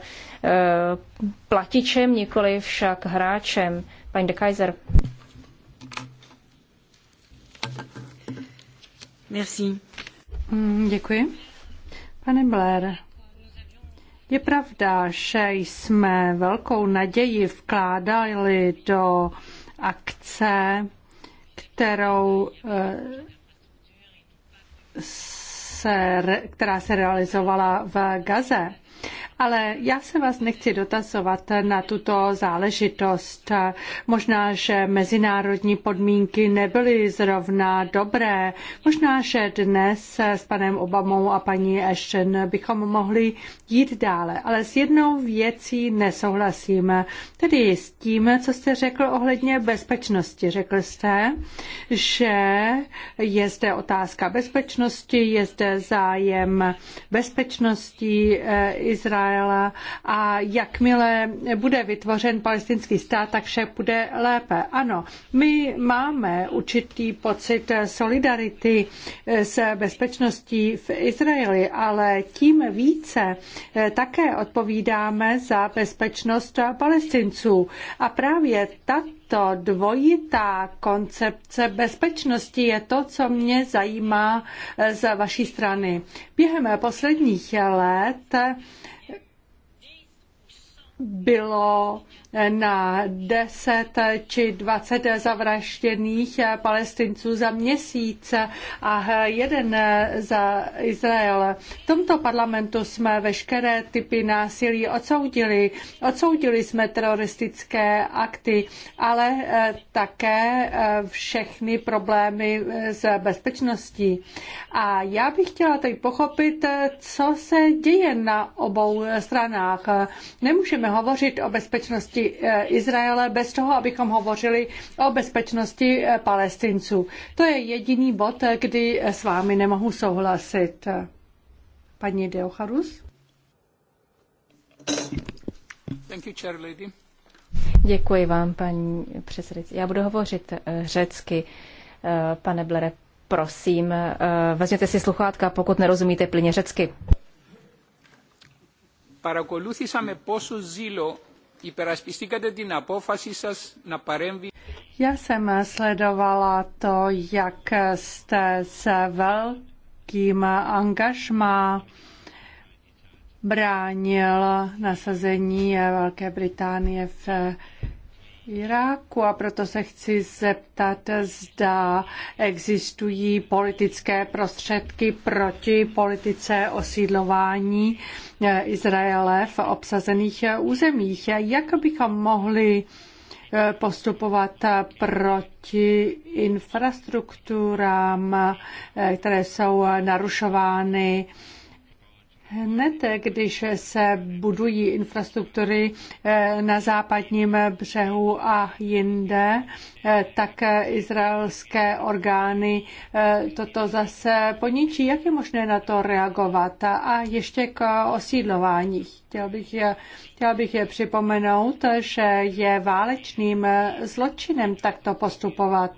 platičem, nikoli však hráčem. Paní de Kaiser. Merci. Mm, děkuji. Pane Blair, je pravda, že jsme velkou naději vkládali do akce, kterou eh, se, která se realizovala v Gaze ale já se vás nechci dotazovat na tuto záležitost. Možná, že mezinárodní podmínky nebyly zrovna dobré. Možná, že dnes s panem Obamou a paní Ashton bychom mohli jít dále, ale s jednou věcí nesouhlasím, tedy s tím, co jste řekl ohledně bezpečnosti. Řekl jste, že je zde otázka bezpečnosti, je zde zájem bezpečnosti eh, Izraela Izraela a jakmile bude vytvořen palestinský stát, tak vše bude lépe. Ano, my máme určitý pocit solidarity eh, s bezpečností v Izraeli, ale tím více eh, také odpovídáme za bezpečnost palestinců. A právě tato dvojitá koncepce bezpečnosti je to, co mě zajímá eh, z vaší strany. Během posledních let bylo na 10 či 20 zavražděných palestinců za měsíc a jeden za Izrael. V tomto parlamentu jsme veškeré typy násilí odsoudili. Odsoudili jsme teroristické akty, ale eh, také eh, všechny problémy eh, s bezpečností. A já bych chtěla teď pochopit, co se děje na obou stranách. Nemůžeme hovořit o bezpečnosti bezpečnosti eh, Izraele bez toho, abychom hovořili o bezpečnosti eh, palestinců. To je jediný bod, eh, kdy s vámi nemohu souhlasit. Paní Deocharus? Thank you, chair lady. Děkuji vám, paní předsedající. Já budu hovořit řecky. Pane Blere, prosím, vezměte si sluchátka, pokud nerozumíte plně řecky. Παρακολούθησαμε πόσο ζήλο Υπερασπιστήκατε την απόφαση σας να παρέμβει. Já jsem sledovala to, jak jste se velkým angažmá bránil nasazení Velké Británie v Iráku a proto se chci zeptat, zda existují politické prostředky proti politice osídlování Izraele v obsazených územích. Jak bychom mohli eh, postupovat eh, proti infrastrukturám, eh, které jsou narušovány Hned, když se budují infrastruktury eh, na západním břehu a jinde, eh, tak izraelské orgány eh, toto zase poničí. Jak je možné na to reagovat? A ještě k osídlování. Chtěl bych, chtěl bych je připomenout, že je válečným zločinem takto postupovat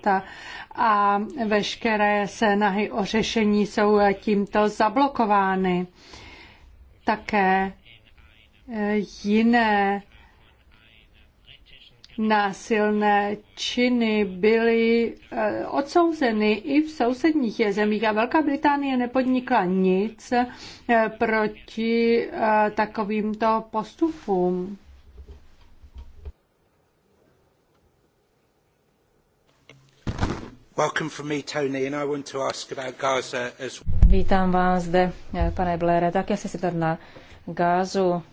a veškeré snahy o řešení jsou tímto zablokovány také eh, jiné násilné činy byly eh, odsouzeny i v sousedních zemích a Velká Británie nepodnikla nic eh, proti takovýmto postupům. Vítám vás zde, eh, pane Blaire. já se zeptat na Gázu.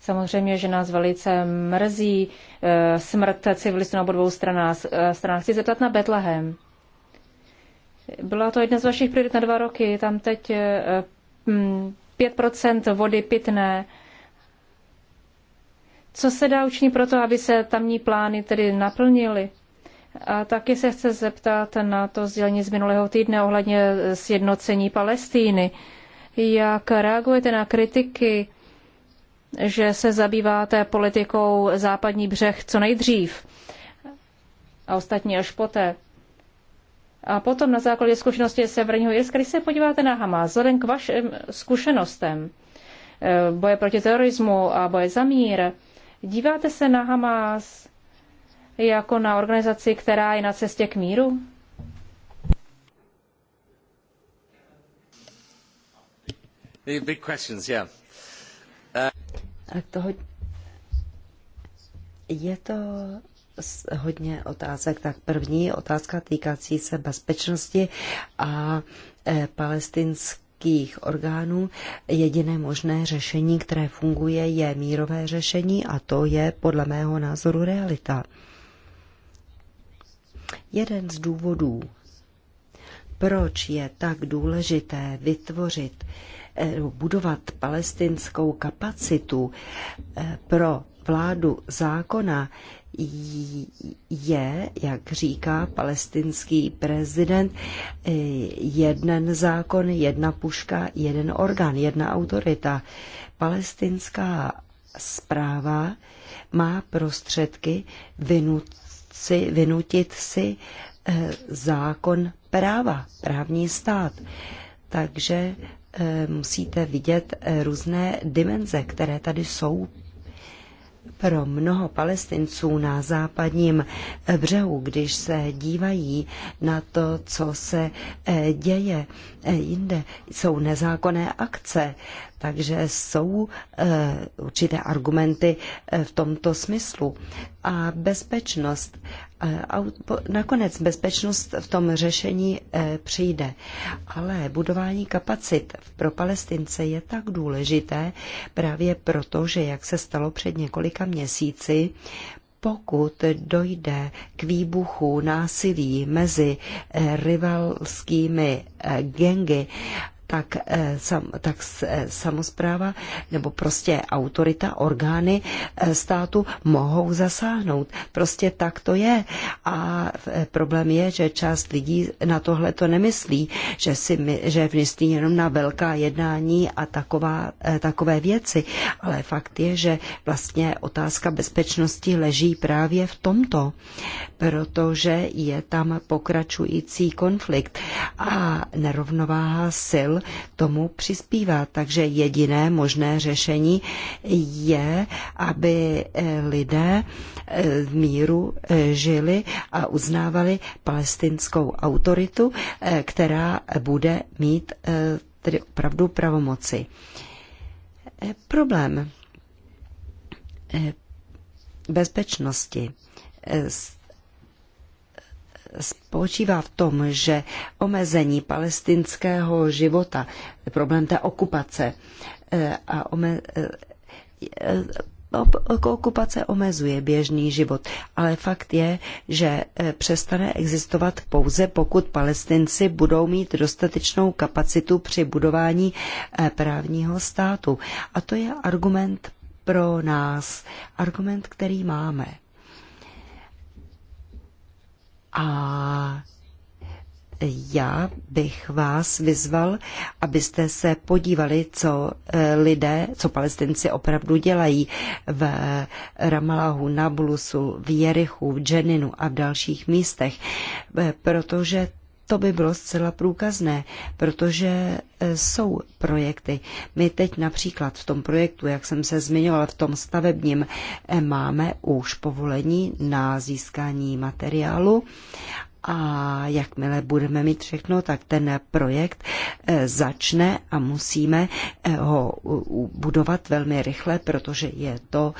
Samozřejmě, že nás velice mrzí eh, smrt civilistů na obou dvou stranách. Eh, Stran. Chci zeptat na Betlehem. Byla to jedna z vašich priorit na dva roky. Tam teď e, 5% hm, vody pitné. Co se dá učinit pro to, aby se tamní plány tedy naplnily? A taky se chce zeptat na to sdělení z minulého týdne ohledně sjednocení Palestíny. Jak reagujete na kritiky, že se zabýváte politikou západní břeh co nejdřív a ostatní až poté? A potom na základě zkušenosti Severního Jirska, když se podíváte na Hamas, vzhledem k vašim zkušenostem eh, boje proti terorismu a boje za mír, díváte se na Hamas jako na organizaci, která je na cestě k míru? Big questions, yeah. Toho... Je to hodně otázek. Tak první otázka týkací se bezpečnosti a eh, palestinských orgánů. Jediné možné řešení, které funguje, je mírové řešení a to je podle mého názoru realita. Jeden z důvodů, proč je tak důležité vytvořit, eh, budovat palestinskou kapacitu eh, pro vládu zákona, je, jak říká palestinský prezident, eh, jeden zákon, jedna puška, jeden orgán, jedna autorita. Palestinská zpráva má prostředky vynut si vynutit si eh, zákon práva, právní stát. Takže eh, musíte vidět eh, různé dimenze, které tady jsou pro mnoho palestinců na západním břehu, když se dívají na to, co se eh, děje eh, jinde, jsou nezákonné akce, takže jsou eh, určité argumenty v tomto smyslu. A bezpečnost Eh, nakonec bezpečnost v tom řešení eh, přijde. Ale budování kapacit pro Palestince je tak důležité právě proto, že jak se stalo před několika měsíci, pokud dojde k výbuchu násilí mezi eh, rivalskými gengy tak, eh, sam, tak eh, samozpráva nebo prostě autorita, orgány eh, státu mohou zasáhnout. Prostě tak to je. A problém je, že část lidí na tohle to nemyslí, že, si my, že myslí jenom na velká jednání a taková, takové věci. Ale fakt je, že vlastně otázka bezpečnosti leží právě v tomto, protože je tam pokračující konflikt a nerovnováha sil tomu přispívat. Takže jediné možné řešení je, aby eh, lidé eh, v míru eh, žili a uznávali palestinskou autoritu, která bude mít tedy opravdu pravomoci. Problém bezpečnosti spočívá v tom, že omezení palestinského života, problém té okupace eh, a ome, eh, eh, okupace omezuje běžný život, ale fakt je, že přestane existovat pouze, pokud palestinci budou mít dostatečnou kapacitu při budování právního státu. A to je argument pro nás, argument, který máme. A já bych vás vyzval, abyste se podívali, co eh, lidé, co palestinci opravdu dělají v Ramalahu, Nablusu, v Jerichu, v Dženinu a v dalších místech, eh, protože to by bylo zcela průkazné, protože e, jsou projekty. My teď například v tom projektu, jak jsem se zmiňovala, v tom stavebním, e, máme už povolení na získání materiálu a jakmile budeme mít všechno, tak ten projekt e, začne a musíme ho budovat velmi rychle, protože je to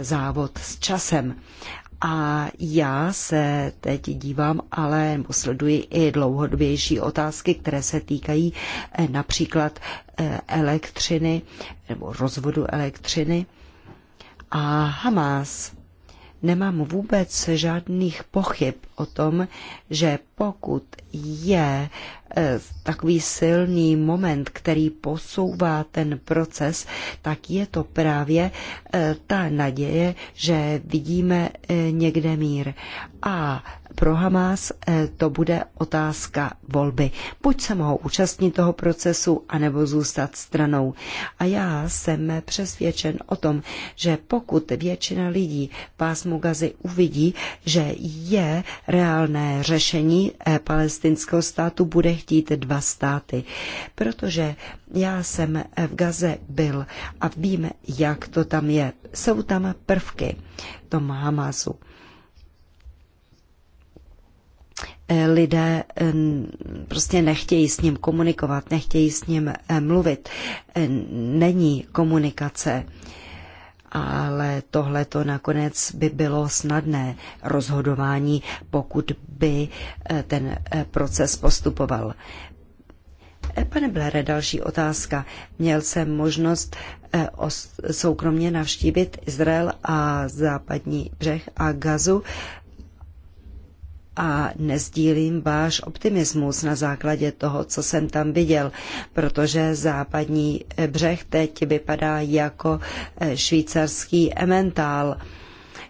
závod s časem. A já se teď dívám, ale sleduji i dlouhodobější otázky, které se týkají eh, například eh, elektřiny nebo rozvodu elektřiny. A Hamas nemám vůbec žádných pochyb o tom, že pokud je e, takový silný moment, který posouvá ten proces, tak je to právě e, ta naděje, že vidíme e, někde mír. A pro Hamas to bude otázka volby. Buď se mohou účastnit toho procesu, anebo zůstat stranou. A já jsem přesvědčen o tom, že pokud většina lidí pásmu gazy uvidí, že je reálné řešení eh, palestinského státu bude chtít dva státy. Protože já jsem eh, v Gaze byl a vím, jak to tam je. Jsou tam prvky tom Hamasu. Eh, lidé prostě nechtějí s ním komunikovat, nechtějí s ním mluvit. Není komunikace ale tohle to nakonec by bylo snadné rozhodování, pokud by eh, ten eh, proces postupoval. Eh, pane Blere, další otázka. Měl jsem možnost soukromně navštívit Izrael a západní břeh a Gazu a nezdílím váš optimismus na základě toho, co jsem tam viděl, protože západní břeh teď vypadá jako eh, švýcarský ementál.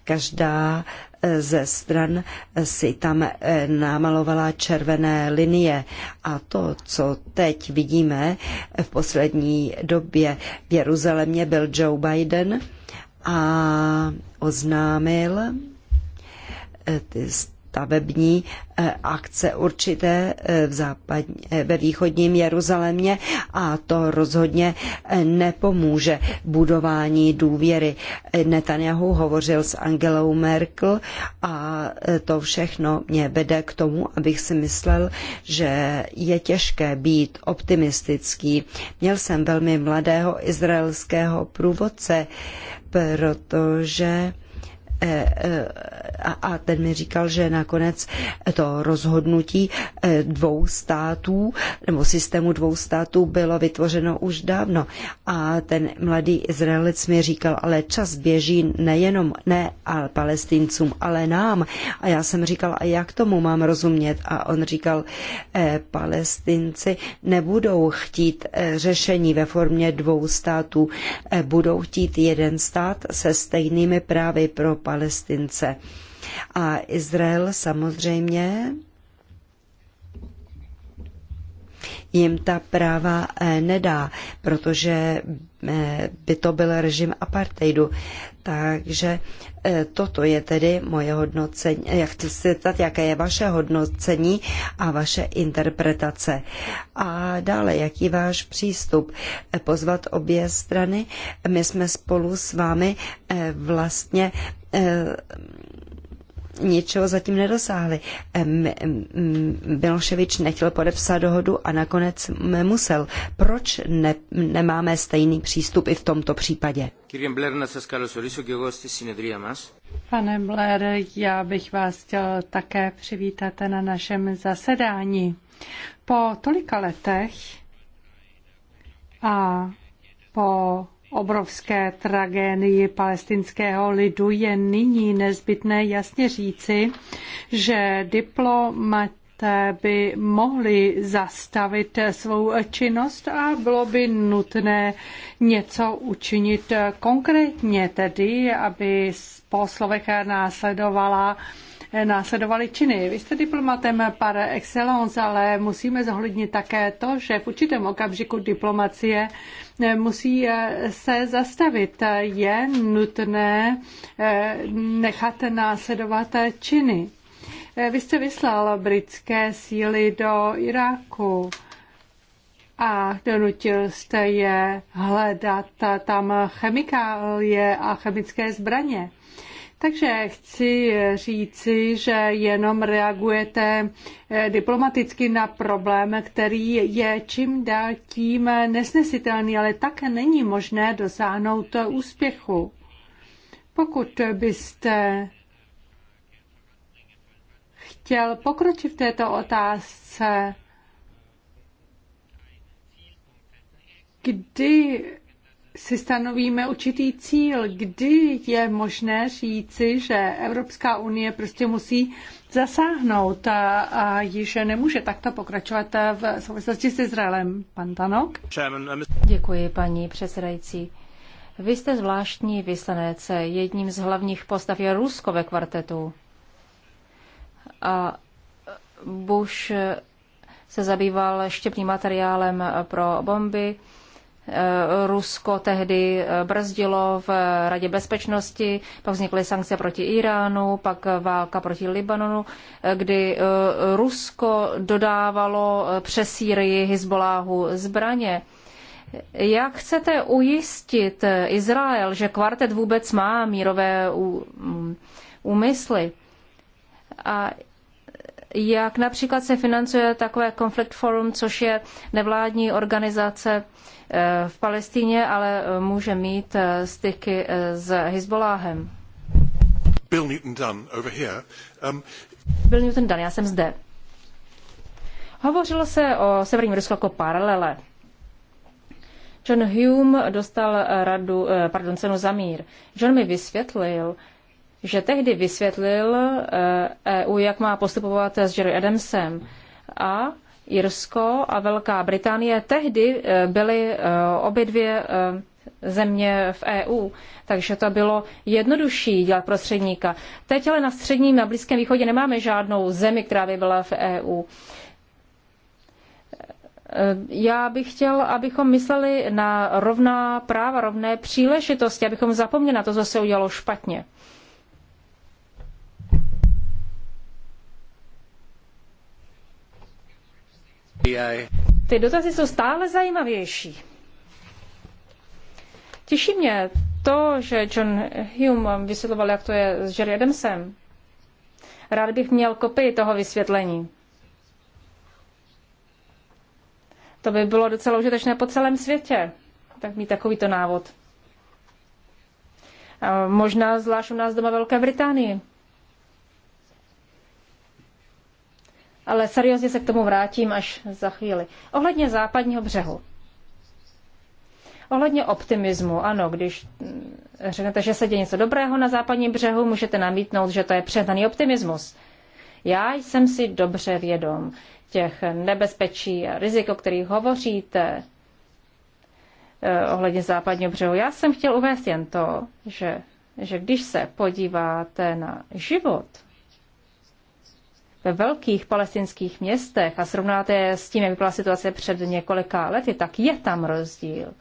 Každá eh, ze stran eh, si tam namalovala červené linie. A to, co teď vidíme v poslední době v Jeruzalémě, byl Joe Biden a oznámil ty stavební eh, akce určité eh, v západní, eh, ve východním Jeruzalémě a to rozhodně nepomůže budování důvěry. Netanyahu hovořil s Angelou Merkel a to všechno mě vede k tomu, abych si myslel, že je těžké být optimistický. Měl jsem velmi mladého izraelského průvodce, protože E, e, a ten mi říkal, že nakonec to rozhodnutí e, dvou států nebo systému dvou států bylo vytvořeno už dávno. A ten mladý Izraelec mi říkal, ale čas běží nejenom ne a palestincům, ale nám. A já jsem říkal, a jak tomu mám rozumět? A on říkal, palestinci nebudou chtít řešení ve formě dvou států, budou chtít jeden stát se stejnými právy pro palestince Palestince. A Izrael samozřejmě jim ta práva eh, nedá, protože eh, by to byl režim apartheidu. Takže eh, toto je tedy moje hodnocení. Já chci se zeptat, jaké je vaše hodnocení a vaše interpretace. A dále, jaký váš přístup? Pozvat obě strany? My jsme spolu s vámi vlastně Eh, ničeho zatím nedosáhli. Eh, Miloševič nechtěl podepsat dohodu a nakonec musel. Proč ne, nemáme stejný přístup i v tomto případě? Pane Blair, já bych vás chtěl také přivítat na našem zasedání. Po tolika letech a po obrovské tragédii palestinského lidu, je nyní nezbytné jasně říci, že diplomat by mohli zastavit svou činnost a bylo by nutné něco učinit konkrétně, tedy aby po slovech následovala následovaly činy. Vy jste diplomatem par excellence, ale musíme zohlednit také to, že v určitém okamžiku diplomacie musí eh, se zastavit. Je nutné eh, nechat následovat činy. Eh, vy jste vyslal britské síly do Iráku a donutil jste je hledat tam chemikálie a chemické zbraně. Takže chci říci, že jenom reagujete eh, diplomaticky na problém, který je čím dál tím nesnesitelný, ale tak není možné dosáhnout úspěchu. Pokud byste chtěl pokročit v této otázce, kdy si stanovíme určitý cíl, kdy je možné říci, že Evropská unie prostě musí zasáhnout a, a již nemůže takto pokračovat v souvislosti s Izraelem. Pan Tanok? Uh, Děkuji, paní předsedající. Vy jste zvláštní vyslanec. Jedním z hlavních postav je Rusko ve kvartetu. A Bush se zabýval štěpným materiálem pro bomby Eh, Rusko tehdy eh, brzdilo v Radě bezpečnosti, pak vznikly sankce proti Iránu, pak válka proti Libanonu, eh, kdy Rusko dodávalo přes Sýrii Hezboláhu zbraně. Jak chcete ujistit Izrael, že kvartet vůbec má mírové mm, úmysly? A jak například se financuje takové Conflict Forum, což je nevládní organizace eh, v Palestíně, ale eh, může mít eh, styky s Hezboláhem. Bill Newton Dunn over here. Um... Bill Newton Dunn, já jsem zde. Hovořilo se o Severním Rusku jako paralele. John Hume dostal radu, pardon, cenu za mír. John mi vysvětlil, že tehdy vysvětlil EU, eh, e jak má postupovat s Jerry Adamsem. A Irsko a Velká Británie tehdy eh, byly eh, obě dvě země v EU, takže to bylo jednodušší dělat prostředníka. Teď ale na středním, na Blízkém východě nemáme žádnou zemi, která by byla v EU. Já bych chtěl, abychom mysleli na rovná práva, rovné příležitosti, abychom zapomněli na to, co se udělalo špatně. Ty dotazy jsou stále zajímavější. Těší mě to, že John Hume vysvětloval, jak to je s Jerry Adamsem. Rád bych měl kopii toho vysvětlení. To by bylo docela užitečné po celém světě, tak mít takovýto návod. A možná zvlášť u nás doma Velké Británii. ale seriózně se k tomu vrátím až za chvíli. Ohledně západního břehu. Ohledně optimismu, ano, když řeknete, že se děje něco dobrého na západním břehu, můžete namítnout, že to je přehnaný optimismus. Já jsem si dobře vědom těch nebezpečí a rizik, o kterých hovoříte eh, ohledně západního břehu. Já jsem chtěl uvést jen to, že, že když se podíváte na život ve velkých palestinských městech a srovnáte je s tím, jak byla situace před několika lety, tak je tam rozdíl.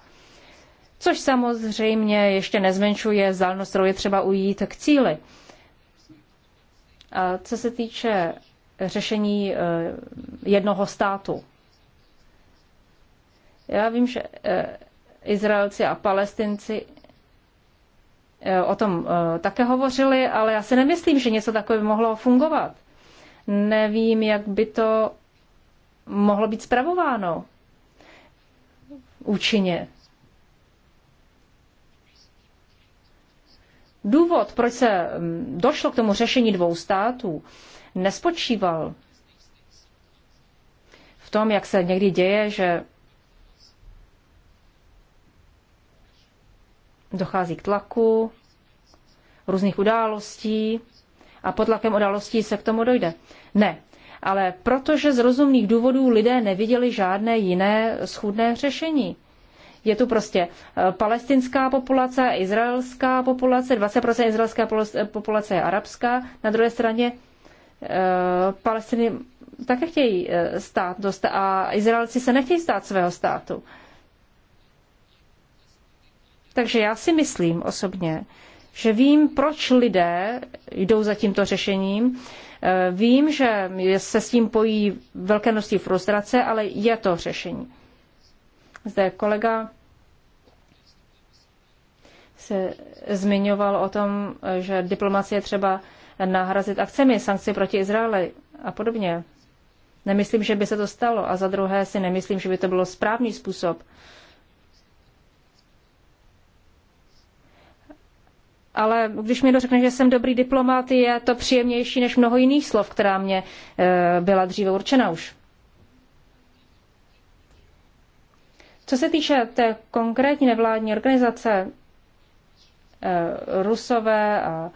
Což samozřejmě ještě nezmenšuje zálnost, kterou je třeba ujít k cíli. A co se týče řešení eh, jednoho státu. Já vím, že eh, Izraelci a Palestinci eh, o tom také hovořili, ale já si nemyslím, že něco takové mohlo fungovat nevím, jak by to mohlo být spravováno účinně. Důvod, proč se mm, došlo k tomu řešení dvou států, nespočíval v tom, jak se někdy děje, že dochází k tlaku různých událostí, a pod tlakem odalostí se k tomu dojde. Ne. Ale protože z rozumných důvodů lidé neviděli žádné jiné schůdné řešení. Je tu prostě eh, palestinská populace, izraelská populace, 20% izraelské eh, populace je arabská, na druhé straně eh, Palestiny také chtějí stát dost a Izraelci se nechtějí stát svého státu. Takže já si myslím osobně, že vím, proč lidé jdou za tímto řešením. Eh, vím, že se s tím pojí velké množství frustrace, ale je to řešení. Zde kolega se zmiňoval o tom, že diplomacie třeba nahrazit akcemi, sankci proti Izraeli a podobně. Nemyslím, že by se to stalo a za druhé si nemyslím, že by to bylo správný způsob, ale když mi někdo řekne, že jsem dobrý diplomat, je to příjemnější než mnoho jiných slov, která mě eh, byla dříve určena už. Co se týče té konkrétní nevládní organizace, eh, Rusové a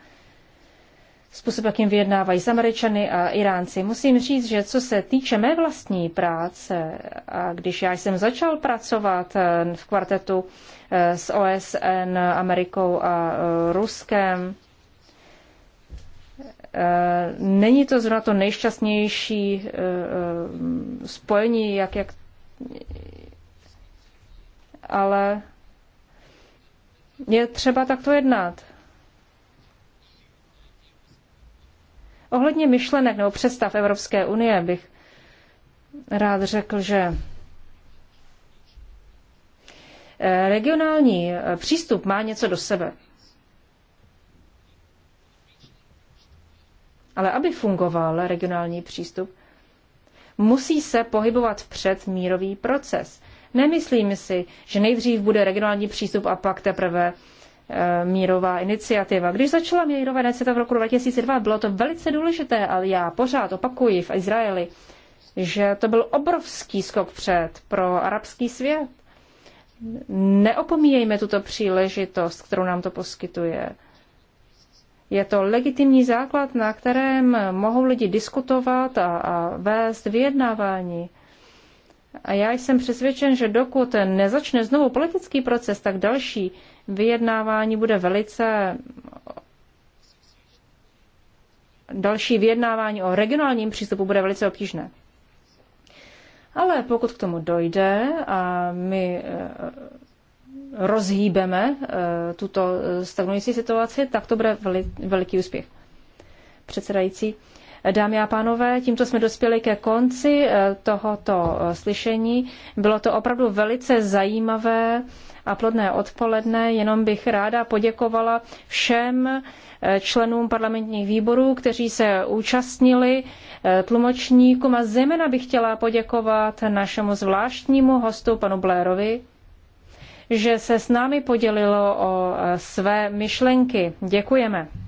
způsob, jakým vyjednávají s Američany a Iránci. Musím říct, že co se týče mé vlastní práce, a když já jsem začal pracovat eh, v kvartetu eh, s OSN, Amerikou a eh, Ruskem, není to zrovna to nejšťastnější spojení, jak, jak ale je třeba takto jednat. Ohledně myšlenek nebo představ Evropské unie bych rád řekl, že eh, regionální eh, přístup má něco do sebe. Ale aby fungoval regionální přístup, musí se pohybovat před mírový proces. Nemyslím si, že nejdřív bude regionální přístup a pak teprve Eh, mírová iniciativa. Když začala mírová iniciativa v roku 2002, bylo to velice důležité, ale já pořád opakuji v Izraeli, že to byl obrovský skok před pro arabský svět. Neopomíjejme tuto příležitost, kterou nám to poskytuje. Je to legitimní základ, na kterém mohou lidi diskutovat a, a vést vyjednávání. A já jsem přesvědčen, že dokud nezačne znovu politický proces, tak další vyjednávání bude velice další vyjednávání o regionálním přístupu bude velice obtížné. Ale pokud k tomu dojde a my eh, rozhýbeme eh, tuto stagnující situaci, tak to bude veliký úspěch. Předsedající, Dámy a pánové, tímto jsme dospěli ke konci eh, tohoto slyšení. Bylo to opravdu velice zajímavé a plodné odpoledne. Jenom bych ráda poděkovala všem eh, členům parlamentních výborů, kteří se účastnili, eh, tlumočníkům a zejména bych chtěla poděkovat našemu zvláštnímu hostu, panu Blairovi, že se s námi podělilo o eh, své myšlenky. Děkujeme.